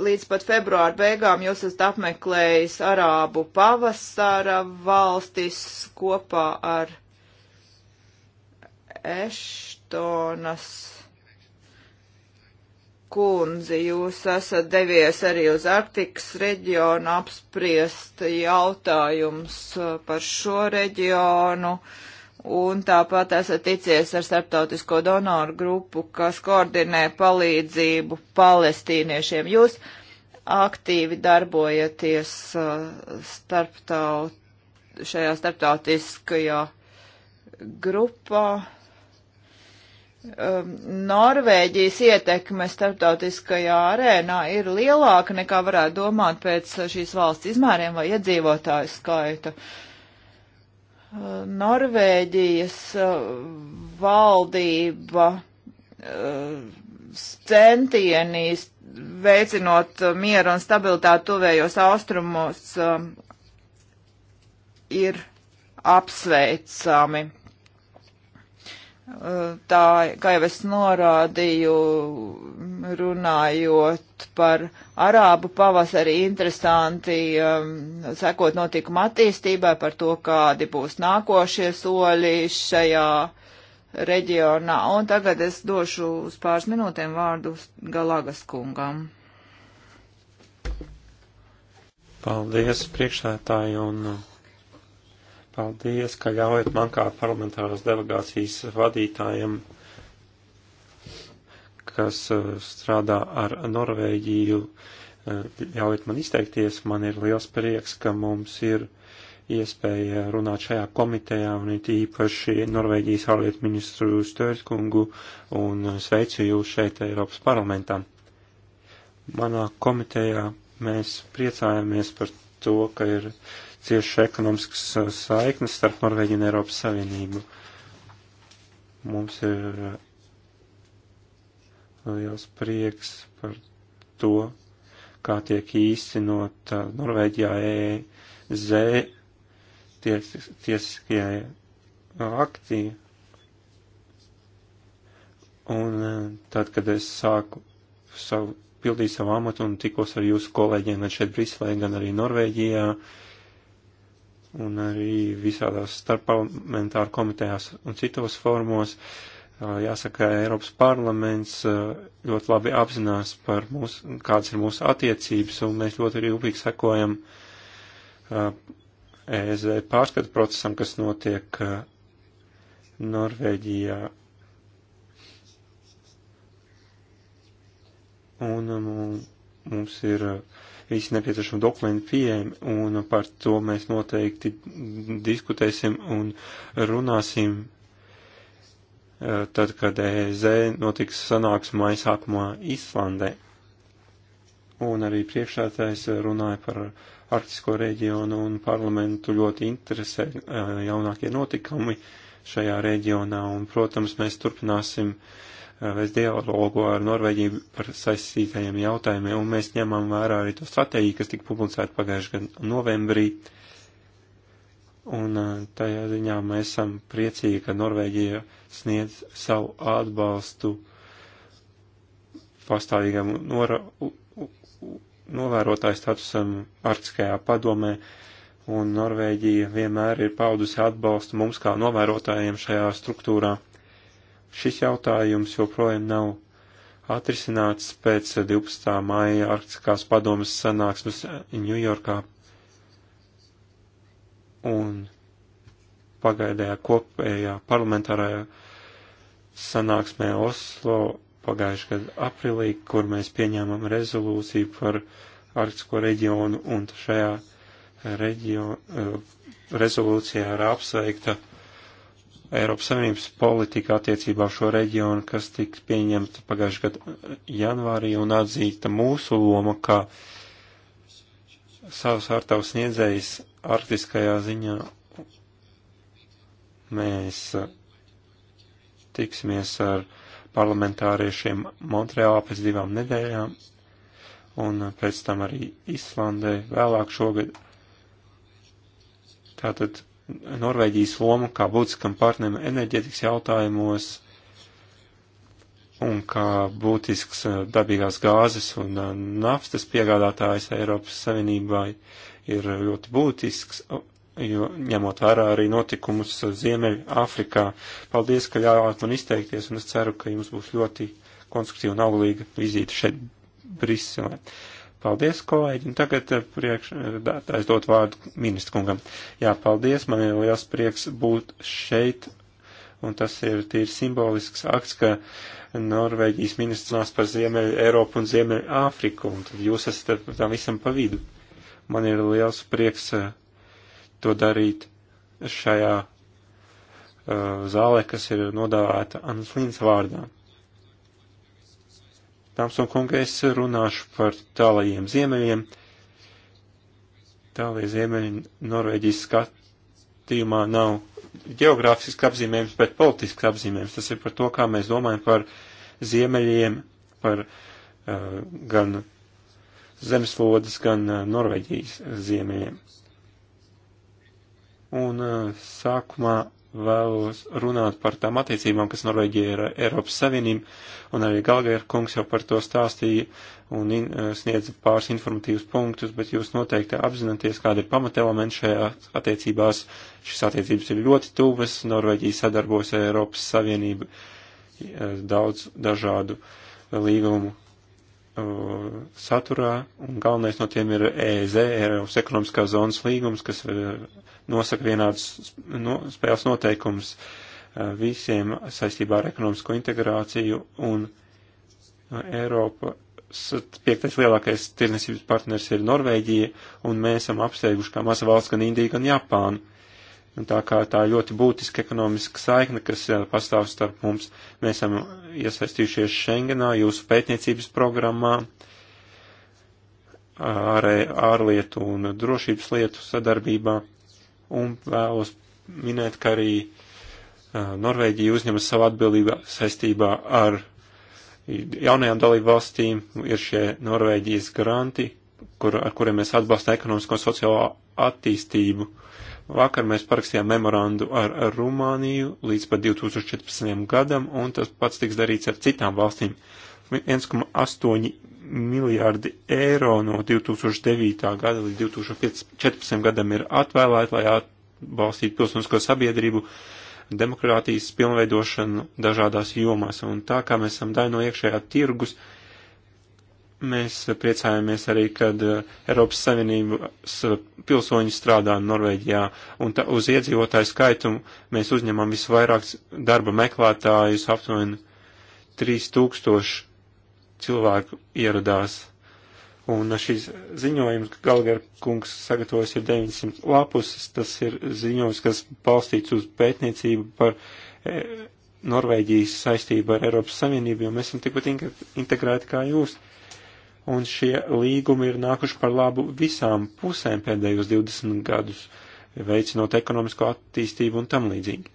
Līdz pat februāra beigām jūs esat apmeklējis Arābu pavasara valstis kopā ar Eštonas kundze, jūs esat devies arī uz Arktikas reģionu apspriest jautājums uh, par šo reģionu, un tāpat esat ticies ar starptautisko donoru grupu, kas koordinē palīdzību palestīniešiem. Jūs aktīvi darbojaties uh, starptaut, šajā starptautiskajā grupā Um, Norvēģijas ietekme starptautiskajā arēnā ir lielāka nekā varētu domāt pēc šīs valsts izmēriem vai iedzīvotāju skaita. Uh, Norvēģijas uh, valdība uh, centienīs veicinot mieru un stabilitāti tuvējos austrumos ir apsveicami tā, kā jau es norādīju, runājot par arābu pavasari, interesanti um, sekot notikuma attīstībai par to, kādi būs nākošie soļi šajā reģionā. Un tagad es došu uz pāris minūtēm vārdu Galagas kungam. Paldies priekšētāji un Paldies, ka ļaujat man kā parlamentāras delegācijas vadītājiem, kas uh, strādā ar Norvēģiju, uh, ļaujat man izteikties. Man ir liels prieks, ka mums ir iespēja runāt šajā komitejā un it īpaši Norvēģijas ārlietu ministru Störtkungu un uh, sveicu jūs šeit Eiropas parlamentā. Manā komitejā mēs priecājamies par to, ka ir uh, cieši ekonomiskas uh, saiknes starp Norvēģiju un Eiropas Savienību. Mums ir uh, liels prieks par to, kā tiek īstenot uh, Norvēģijā EZ ties, tiesiskie akti. Un tad, kad es sāku savu, pildīju savu amatu un tikos ar jūsu kolēģiem gan šeit Briselē, gan arī Norvēģijā, uh, un arī visādās starpparlamentāru komitejās un citos formos. Jāsaka, Eiropas parlaments ļoti labi apzinās par mūsu, kādas ir mūsu attiecības, un mēs ļoti rūpīgi sekojam EZ pārskatu procesam, kas notiek Norvēģijā. Un mums ir uh, visi nepieciešami dokumenti pieejami, un par to mēs noteikti diskutēsim un runāsim e, tad, kad EZ notiks sanāksmē aizsākumā Islandē. Un arī priekšētājs runāja par arktisko reģionu un parlamentu ļoti interesē e, jaunākie notikumi šajā reģionā, un, protams, mēs turpināsim uh, vēst dialogu ar Norvēģiju par saistītajiem jautājumiem, un mēs ņemam vērā arī to stratēģiju, kas tika publicēta pagājušajā gadā novembrī. Un eh, tajā ziņā mēs esam priecīgi, ka Norvēģija sniedz savu atbalstu pastāvīgam nora, novērotāju statusam Arktiskajā padomē, un Norvēģija vienmēr ir paudusi atbalstu mums kā novērotājiem šajā struktūrā. Šis jautājums joprojām nav atrisināts pēc 12. māja Arktiskās padomas sanāksmes Ņujorkā. Un pagaidējā kopējā parlamentārajā sanāksmē Oslo pagājušajā gadā aprīlī, kur mēs pieņēmām rezolūciju par Arktisko reģionu, un šajā reģio, eh, rezolūcijā ir apsveikta Eiropas Savienības politika attiecībā šo reģionu, kas tika pieņemta pagājušajā gadā janvārī un atzīta mūsu loma, kā savus ārtavas sniedzējs arktiskajā ziņā. Mēs uh, tiksimies ar parlamentāriešiem Montreālā pēc divām nedēļām un uh, pēc tam arī Islandē vēlāk šogad. Tātad Norvēģijas lomu kā būtiskam partnerim enerģetikas jautājumos un kā būtisks eh, dabīgās gāzes un eh, naftas piegādātājs Eiropas Savienībai ir ļoti būtisks, jo ņemot vērā arī notikumus Ziemeļa Afrikā. Paldies, ka ļāvāt man izteikties, un es ceru, ka jums būs ļoti konstruktīva un auglīga vizīte šeit Briselē. Uh, Paldies, kolēģi. Un tagad eh, priekšdātājs eh, dot vārdu ministru kungam. Jā, paldies. Man ir liels prieks būt šeit. Un tas ir tīri simbolisks akts, ka Norvēģijas ministrs nāks par Ziemeļu Eiropu un Ziemeļu Āfriku. Un tad jūs esat tam visam pa vidu. Man ir liels prieks eh, to darīt šajā uh, zālē, kas ir nodāvēta Anslīnas vārdā. Dāmas un kungi, es runāšu par tālajiem ziemeļiem. Tālie ziemeļi Norvēģijas skatījumā nav geogrāfisks apzīmējums, bet politisks apzīmējums. Tas ir par to, kā mēs domājam par ziemeļiem, par uh, gan zemeslodes, gan uh, Norvēģijas ziemeļiem. Un uh, sākumā vēlos runāt par tām attiecībām, kas Norvēģija ir Eiropas Savienība, un arī Galgair kungs jau par to stāstīja un in, eh, sniedz pāris informatīvus punktus, bet jūs noteikti apzināties, kāda ir pamatelementi šajā attiecībās. Šis attiecības ir ļoti tuvas, Norvēģija sadarbos ar Eiropas Savienību eh, daudz dažādu līgumu eh, saturā, un galvenais no tiem ir EZ, Eiropas ekonomiskās zonas līgums, kas nosaka vienādas no, spēles noteikumus eh, visiem saistībā ar ekonomisko integrāciju un eh, Eiropa piektais lielākais tirnesības partners ir Norvēģija, un mēs esam apsteiguši kā maza valsts gan Indiju, gan Japānu. Un tā kā tā ļoti būtiska ekonomiska saikne, kas eh, pastāv starp mums, mēs esam iesaistījušies Schengenā, jūsu pētniecības programmā, ārē, ārlietu un drošības lietu sadarbībā, un vēlos minēt, ka arī Norvēģija uzņemas savu atbildību saistībā ar jaunajām dalību valstīm, ir šie Norvēģijas granti, kur, ar kuriem mēs atbalstam ekonomisko un sociālo attīstību. Vakar mēs parakstījām memorandu ar, ar Rumāniju līdz pat 2014. gadam, un tas pats tiks darīts ar citām valstīm. 1,8 miljārdi eiro no 2009. gada līdz 2014. gadam ir atvēlēti, lai atbalstītu pilsonisko sabiedrību, demokrātijas pilnveidošanu dažādās jomās. Un tā kā mēs esam daļa no iekšējā tirgus, mēs priecājamies arī, kad Eiropas Savienības pilsoņi strādā Norvēģijā, un ta, uz iedzīvotāju skaitumu mēs uzņemam visvairāk darba meklētājus, aptuveni 3000 cilvēku ieradās. Un šīs ziņojums, Galgar kungs sagatavojas ir 900 lapuses, tas ir ziņojums, kas balstīts uz pētniecību par e, Norvēģijas saistību ar Eiropas Savienību, jo mēs esam tikpat integrēti kā jūs. Un šie līgumi ir nākuši par labu visām pusēm pēdējos 20 gadus, veicinot ekonomisko attīstību un tam līdzīgi.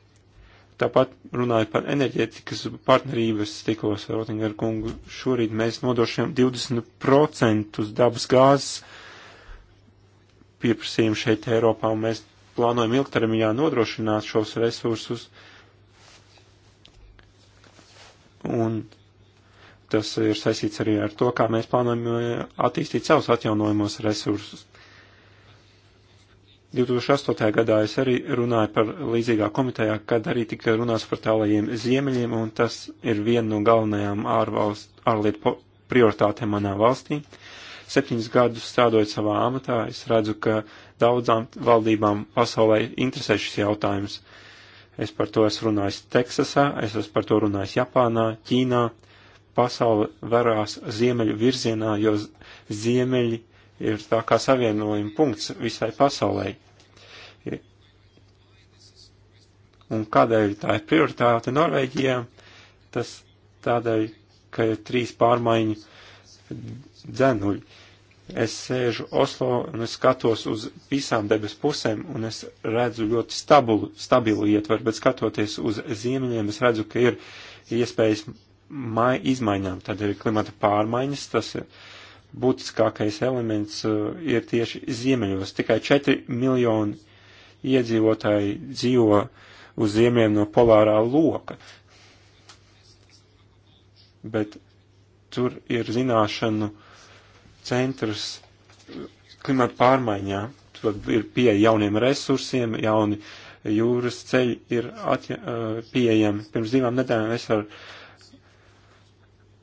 Tāpat runājot par enerģētikas partnerības tikos ar Otingaru kungu, šorīt mēs nodošam 20% dabas gāzes pieprasījumu šeit Eiropā, un mēs plānojam ilgtermiņā nodrošināt šos resursus. Un tas ir saistīts arī ar to, kā mēs plānojam eh, attīstīt savus atjaunojumos resursus. 2008. gadā es arī runāju par līdzīgā komitejā, kad arī tika runāts par tālajiem ziemeļiem, un tas ir viena no galvenajām ārvalst, ārlietu prioritātēm manā valstī. Septiņus gadus strādājot savā amatā, es redzu, ka daudzām valdībām pasaulē interesē šis jautājums. Es par to esmu runājis Teksasā, es esmu par to runājis Japānā, Ķīnā. Pasaule varās ziemeļu virzienā, jo ziemeļi ir tā kā savienojuma punkts visai pasaulē. Un kādēļ tā ir prioritāte Norvēģijā? Tas tādēļ, ka ir trīs pārmaiņu dzenuļi. Es sēžu Oslo un es skatos uz visām debes pusēm un es redzu ļoti stabilu, stabilu ietvaru, bet skatoties uz ziemeļiem, es redzu, ka ir iespējas mai, izmaiņām. Tad ir klimata pārmaiņas, tas ir uh, būtiskākais elements uh, ir tieši ziemeļos. Tikai 4 miljoni iedzīvotāji dzīvo uz ziemiem no polārā loka. Bet tur ir zināšanu centrs klimata pārmaiņā. Tur ir pieeja jauniem resursiem, jauni jūras ceļi ir atja, uh, pieejami. Pirms divām nedēļām es ar uh,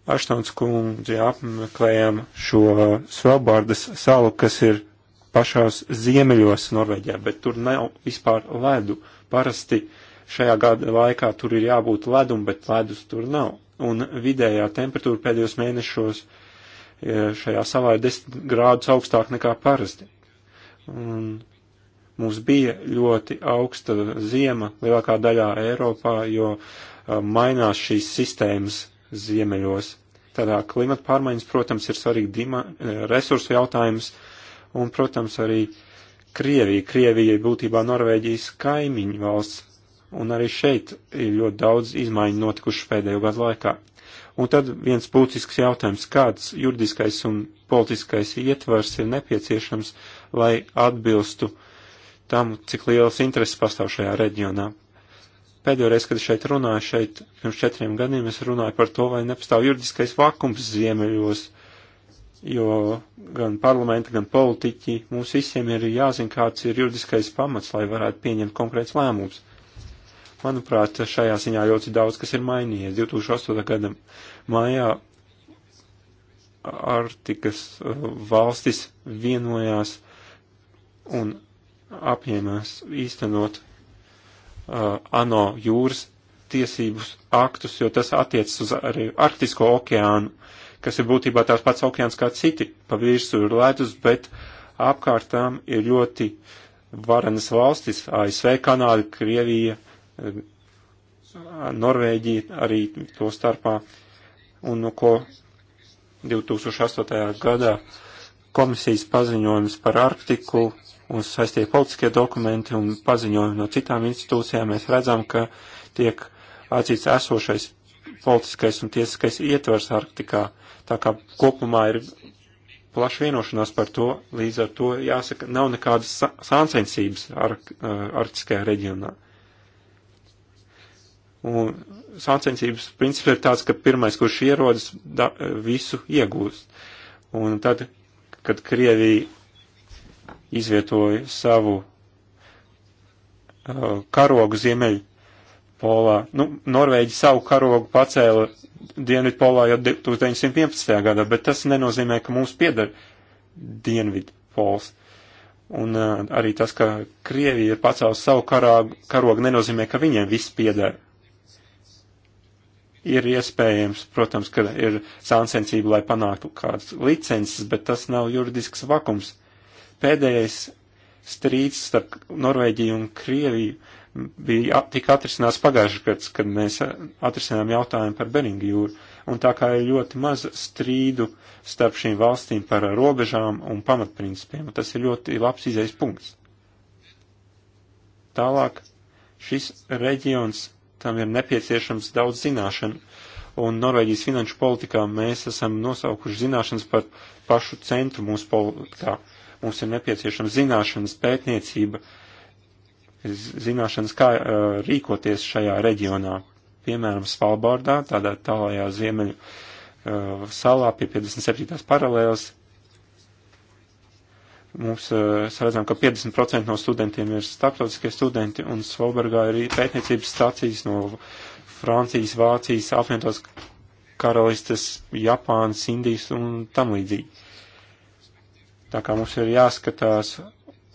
Aštons kundzi apmeklējām šo Svalbārdas salu, kas ir pašās ziemeļos Norvēģijā, bet tur nav vispār ledu. Parasti šajā gada laikā tur ir jābūt ledum, bet ledus tur nav. Un vidējā temperatūra pēdējos mēnešos šajā salā ir 10 grādus augstāk nekā parasti. Un mums bija ļoti augsta ziema lielākā daļā Eiropā, jo eh, mainās šīs sistēmas ziemeļos. Tādā klimata pārmaiņas, protams, ir svarīgi dima, e, resursu jautājums, un, protams, arī Krievija. Krievija ir būtībā Norvēģijas kaimiņu valsts, un arī šeit ir ļoti daudz izmaiņu notikušas pēdējo gadu laikā. Un tad viens būtisks jautājums, kāds juridiskais un politiskais ietvars ir nepieciešams, lai atbilstu tam, cik lielas intereses pastāv šajā reģionā. Pēdējoreiz, kad šeit runāju, šeit pirms četriem gadiem es runāju par to, vai nepastāv juridiskais vakums ziemeļos, jo gan parlamenta, gan politiķi mums visiem ir jāzina, kāds ir juridiskais pamats, lai varētu pieņemt konkrēts lēmums. Manuprāt, šajā ziņā ļoti daudz kas ir mainījies. 2008. gada mājā Arktikas uh, valstis vienojās un apņēmās īstenot uh, ANO jūras tiesības aktus, jo tas attiecas uz arī Arktisko okeānu, kas ir būtībā tās pats okeāns kā citi. Pa virsmu ir ledus, bet apkārtām ir ļoti varenas valstis - ASV, Kanāda, Krievija, um, Norvēģija arī to starpā. Un no ko 2008. gadā komisijas paziņojums par Arktiku un saistīja politiskie dokumenti un paziņojumi no citām institūcijām, mēs redzam, ka tiek atzīts esošais politiskais un tiesiskais ietvers Arktikā. Tā kā kopumā ir plaša vienošanās par to, līdz ar to jāsaka, nav nekādas sāncensības ar, eh, arktiskajā reģionā. Un sāncensības princips ir tāds, ka pirmais, kurš ierodas, da, visu iegūst. Un tad, kad Krievija izvietoja savu uh, karogu ziemeļu polā. Nu, Norvēģi savu karogu pacēla dienvidu polā jau 1911. gadā, bet tas nenozīmē, ka mums pieder dienvidu pols. Un uh, arī tas, ka Krievija ir pacēlusi savu karāgu, karogu, nenozīmē, ka viņiem viss pieder. Ir iespējams, protams, ka ir sāncensība, lai panāktu kādas licences, bet tas nav juridisks vakums. Uh, Pēdējais strīds starp Norvēģiju un Krieviju bija tika atrisināts pagājušajā gads, kad mēs atrisinājām jautājumu par Beringu jūru. Un tā kā ir ļoti maz strīdu starp šīm valstīm par robežām un pamatprincipiem, un tas ir ļoti labs izējas punkts. Tālāk šis reģions tam ir nepieciešams daudz zināšanu, un Norvēģijas finanšu politikā mēs esam nosaukuši zināšanas par pašu centru mūsu politikā. Uh, Mums ir nepieciešama zināšanas pētniecība, zināšanas, kā uh, rīkoties šajā reģionā. Piemēram, Svalbārdā, tādā tālajā ziemeļu uh, salā pie 57. paralēlas. Mums uh, redzam, ka 50% no studentiem ir starptautiskie studenti, un Svalbārgā ir pētniecības stācijas no Francijas, Vācijas, apvienotās karalistes, Japānas, Indijas un tam līdzīgi. Tā kā mums ir jāskatās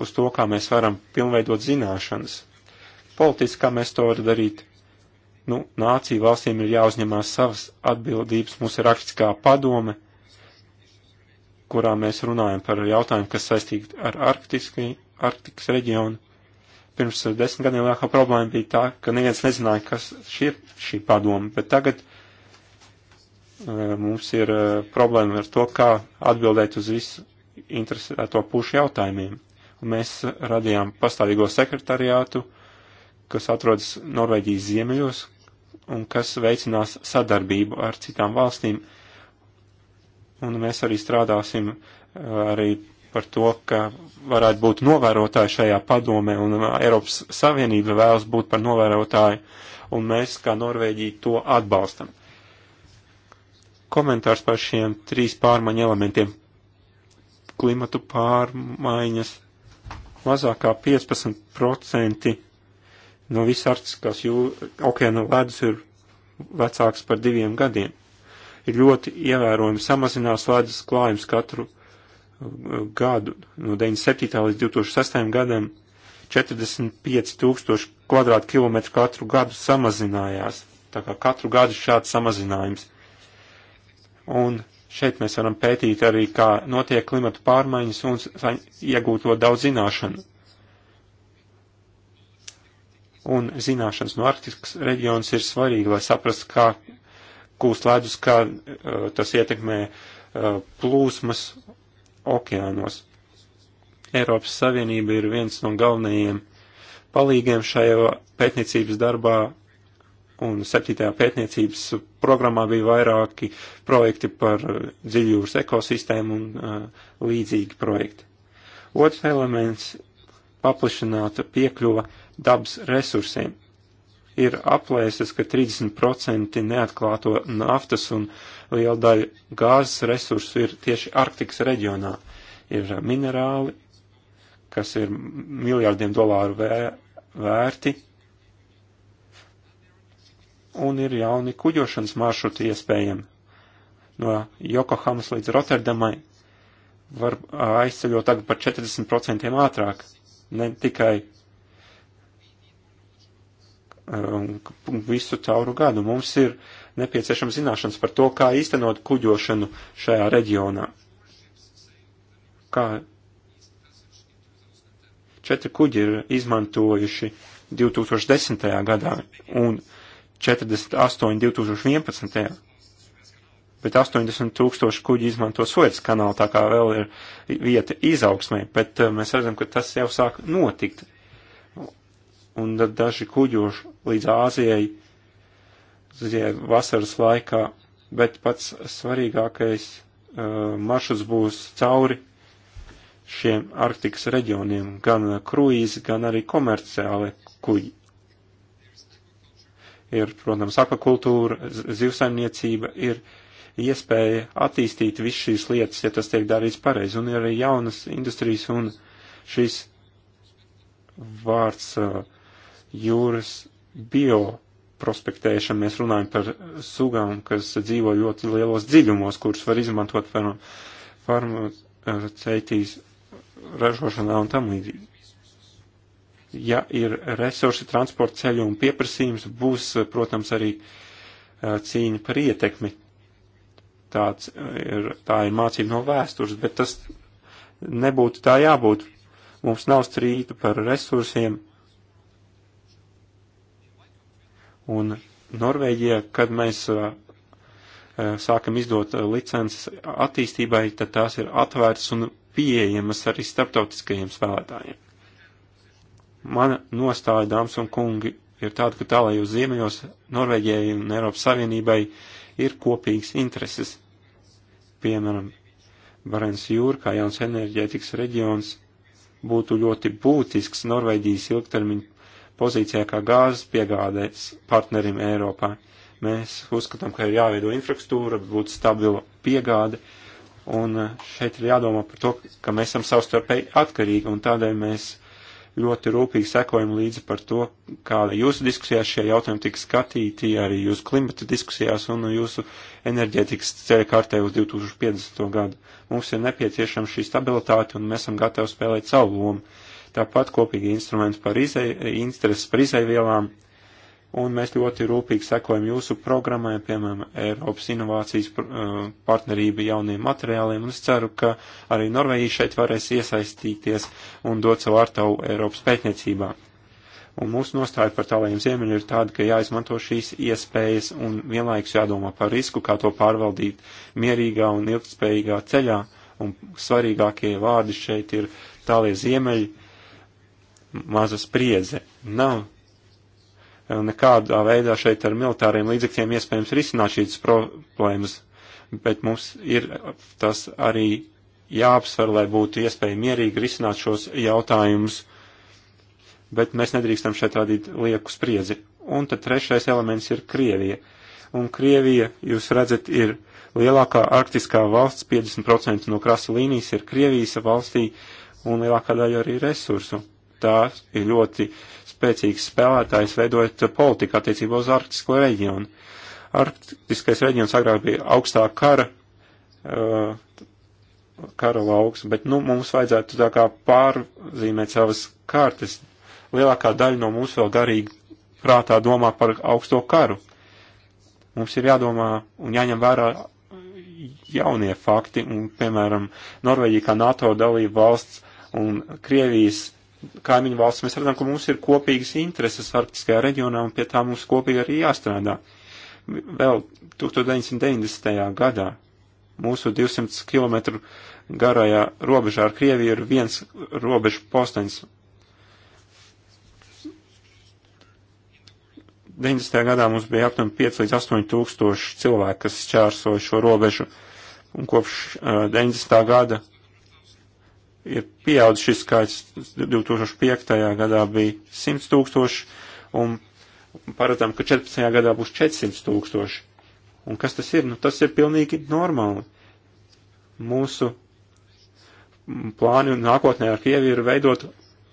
uz to, kā mēs varam pilnveidot zināšanas. Politiski, kā mēs to varam darīt, nu, nāciju valstīm ir jāuzņemās savas atbildības. Mums ir rakstiskā padome, kurā mēs runājam par jautājumu, kas saistīti ar Arktiski, Arktikas reģionu. Pirms desmit gadiem lielākā problēma bija tā, ka neviens nezināja, kas šī ir šī padoma, bet tagad uh, mums ir uh, problēma ar to, kā atbildēt uz visu interesēto pušu jautājumiem. Un mēs radījām pastāvīgo sekretariātu, kas atrodas Norvēģijas ziemeļos un kas veicinās sadarbību ar citām valstīm. Un mēs arī strādāsim eh, arī par to, ka varētu būt novērotāji šajā padomē, un eh, Eiropas Savienība vēlas būt par novērotāju, un mēs kā Norvēģija to atbalstam. Komentārs par šiem trīs pārmaiņu elementiem klimatu pārmaiņas. Mazākā 15% no visartiskās okeāna ledus ir vecāks par diviem gadiem. Ir ļoti ievērojami samazinās ledus klājums katru uh, gadu. No 97. līdz 2006. gadam 45 tūkstoši kvadrātkilometru katru gadu samazinājās. Tā kā katru gadu šāds samazinājums. Un Šeit mēs varam pētīt arī, kā notiek klimata pārmaiņas un iegūt to daudz zināšanu. Un zināšanas no Arktikas reģionas ir svarīgi, lai saprastu, kā kūst ledus, kā uh, tas ietekmē uh, plūsmas okeānos. Eiropas Savienība ir viens no galvenajiem palīgiem šajā pētniecības darbā un 7. pētniecības programmā bija vairāki projekti par dziļjūras ekosistēmu un uh, līdzīgi projekti. Otrs elements - paplašināta piekļuva dabas resursiem. Ir aplēses, ka 30% neatklāto naftas un liela daļa gāzes resursu ir tieši Arktikas reģionā. Ir minerāli, kas ir miljārdiem dolāru vērti, un ir jauni kuģošanas maršruti iespējami. No Jokohamas līdz Rotterdamai var aizceļot tagad par 40% ātrāk, ne tikai um, visu cauru gadu. Mums ir nepieciešams zināšanas par to, kā īstenot kuģošanu šajā reģionā. Kā četri kuģi ir izmantojuši 2010. gadā, un 48 2011. Bet 80 tūkstoši kuģi izmanto Suets kanālu, tā kā vēl ir vieta izaugsmē, bet eh, mēs redzam, ka tas jau sāk notikt. Un tad daži kuģoši līdz Āzijai, Zviedrijai vasaras laikā, bet pats svarīgākais uh, maršruts būs cauri šiem Arktikas reģioniem, gan kruīzi, gan arī komerciāli kuģi ir, protams, akvakultūra, zivsaimniecība, ir iespēja attīstīt visu šīs lietas, ja tas tiek darīts pareizi, un ir arī jaunas industrijas un šis vārds uh, jūras bio prospektēšana, mēs runājam par sugām, kas dzīvo ļoti lielos dziļumos, kurus var izmantot farmaceitīs ražošanā un tam līdzīgi ja ir resursi, transporta ceļu un pieprasījums, būs, eh, protams, arī eh, cīņa par ietekmi. Tāds eh, ir, tā ir mācība no vēstures, bet tas nebūtu tā jābūt. Mums nav strīdu par resursiem. Un Norvēģijā, kad mēs sākam izdot licences attīstībai, tad tās ir atvērtas un pieejamas arī starptautiskajiem spēlētājiem. Mana nostāja, dāmas un kungi, ir tāda, ka tālajos ziemeļos Norvēģijai un Eiropas Savienībai ir kopīgas intereses. Piemēram, Barents jūra, kā jauns enerģētikas reģions, būtu ļoti būtisks Norvēģijas ilgtermiņa pozīcijā kā gāzes piegādēs partnerim Eiropā. Mēs uzskatām, ka ir jāveido infrastruktūra, būtu stabila piegāde, un šeit ir jādomā par to, ka mēs esam savstarpēji atkarīgi, un tādēļ mēs ļoti rūpīgi sekojam līdzi par to, kā jūsu diskusijās šie jautājumi tika skatīti, arī jūsu klimata diskusijās un jūsu enerģētikas ceļa kārtē uz 2050. gadu. Mums ir nepieciešama šī stabilitāte un mēs esam gatavi spēlēt savu lomu. Tāpat kopīgi instrumenti par izēju, intereses par izēvielām. Izē un mēs ļoti rūpīgi sekojam jūsu programmai, piemēram, Eiropas inovācijas uh, partnerība jauniem materiāliem, un es ceru, ka arī Norvēģija šeit varēs iesaistīties un dot savu artavu Eiropas pētniecībā. Un mūsu nostāja par tālajiem ziemeļiem ir tāda, ka jāizmanto šīs iespējas un vienlaikus jādomā par risku, kā to pārvaldīt mierīgā un ilgspējīgā ceļā. Un svarīgākie vārdi šeit ir tālie ziemeļi, maza spriedze. Nav nekādā veidā šeit ar militāriem līdzekļiem iespējams risināt šīs problēmas, bet mums ir tas arī jāapsver, lai būtu iespēja mierīgi risināt šos jautājumus, bet mēs nedrīkstam šeit radīt lieku spriedzi. Un tad trešais elements ir Krievija. Un Krievija, jūs redzat, ir lielākā arktiskā valsts, 50% no krasa līnijas ir Krievijas valstī, un lielākā daļa arī resursu. Tā ir ļoti uh, spēcīgs spēlētājs veidojot politiku attiecībā uz arktisko reģionu. Arktiskais reģions agrāk bija augstā kara, uh, kara lauks, bet nu, mums vajadzētu tā kā pārzīmēt savas kartes. Lielākā daļa no mums vēl garīgi prātā domā par augsto karu. Mums ir jādomā un jāņem vērā jaunie fakti, un, piemēram, Norvēģija kā NATO dalība valsts un Krievijas kaimiņu valsts, mēs redzam, ka mums ir kopīgas intereses Arktiskajā reģionā un pie tā mums kopīgi arī jāstrādā. Vēl 1990. gadā mūsu 200 km garajā robežā ar Krieviju ir viens robežu postenis. 90. gadā mums bija aptuveni 5 līdz 8 tūkstoši cilvēku, kas čērsoja šo robežu, un kopš uh, 90. gada ir pieaudzis šis skaits 2005. gadā bija 100 tūkstoši un paredzam, ka 14. gadā būs 400 tūkstoši. Un kas tas ir? Nu, tas ir pilnīgi normāli. Mūsu plāni nākotnē ar Krieviju ir veidot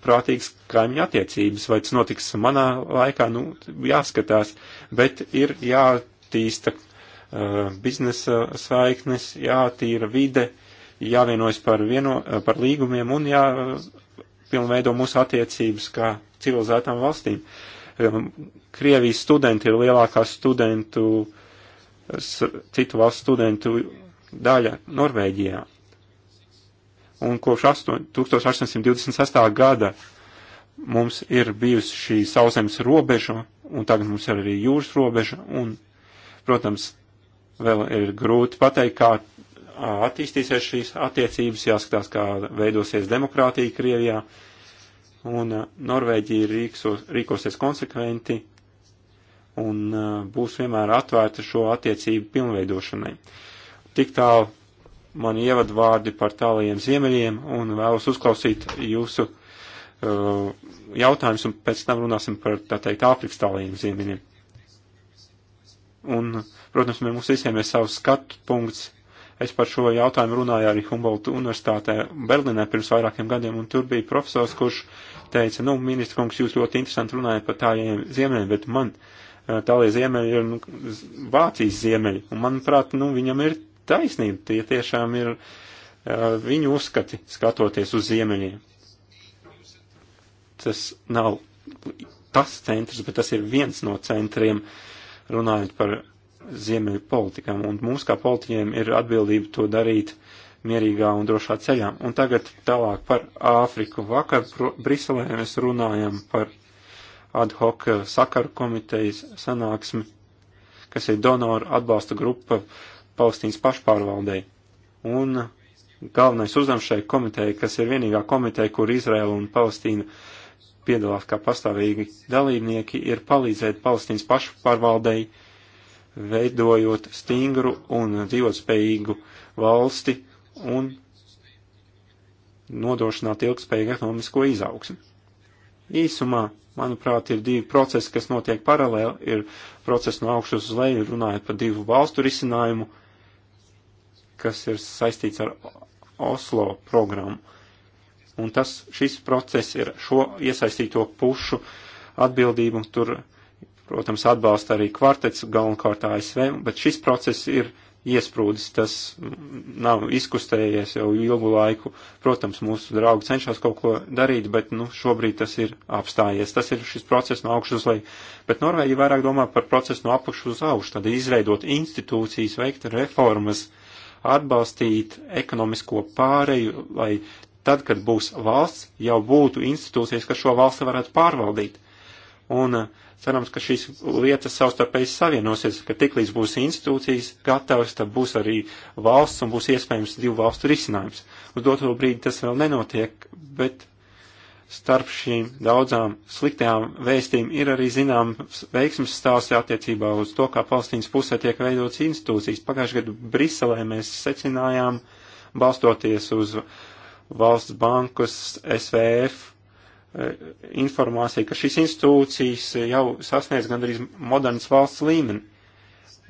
prātīgas kaimiņu attiecības, vai tas notiks manā laikā, nu, jāskatās, bet ir jātīsta uh, biznesa saiknes, jātīra vide, uh, jāvienojas par, vieno, eh, par līgumiem un jāpilnveido mūsu attiecības kā civilizētām valstīm. Eh, Krievijas studenti ir lielākā studentu, citu valstu studentu daļa Norvēģijā. Un kopš 1828. gada mums ir bijusi šī sauszemes robeža, un tagad mums ir arī jūras robeža, un, protams, vēl ir grūti pateikt, kā attīstīsies šīs attiecības, jāskatās, kā veidosies demokrātija Krievijā, un uh, Norvēģija rīksos, rīkosies konsekventi un uh, būs vienmēr atvērta šo attiecību pilnveidošanai. Tik tālu mani ievadvārdi par tālajiem ziemeļiem un vēlos uzklausīt jūsu uh, jautājumus un pēc tam runāsim par, tā teikt, Āfrikas tālajiem ziemeļiem. Un, protams, mums visiem ir savs skatu punkts Es par šo jautājumu runāju arī Humboldt universitātē Berlinē pirms vairākiem gadiem, un tur bija profesors, kurš teica, nu, ministra kungs, jūs ļoti interesanti runājat par tājiem ziemeļiem, bet man eh, tālie ziemeļi ir nu, Vācijas ziemeļi, un manuprāt, nu, viņam ir taisnība, tie tiešām ir uh, viņu uzskati skatoties uz ziemeļiem. Tas nav tas centrs, bet tas ir viens no centriem runājot par ziemeļu politikam, un mums kā politiķiem ir atbildība to darīt mierīgā un drošā ceļā. Un tagad tālāk par Āfriku. Vakar Briselē mēs runājam par ad hoc eh, sakaru komitejas sanāksmi, kas ir donoru atbalsta grupa Palestīnas pašpārvaldei. Un galvenais uzdevums šai komitejai, kas ir vienīgā komiteja, kur Izraela un Palestīna piedalās kā pastāvīgi dalībnieki, ir palīdzēt Palestīnas pašpārvaldei uh, veidojot stingru un dzīvotspējīgu valsti un nodrošināt ilgspējīgu ekonomisko izaugsmu. Īsumā, manuprāt, ir divi procesi, kas notiek paralēli, ir process no augšas uz leju, runājot par divu valstu risinājumu, kas ir saistīts ar Oslo programmu. Un tas, šis process ir šo iesaistīto pušu atbildību, tur protams, atbalsta arī kvartets galvenokārt ASV, bet šis process ir iesprūdis, tas nav izkustējies jau ilgu laiku. Protams, mūsu draugi cenšas kaut ko darīt, bet nu, šobrīd tas ir apstājies. Tas ir šis process no augšas uz leju. Bet Norvēģi vairāk domā par procesu no apakšas uz augšu, tad izveidot institūcijas, veikt reformas, atbalstīt ekonomisko pāreju, lai tad, kad būs valsts, jau būtu institūcijas, kas šo valsti varētu pārvaldīt. Un uh, cerams, ka šīs lietas savstarpēji savienosies, ka tiklīdz būs institūcijas gatavas, tad būs arī valsts un būs iespējams divu valstu risinājums. Uz doto brīdi tas vēl nenotiek, bet starp šīm daudzām sliktajām vēstīm ir arī zinām veiksmes stāsti attiecībā uz to, kā Palestīnas pusē tiek veidotas institūcijas. Pagājušajā gadu Briselē mēs secinājām, balstoties uz valsts bankas, SVF informācija, ka šīs institūcijas jau sasniedz gandrīz modernas valsts līmeni.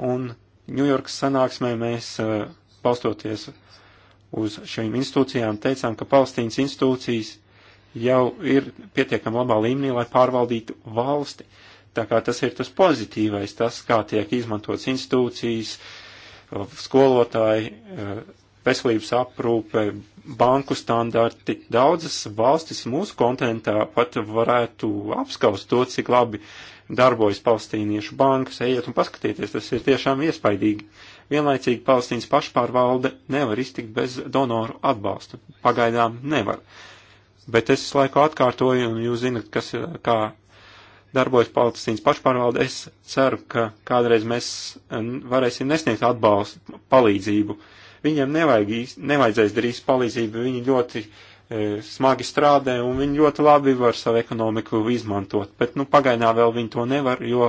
Un Ņujorkas sanāksmē mēs, eh, balstoties uz šīm institūcijām, teicām, ka Palestīnas institūcijas jau ir pietiekami labā līmenī, lai pārvaldītu valsti. Tā kā tas ir tas pozitīvais, tas, kā tiek izmantots institūcijas, skolotāji, eh, veselības aprūpe, banku standarti. Daudzas valstis mūsu kontinentā pat varētu apskaust to, cik labi darbojas palestīniešu bankas. Ejiet un paskatieties, tas ir tiešām iespaidīgi. Vienlaicīgi Palestīnas pašpārvalde nevar iztikt bez donoru atbalsta. Pagaidām nevar. Bet es laiku atkārtoju, un jūs zinat, kas, kā darbojas Palestīnas pašpārvalde, es ceru, ka kādreiz mēs varēsim nesniegt atbalstu, palīdzību viņiem nevajag īsti, nevajadzēs drīz palīdzību, viņi ļoti e, smagi strādē un viņi ļoti labi var savu ekonomiku izmantot, bet nu pagainā vēl viņi to nevar, jo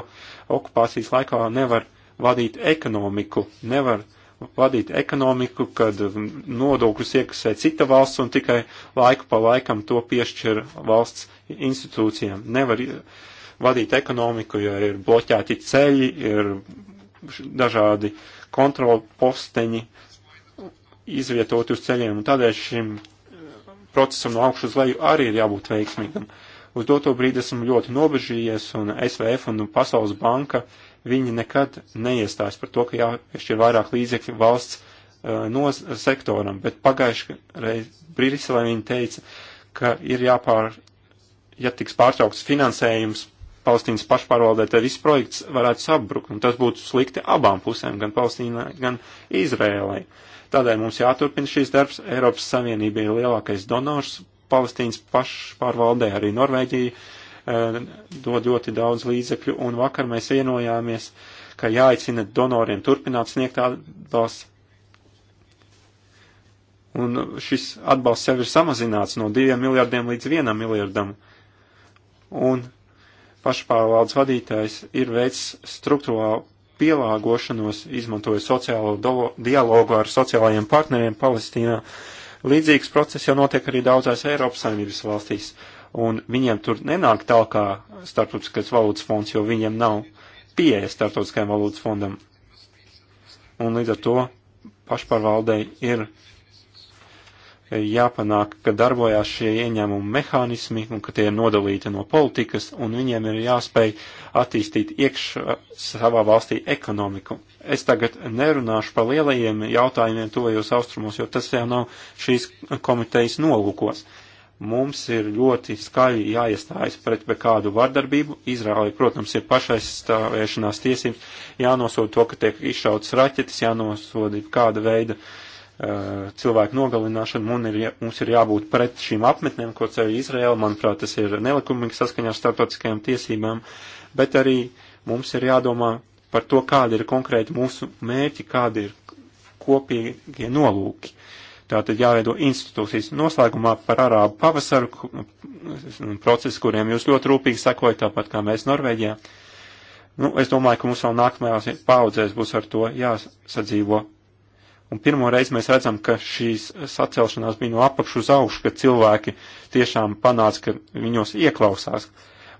okupācijas laikā nevar vadīt ekonomiku, nevar vadīt ekonomiku, kad nodokļus iekasē cita valsts un tikai laiku pa laikam to piešķir valsts institūcijām. Nevar e, vadīt ekonomiku, jo ir bloķēti ceļi, ir dažādi kontrolposteņi, izvietoti uz ceļiem, un tādēļ šim eh, procesam no augšu uz leju arī ir jābūt veiksmīgam. Uz doto brīdi esmu ļoti nobežījies, un SVF un Pasaules banka, viņi nekad neiestājas par to, ka jāpiešķir vairāk līdzekļu valsts uh, eh, no sektoram, bet pagājuši reiz Briselē viņi teica, ka ir jāpār, ja tiks pārtraukts finansējums Palestīnas pašpārvaldē, tad viss projekts varētu sabrukt, un tas būtu slikti abām pusēm, gan Palestīnai, gan Izrēlai. Uh, Tādēļ mums jāturpina šīs darbs. Eiropas Savienība ir lielākais donors Palestīnas pašpārvaldē, arī Norvēģija eh, dod ļoti daudz līdzekļu, un vakar mēs vienojāmies, ka jāicina donoriem turpināt sniegt atbalstu. Un šis atbalsts jau ir samazināts no diviem miljardiem līdz vienam miljardam. Un pašpārvaldes vadītājs ir veids struktūrālu pielāgošanos, izmantoja sociālo do, dialogu ar sociālajiem partneriem Palestīnā. Līdzīgs process jau notiek arī daudzās Eiropas saimnības valstīs, un viņiem tur nenāk tālkā starptautiskais valūtas fonds, jo viņiem nav pieeja starptautiskajam valūtas fondam. Un līdz ar to pašpārvaldei ir jāpanāk, ka darbojās šie ieņēmumu mehānismi un ka tie ir nodalīti no politikas un viņiem ir jāspēj attīstīt iekš savā valstī ekonomiku. Es tagad nerunāšu par lielajiem jautājumiem tuvajos austrumos, jo tas jau nav šīs komitejas nolūkos. Mums ir ļoti skaļi jāiestājas pret kādu vardarbību. Izrēlai, protams, ir pašaizstāvēšanās tiesības, jānosoda to, ka tiek izšautas raķetes, jānosoda kāda veida uh, Eh, cilvēku nogalināšanu, un ir, mums ir jābūt pret šīm apmetnēm, ko ceļ Izraela. Manuprāt, tas ir nelikumīgi saskaņā ar starptautiskajām tiesībām, bet arī mums ir jādomā par to, kādi ir konkrēti mūsu mērķi, kādi ir kopīgie nolūki. Tātad jāveido institūcijas noslēgumā par arābu pavasaru mm, procesu, kuriem jūs ļoti rūpīgi sekojat, tāpat kā mēs Norvēģijā. Nu, es domāju, ka mums vēl nākamajās paudzēs būs ar to jāsadzīvo Un pirmo reizi mēs redzam, ka šīs sacelšanās bija no apakšu uz augšu, ka cilvēki tiešām panāca, ka viņos ieklausās.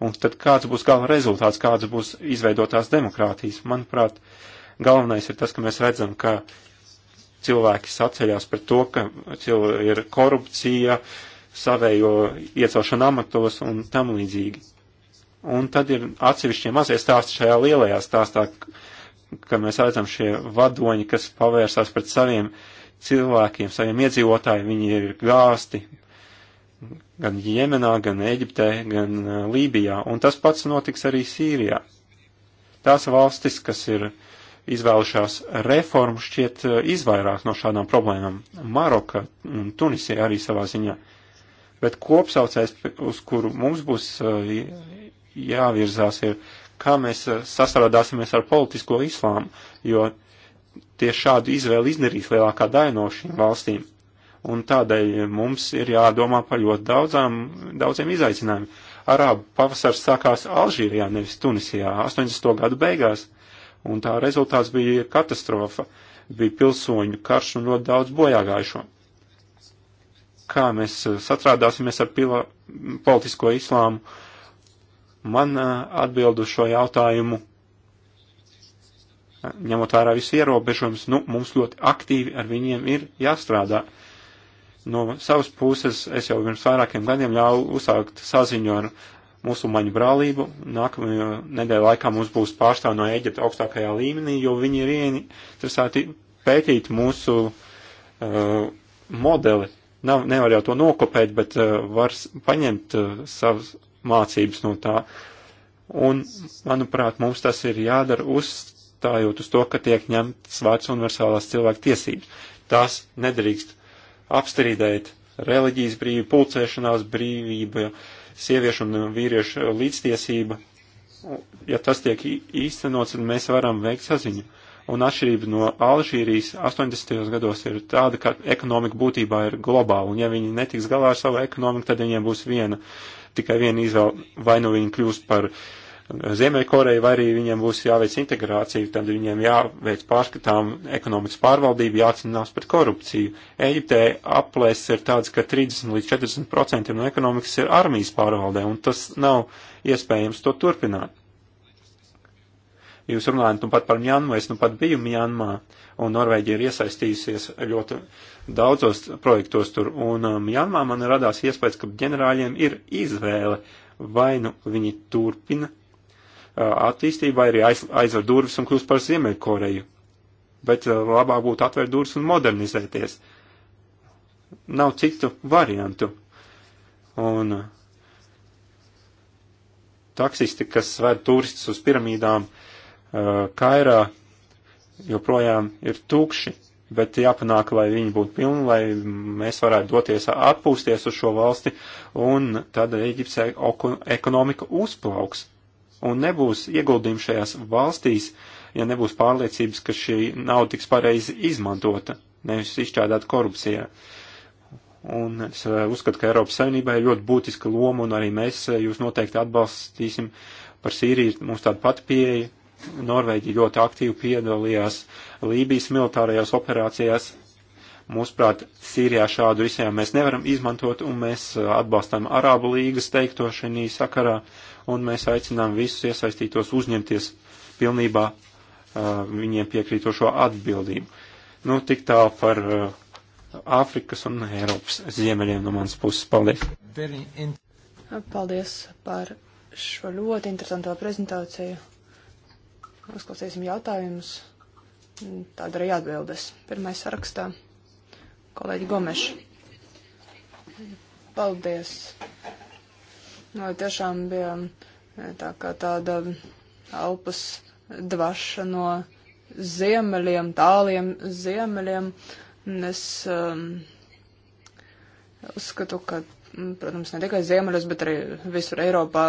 Un tad kāds būs gala rezultāts, kāds būs izveidotās demokrātijas? Manuprāt, galvenais ir tas, ka mēs redzam, ka cilvēki saceļās pret to, ka ir korupcija, savējo iecelšana amatos un tam līdzīgi. Un tad ir atsevišķie mazie stāsti šajā lielajā stāstā, kad mēs redzam šie vadoņi, kas pavērsās pret saviem cilvēkiem, saviem iedzīvotājiem, viņi ir gāsti gan Jemenā, gan Eģiptē, gan uh, Lībijā, un tas pats notiks arī Sīrijā. Tās valstis, kas ir izvēlušās reformu, šķiet uh, izvairās no šādām problēmām. Maroka un Tunisija arī savā ziņā. Bet kopsaucējs, uz kuru mums būs uh, jāvirzās, ir kā mēs eh, sasarādāsimies ar politisko islāmu, jo tieši šādu izvēli izdarīs lielākā daļa no šīm valstīm. Un tādēļ mums ir jādomā par ļoti daudzām, daudziem izaicinājumiem. Arābu pavasars sākās Alžīrijā, nevis Tunisijā, 80. gadu beigās, un tā rezultāts bija katastrofa, bija pilsoņu karš un ļoti daudz bojāgājušo. Kā mēs eh, satrādāsimies ar pila, politisko islāmu, uh, Man atbildu šo jautājumu, ņemot vērā visu ierobežojumus, nu, mums ļoti aktīvi ar viņiem ir jāstrādā. No savas puses es jau pirms vairākiem gadiem ļauju uzsākt saziņu ar musulmaņu brālību. Nākamajā nedēļā laikā mums būs pārstāv no Eģipta augstākajā līmenī, jo viņi ir ieinteresēti pētīt mūsu uh, modeli. Nav, nevar jau to nokopēt, bet uh, var paņemt uh, savus mācības no tā. Un, manuprāt, mums tas ir jādara uzstājot uz to, ka tiek ņemts vērts universālās cilvēku tiesības. Tās nedrīkst apstrīdēt reliģijas brīvība, pulcēšanās brīvība, sieviešu un vīriešu līdztiesība. Ja tas tiek īstenots, tad mēs varam veikt saziņu. Un atšķirība no Alžīrijas 80. gados ir tāda, ka ekonomika būtībā ir globāla, un ja viņi netiks galā ar savu ekonomiku, tad viņiem būs viena tikai viena izvēle, vai nu viņi kļūst par Ziemeļkoreju, vai arī viņiem būs jāveic integrācija, tad viņiem jāveic pārskatām ekonomikas pārvaldība, jācīnās pret korupciju. Eģiptē aplēses ir tāds, ka 30 līdz 40 procentiem no ekonomikas ir armijas pārvaldē, un tas nav iespējams to turpināt. Jūs runājat nu pat par Mjanmu, es nu pat biju Mjanmā, un Norvēģija ir iesaistījusies ļoti daudzos projektos tur, un um, Mjanmā man radās iespējas, ka ģenerāļiem ir izvēle, vai nu viņi turpina uh, attīstību, vai arī aiz, aizver durvis un kļūst par Ziemeļkoreju. Bet uh, labāk būtu atvērt durvis un modernizēties. Nav citu variantu. Un uh, taksisti, kas svēr turistus uz piramīdām, uh, Eh, Kairā joprojām ir tukši, bet jāpanāk, lai viņi būtu pilni, lai mēs varētu doties atpūsties uz šo valsti, un tad Eģiptes e- ekonomika uzplauks. Un nebūs ieguldījumi šajās valstīs, ja nebūs pārliecības, ka šī nauda tiks pareizi izmantota, nevis izšķādāt korupcijā. Un es eh, uzskatu, ka Eiropas Savienībai ir ļoti būtiska loma, un arī mēs eh, jūs noteikti atbalstīsim par Sīriju. Mums tāda pati pieeja Norvēģija ļoti aktīvi piedalījās Lībijas militārajās operācijās. Mūsuprāt, Sīrijā šādu risinājumu mēs nevaram izmantot, un mēs uh, atbalstam Arābu līgas teikto šajā sakarā, un mēs aicinām visus iesaistītos uzņemties pilnībā uh, viņiem piekrītošo atbildību. Nu, tik tālu par uh, Āfrikas un Eiropas ziemeļiem no manas puses. Paldies! Paldies par šo ļoti interesanto prezentāciju. Uzklausīsim jautājumus, tad arī atbildes. Pirmais sarakstā - kolēģi Gomeša. Paldies! No, nu, tiešām bija eh, tā kā tāda alpas dvaša no ziemeļiem, tāliem ziemeļiem. Es um, uzskatu, ka Mm, protams, ne tikai ziemeļos, bet arī visur Eiropā,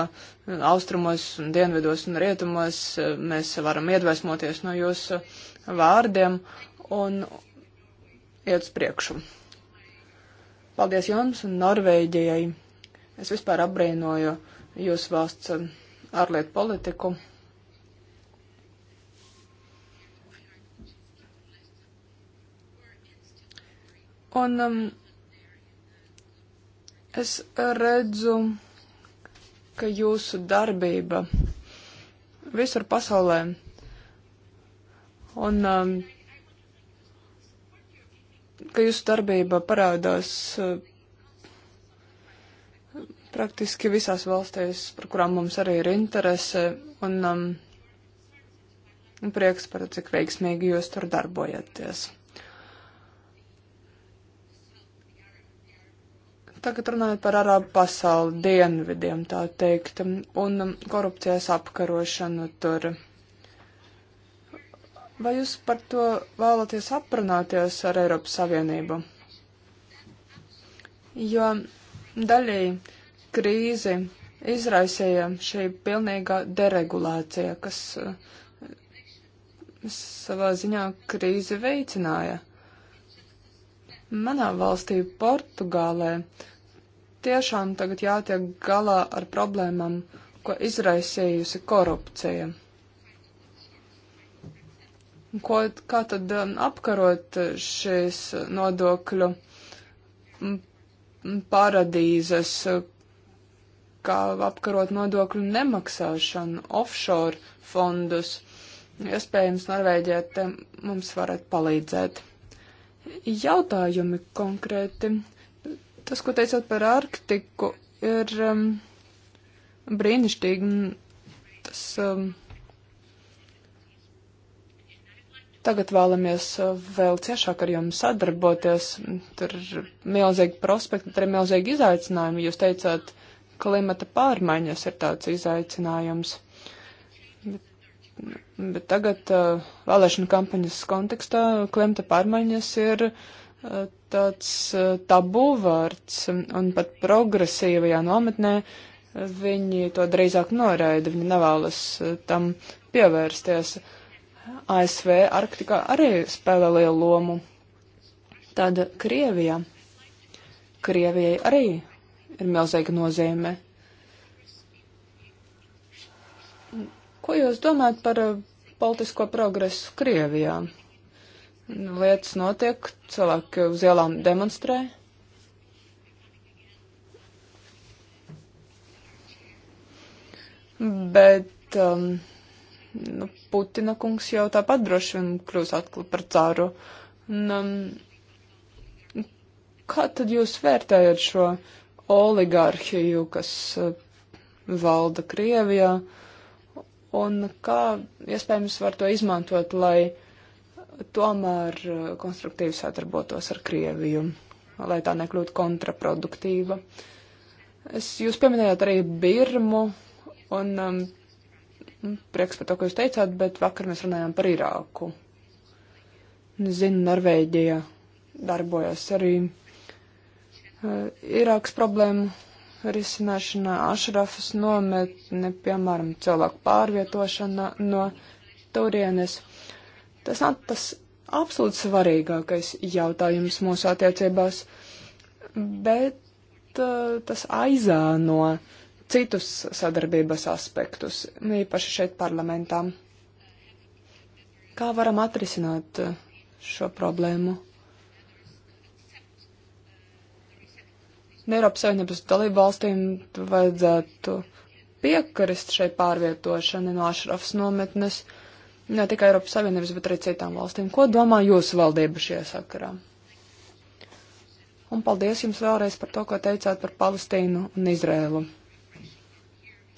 austrumos, un dienvidos un rietumos eh, mēs varam iedvesmoties no jūsu vārdiem un iet uz priekšu. Paldies jums un Norvēģijai. Es vispār apbrīnoju jūsu valsts eh, ārlietu politiku. Un um, Es redzu, ka jūsu darbība visur pasaulē un um, ka jūsu darbība parādās uh, praktiski visās valstīs, par kurām mums arī ir interese, un um, prieks par cik veiksmīgi jūs tur darbojaties. Tagad runājot par arābu pasauli, dienvidiem tā teikt, un korupcijas apkarošanu tur. Vai jūs par to vēlaties aprunāties ar Eiropas Savienību? Jo daļēji krīzi izraisīja šī pilnīgā deregulācija, kas eh, savā ziņā krīzi veicināja. Manā valstī, Portugālē, tiešām tagad jātiek galā ar problēmām, ko izraisījusi korupcija. Ko, kā tad um, apkarot šīs nodokļu paradīzes, kā apkarot nodokļu nemaksāšanu, offshore fondus? Iespējams, Norvēģija te mums varētu palīdzēt jautājumi konkrēti. Tas, ko teicāt par Arktiku, ir um, brīnišķīgi. Tas, um, tagad vēlamies uh, vēl ciešāk ar jums sadarboties. Tur ir milzīgi prospekti, tur ir milzīgi izaicinājumi. Jūs teicāt, klimata pārmaiņas ir tāds izaicinājums bet tagad uh, vēlēšana kampaņas kontekstā klimta pārmaiņas ir uh, tāds uh, tabu vārds, un pat progresīvajā nometnē viņi to drīzāk noraida, viņi nevēlas tam pievērsties. ASV Arktikā arī spēlē lielu lomu. Tad Krievijā. Krievijai arī ir milzīga nozīme. Ko jūs domājat par eh, politisko progresu Krievijā? Nu, lietas notiek, cilvēki uz ielām demonstrē. Bet um, nu, Putina kungs jau tāpat droši vien kļūs atkal par cāru. Un, um, kā tad jūs vērtējat šo oligarhiju, kas uh, valda Krievijā? Uh, un kā iespējams var to izmantot, lai tomēr uh, konstruktīvi sadarbotos ar Krieviju, lai tā nekļūtu kontraproduktīva. Es, jūs pieminējāt arī Birmu, un um, nu, prieks par to, ko jūs teicāt, bet vakar mēs runājām par Irāku. Zinu, Norvēģija darbojas arī uh, Irākas problēmu risināšanā, ašrafas nometne, piemēram, cilvēku pārvietošana no turienes. Tas nav tas absolūti svarīgākais jautājums mūsu attiecībās, bet uh, tas aizāno citus sadarbības aspektus, īpaši šeit parlamentā. Kā varam atrisināt uh, šo problēmu? Nu, Eiropas Savienības dalību valstīm vajadzētu piekrist šai pārvietošanai no Ašrafas nometnes ne tikai Eiropas Savienības, bet arī citām valstīm. Ko domā jūsu valdība šajā sakarā? Un paldies jums vēlreiz par to, ko teicāt par Palestīnu un Izrēlu.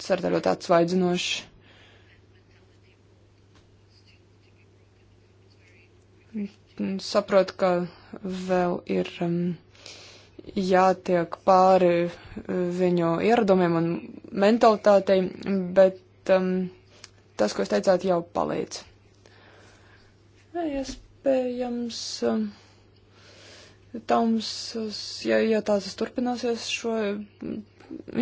Tas ir ļoti atsvaidzinoši. Saprotu, ka vēl ir. Um, jātiek pāri eh, viņu ieradumiem un mentalitātei, bet um, tas, ko jūs teicāt, jau palīdz. Iespējams, um, tams, ja, ja tās turpināsies šo mm,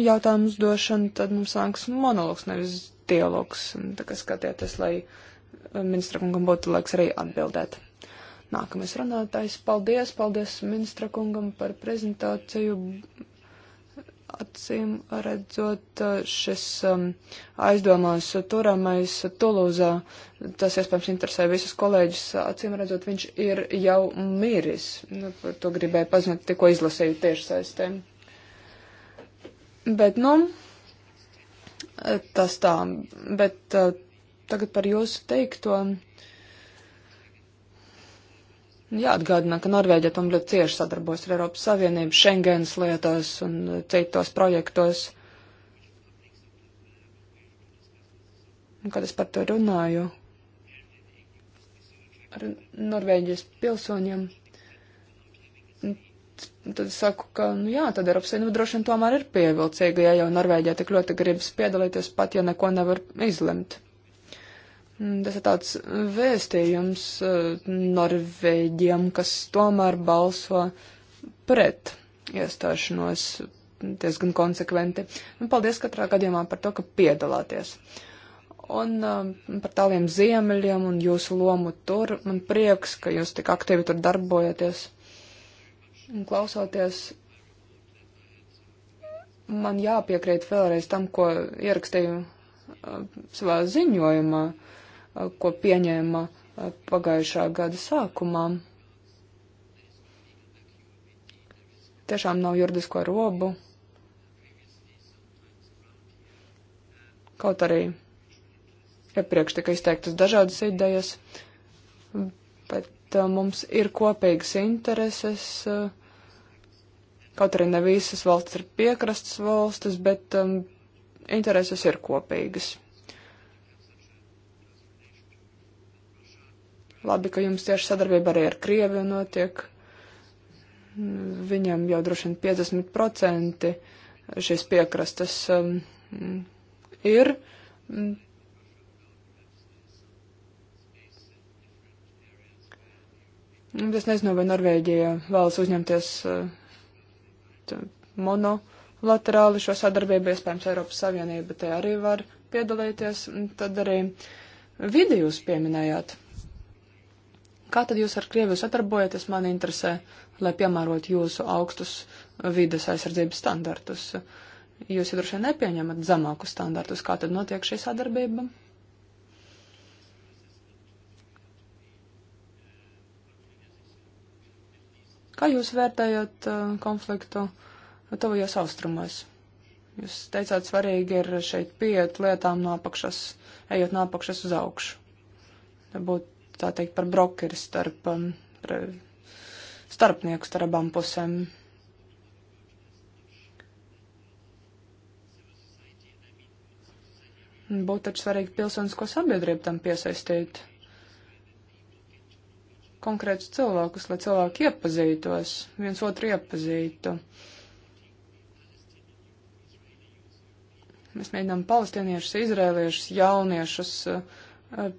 jautājumu došanu, tad mums sanāks monologs, nevis dialogs. Tā kā skatieties, lai ministra kungam būtu laiks arī atbildēt. Nākamais runātājs. Paldies, paldies ministra kungam par prezentāciju. Acīm redzot, šis um, aizdomās turamais Tulūzā, tas iespējams interesē visus kolēģus, acīm redzot, viņš ir jau miris. Nu, par to gribēju paziņot, tikko izlasīju tiešsaistē. Bet, nu, tas tā, bet uh, tagad par jūsu teikto. Uh, Jāatgādina, ka Norvēģija tam ļoti cieši sadarbojas ar Eiropas Savienību, Schengens lietās un e, citos projektos. Un, kad es par to runāju ar Norvēģijas pilsoņiem, tad es saku, ka, nu jā, tad Eiropas Savienība droši vien tomēr ir pievilcīga, ja jau Norvēģija tik ļoti gribas piedalīties, pat ja neko nevar izlemt. Mm, tas ir tāds vēstījums eh, Norvēģiem, kas tomēr balso pret iestāšanos diezgan konsekventi. Un paldies katrā gadījumā par to, ka piedalāties. Un eh, par tāliem ziemeļiem un jūsu lomu tur. Man prieks, ka jūs tik aktīvi tur darbojaties un klausoties. Man jāpiekrīt vēlreiz tam, ko ierakstīju eh, savā ziņojumā. Uh, ko pieņēma pagājušā gada sākumā. Tiešām nav juridisko robu. Kaut arī iepriekš tika izteiktas dažādas idejas, bet uh, mums ir kopīgas intereses. Uh, kaut arī ne visas valstis ir piekrastas valstis, bet um, intereses ir kopīgas. Labi, ka jums tieši sadarbība arī ar Krieviju notiek. Viņam jau droši vien 50% šīs piekrastes um, ir. Es nezinu, vai Norvēģija vēlas uzņemties uh, monolaterāli šo sadarbību, iespējams, Eiropas Savienība te arī var piedalīties. Tad arī vidi jūs pieminējāt. Kā tad jūs ar Krieviju sadarbojaties, man interesē, lai piemērot jūsu augstus vides aizsardzības standartus? Jūs jau droši vien nepieņemat zemākus standartus. Kā tad notiek šī sadarbība? Kā jūs vērtējat uh, konfliktu tuvajos austrumos? Jūs teicāt, svarīgi ir šeit pieiet lietām no apakšas, ejot no apakšas uz augšu. Te būtu tā teikt, par brokeri starp, um, par eh, starpnieku starp abām pusēm. Būtu taču svarīgi pilsonisko sabiedrību tam piesaistīt konkrētus cilvēkus, lai cilvēki iepazītos, viens otru iepazītu. Mēs mēģinām palestīniešus, izrēliešus, jauniešus uh,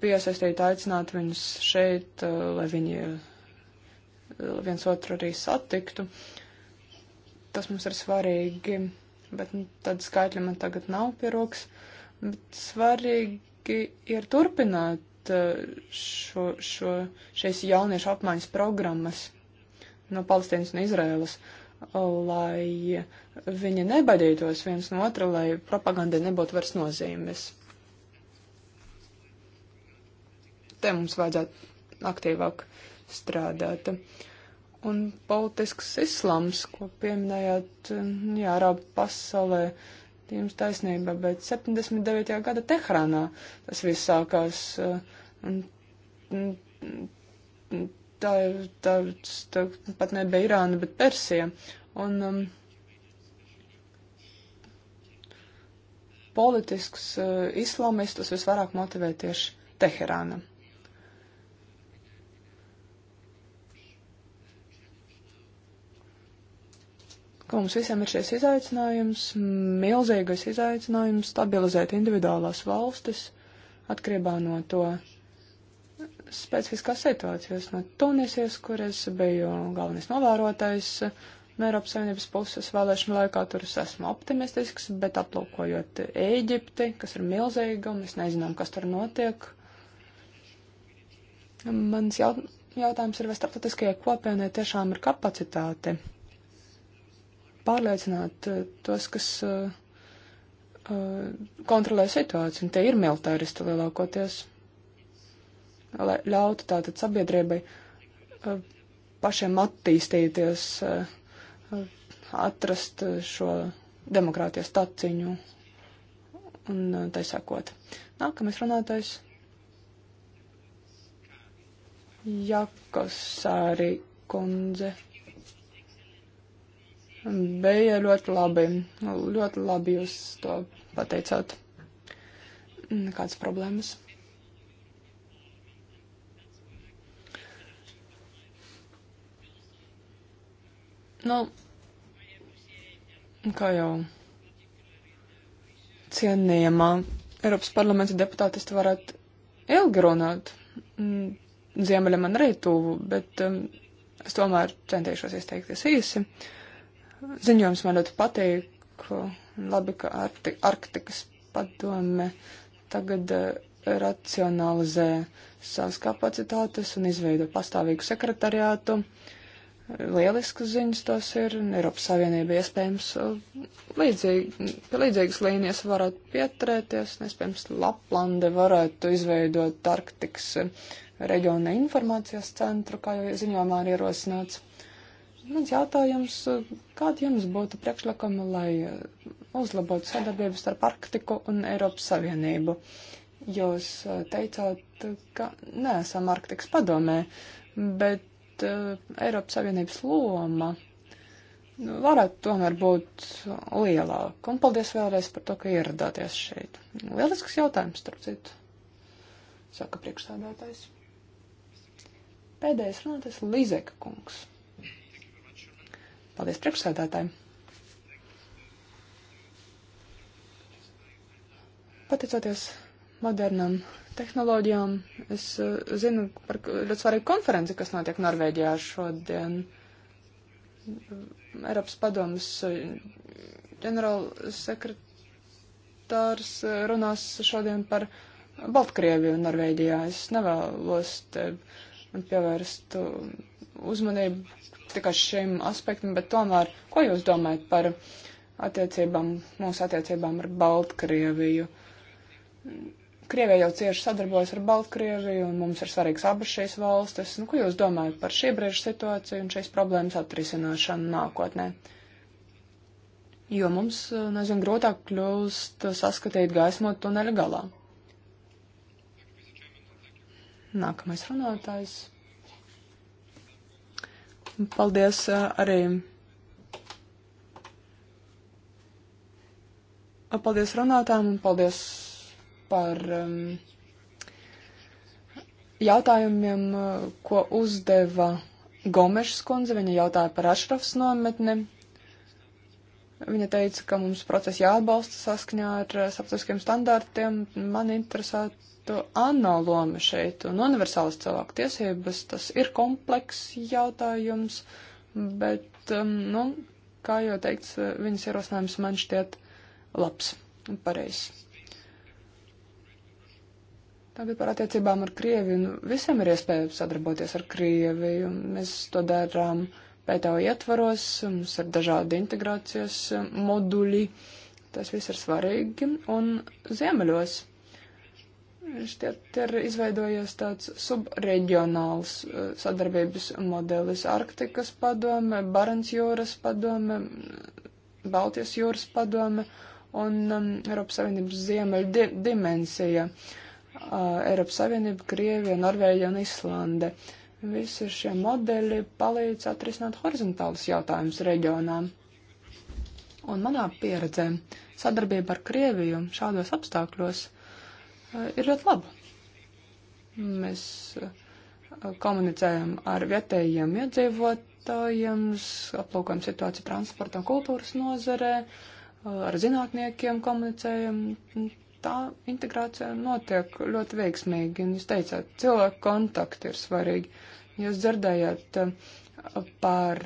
piesaistīt, aicināt viņus šeit, eh, lai viņi eh, viens otru arī satiktu. Tas mums ir svarīgi, bet nu, tad skaitļi man tagad nav pie rokas. Bet svarīgi ir turpināt eh, šo, šo, šīs jauniešu apmaiņas programmas no Palestīnas un Izraēlas, lai viņi nebaidītos viens no otra, lai propagandai nebūtu vairs nozīmes. te mums vajadzētu aktīvāk strādāt. Un politisks islams, ko pieminējāt, mm, jā, arābu pasaulē, jums taisnība, bet 79. gada Tehrānā tas viss sākās. Eh, un, un, mm, tā, tā, tā pat nebija Irāna, bet Persija. Un um, politisks uh, islāmists visvairāk motivē tieši Teherāna. ka mums visiem ir šis izaicinājums, milzīgais izaicinājums stabilizēt individuālās valstis atkarībā no to specifiskās situācijas. No Tunisijas, kur es biju galvenais novērotais no Eiropas Savienības puses vēlēšanu laikā, tur es esmu optimistisks, bet aplūkojot Ēģipti, kas ir milzīga, un mēs nezinām, kas tur notiek. Mans jautājums ir, vai starptautiskajai kopienai tiešām ir kapacitāte pārliecināt eh, tos, kas eh, eh, kontrolē situāciju, un tie ir militāristi lielākoties, lai ļautu tātad sabiedrībai pašiem attīstīties, atrast šo demokrātijas taciņu un tai sekot. Nākamais runātais. Jakosāri kundze bija ļoti labi. Ļoti labi jūs to pateicāt. Nekādas problēmas. Nu, kā jau cienījamā Eiropas parlamenta deputāte, es te varētu ilgi runāt. Mm, Ziemeļam man arī tuvu, bet um, es tomēr centīšos izteikties īsi. Uh, ziņojums man ļoti patīk. Labi, ka Arti Arktikas padome tagad eh, racionalizē savas kapacitātes un izveido pastāvīgu sekretariātu. Lieliskas ziņas tas ir. Eiropas Savienība iespējams eh, līdzīgi, līdzīgas līnijas varētu pieturēties. Iespējams, Laplande varētu izveidot Arktikas eh, reģiona informācijas centru, kā jau ziņojumā ir ierosināts. Mans jautājums, kāda jums būtu priekšlikuma, lai uh, uzlabotu sadarbību starp Arktiku un Eiropas Savienību? Jūs uh, teicāt, ka neesam Arktikas padomē, bet uh, Eiropas Savienības loma varētu tomēr būt lielāka. Un paldies vēlreiz par to, ka ieradāties šeit. Lielisks jautājums, starp citu, saka priekšstādātājs. Pēdējais runātais Lizeka kungs. Paldies priekšsēdētājiem. Pateicoties modernām tehnoloģijām, es eh, zinu par ļoti svarīgu konferenci, kas notiek Norvēģijā šodien. Eiropas padomas eh, ģenerālsekretārs eh, runās šodien par Baltkrieviju un Norvēģijā. Es nevēlos pievērst uzmanību tikai šim aspektam, bet tomēr, ko jūs domājat par attiecībām, mūsu attiecībām ar Baltkrieviju? Krievija jau cieši sadarbojas ar Baltkrieviju, un mums ir svarīgs abas šīs valstis. Nu, ko jūs domājat par šī brīža situāciju un šīs problēmas atrisināšanu nākotnē? jo mums, nezinu, grūtāk kļūst saskatīt gaismot tuneļa galā. Nākamais runātājs. Paldies arī. Paldies runātājiem un paldies par um, jautājumiem, ko uzdeva Gomešs kundze. Viņa jautāja par Ašrafs nometni. Viņa teica, ka mums procesi jāatbalsta saskaņā ar starptautiskiem standārtiem. Man interesētu ANO loma šeit un universālas cilvēku tiesības. Tas ir komplekss jautājums, bet, um, nu, kā jau teikts, viņas ierosinājums man šķiet labs un pareizs. Tagad par attiecībām ar Krieviju. Visiem ir iespēja sadarboties ar Krieviju. Mēs to darām pētau ietvaros, mums ir dažādi integrācijas moduļi. Tas viss ir svarīgi. Un ziemeļos šķiet ir izveidojies tāds subreģionāls eh, sadarbības modelis - Arktikas padome, Barents jūras padome, Baltijas jūras padome un um, Eiropas Savienības ziemeļu di dimensija uh, - Eiropas Savienība, Krievija, Norvēģija un Islande. Visi šie modeļi palīdz atrisināt horizontālus jautājumus reģionā. Un manā pieredzē sadarbība ar Krieviju šādos apstākļos uh, Eh, ir ļoti laba. Mēs eh, komunicējam ar vietējiem iedzīvotājiem, aplūkojam situāciju transporta un kultūras nozarē, eh, ar zinātniekiem komunicējam. Tā integrācija notiek ļoti veiksmīgi, un jūs teicāt, cilvēku kontakti ir svarīgi. Jūs dzirdējāt par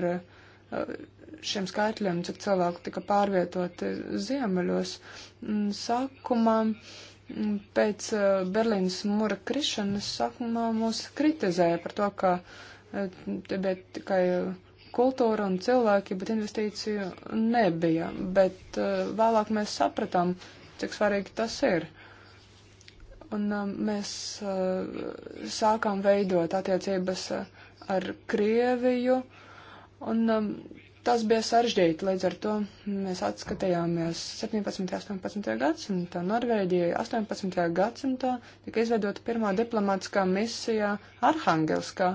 šiem skaitļiem, cik cilvēku tika pārvietoti ziemeļos. Sākumā pēc eh, Berlīnas mūra krišanas sākumā mūs kritizēja par to, ka eh, te bija tikai eh, kultūra un cilvēki, bet investīciju nebija. Bet vēlāk mēs sapratām, cik svarīgi tas ir. Un mēs sākām veidot attiecības ar Krieviju. Un tas bija sarežģīti. Līdz ar to mēs atskatījāmies 17. un 18. gadsimta. Norvēģija 18. gadsimtā tika izveidota pirmā diplomātiskā misija Arhangelskā,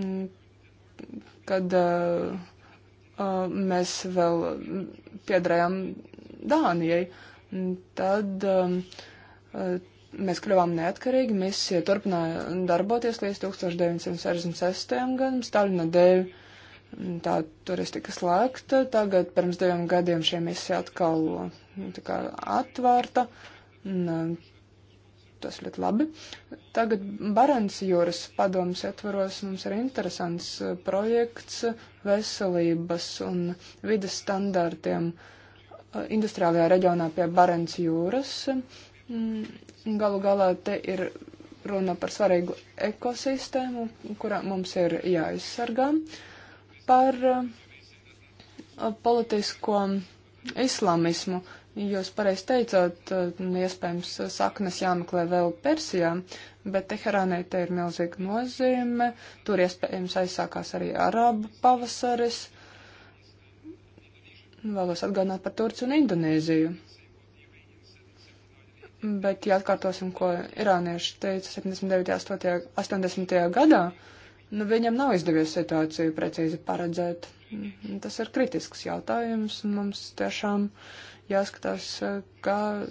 mm, kad uh, uh, mēs vēl piedarējām Dānijai. Tad um, uh, mēs kļuvām neatkarīgi, misija turpināja darboties līdz 1966. gadam, Stalina dēļ. Uh, tā turistika slēgta. Tagad pirms diviem gadiem šī misija atkal nu, kā, atvērta. Un, eh, tas ļoti labi. Tagad Barents jūras padomus ietvaros mums ir interesants eh, projekts veselības un vidas standartiem eh, industriālajā reģionā pie Barents jūras. Mm, galu galā te ir runa par svarīgu ekosistēmu, kurā mums ir jāizsargā. Uh, par uh, politisko islamismu. Jūs pareizi teicāt, uh, iespējams, uh, saknes jāmeklē vēl Persijā, bet Teherānai te ir milzīga nozīme. Tur iespējams aizsākās arī Arābu pavasaris. Vēlos atgādināt par Turciju un Indonēziju. Bet, ja atkārtosim, ko irānieši teica 79. 80. gadā, Nu, viņam nav izdevies situāciju precīzi paredzēt. Tas ir kritisks jautājums, un mums tiešām jāskatās, eh, kā eh,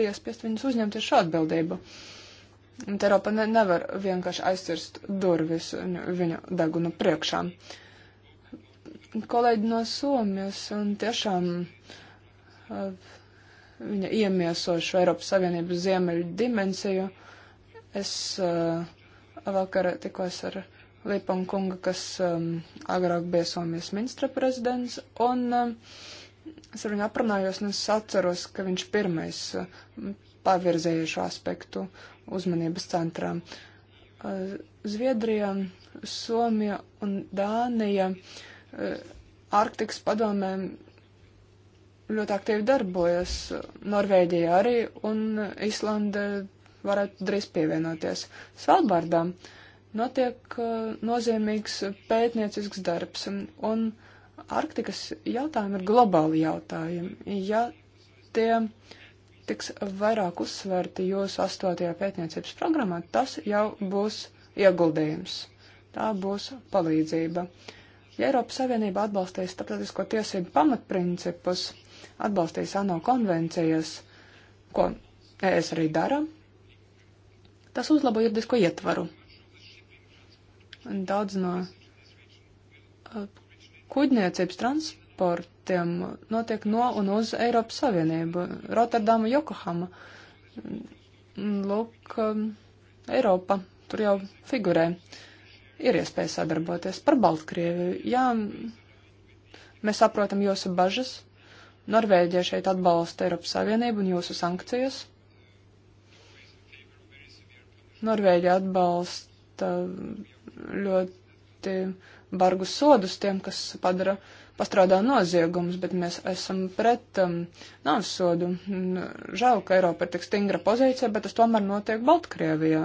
piespiest viņus uzņemties šo atbildību. Un Eiropa ne, nevar vienkārši aizcirst durvis viņa deguna priekšā. Kolēģi no Somijas un tiešām uh, viņa iemiesošu Eiropas Savienības ziemeļu dimensiju. Es uh, vakar tikos ar Līpam kunga, kas um, agrāk bija Somijas ministra prezidents, un um, es ar viņu aprunājos, un es atceros, ka viņš pirmais uh, pavirzēja šo aspektu uzmanības centrā. Uh, Zviedrija, Somija un Dānija uh, Arktikas padomēm ļoti aktīvi darbojas Norvēģija arī, un Islande varētu drīz pievienoties. Svalbārdā notiek uh, nozīmīgs pētniecisks darbs, un Arktikas jautājumi ir globāli jautājumi. Ja tie tiks vairāk uzsvērti jūsu astotajā pētniecības programmā, tas jau būs ieguldījums. Tā būs palīdzība. Ja Eiropas Savienība atbalstīs starptautisko tiesību pamatprincipus, atbalstīs ANO konvencijas, ko es arī daru, tas uzlabo juridisko ietvaru. Daudz no uh, kuģniecības transportiem notiek no un uz Eiropas Savienību, Rotterdama, Jokohama. Mm, lūk, um, Eiropa tur jau figurē. Ir iespēja sadarboties par Baltkrieviju. Jā, mēs saprotam jūsu bažas, Norvēģija šeit atbalsta Eiropas Savienību un jūsu sankcijas. Norvēģija atbalsta ļoti bargus sodus tiem, kas padara, pastrādā noziegumus, bet mēs esam pret um, nāves sodu. Žēl, ka Eiropa ir tik stingra pozīcija, bet tas tomēr notiek Baltkrievijā.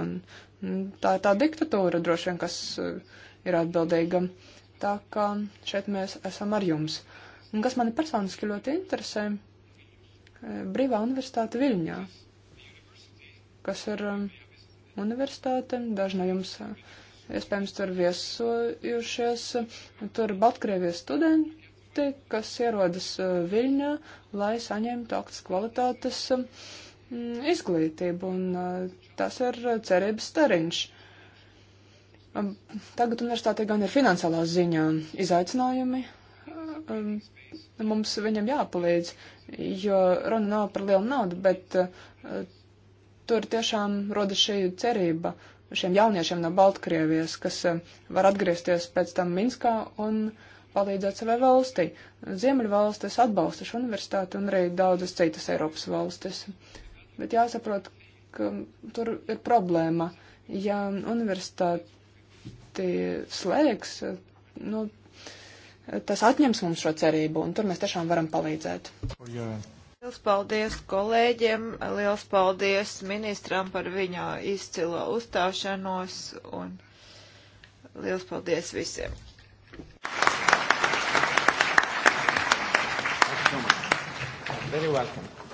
Tā ir tā diktatūra droši vien, kas uh, ir atbildīga. Tā kā šeit mēs esam ar jums. Uh, Un kas mani personiski ļoti interesē, e, Brīvā universitāte Viļņā, kas ir um, universitāte, daži no jums e, iespējams tur viesojušies, tur Baltkrievijas studenti, kas ierodas e, Viļņā, lai saņemtu augstas kvalitātes um, izglītību, un tas ir cerības stariņš. Um, tagad universitātē gan ir finansiālā ziņā izaicinājumi, um, mums viņam jāpalīdz, jo runa nav par lielu naudu, bet uh, tur tiešām rodas šī cerība šiem jauniešiem no Baltkrievijas, kas uh, var atgriezties pēc tam Minskā un palīdzēt savai valstī. Ziemeļvalstis atbalsta šo universitāti un arī daudzas citas Eiropas valstis. Bet jāsaprot, ka tur ir problēma. Ja universitāti slēgs, uh, nu, tas atņems mums šo cerību, un tur mēs tiešām varam palīdzēt. Jā. Oh, liels paldies kolēģiem, liels paldies ministram par viņa izcilo uzstāšanos un liels paldies visiem. Very welcome.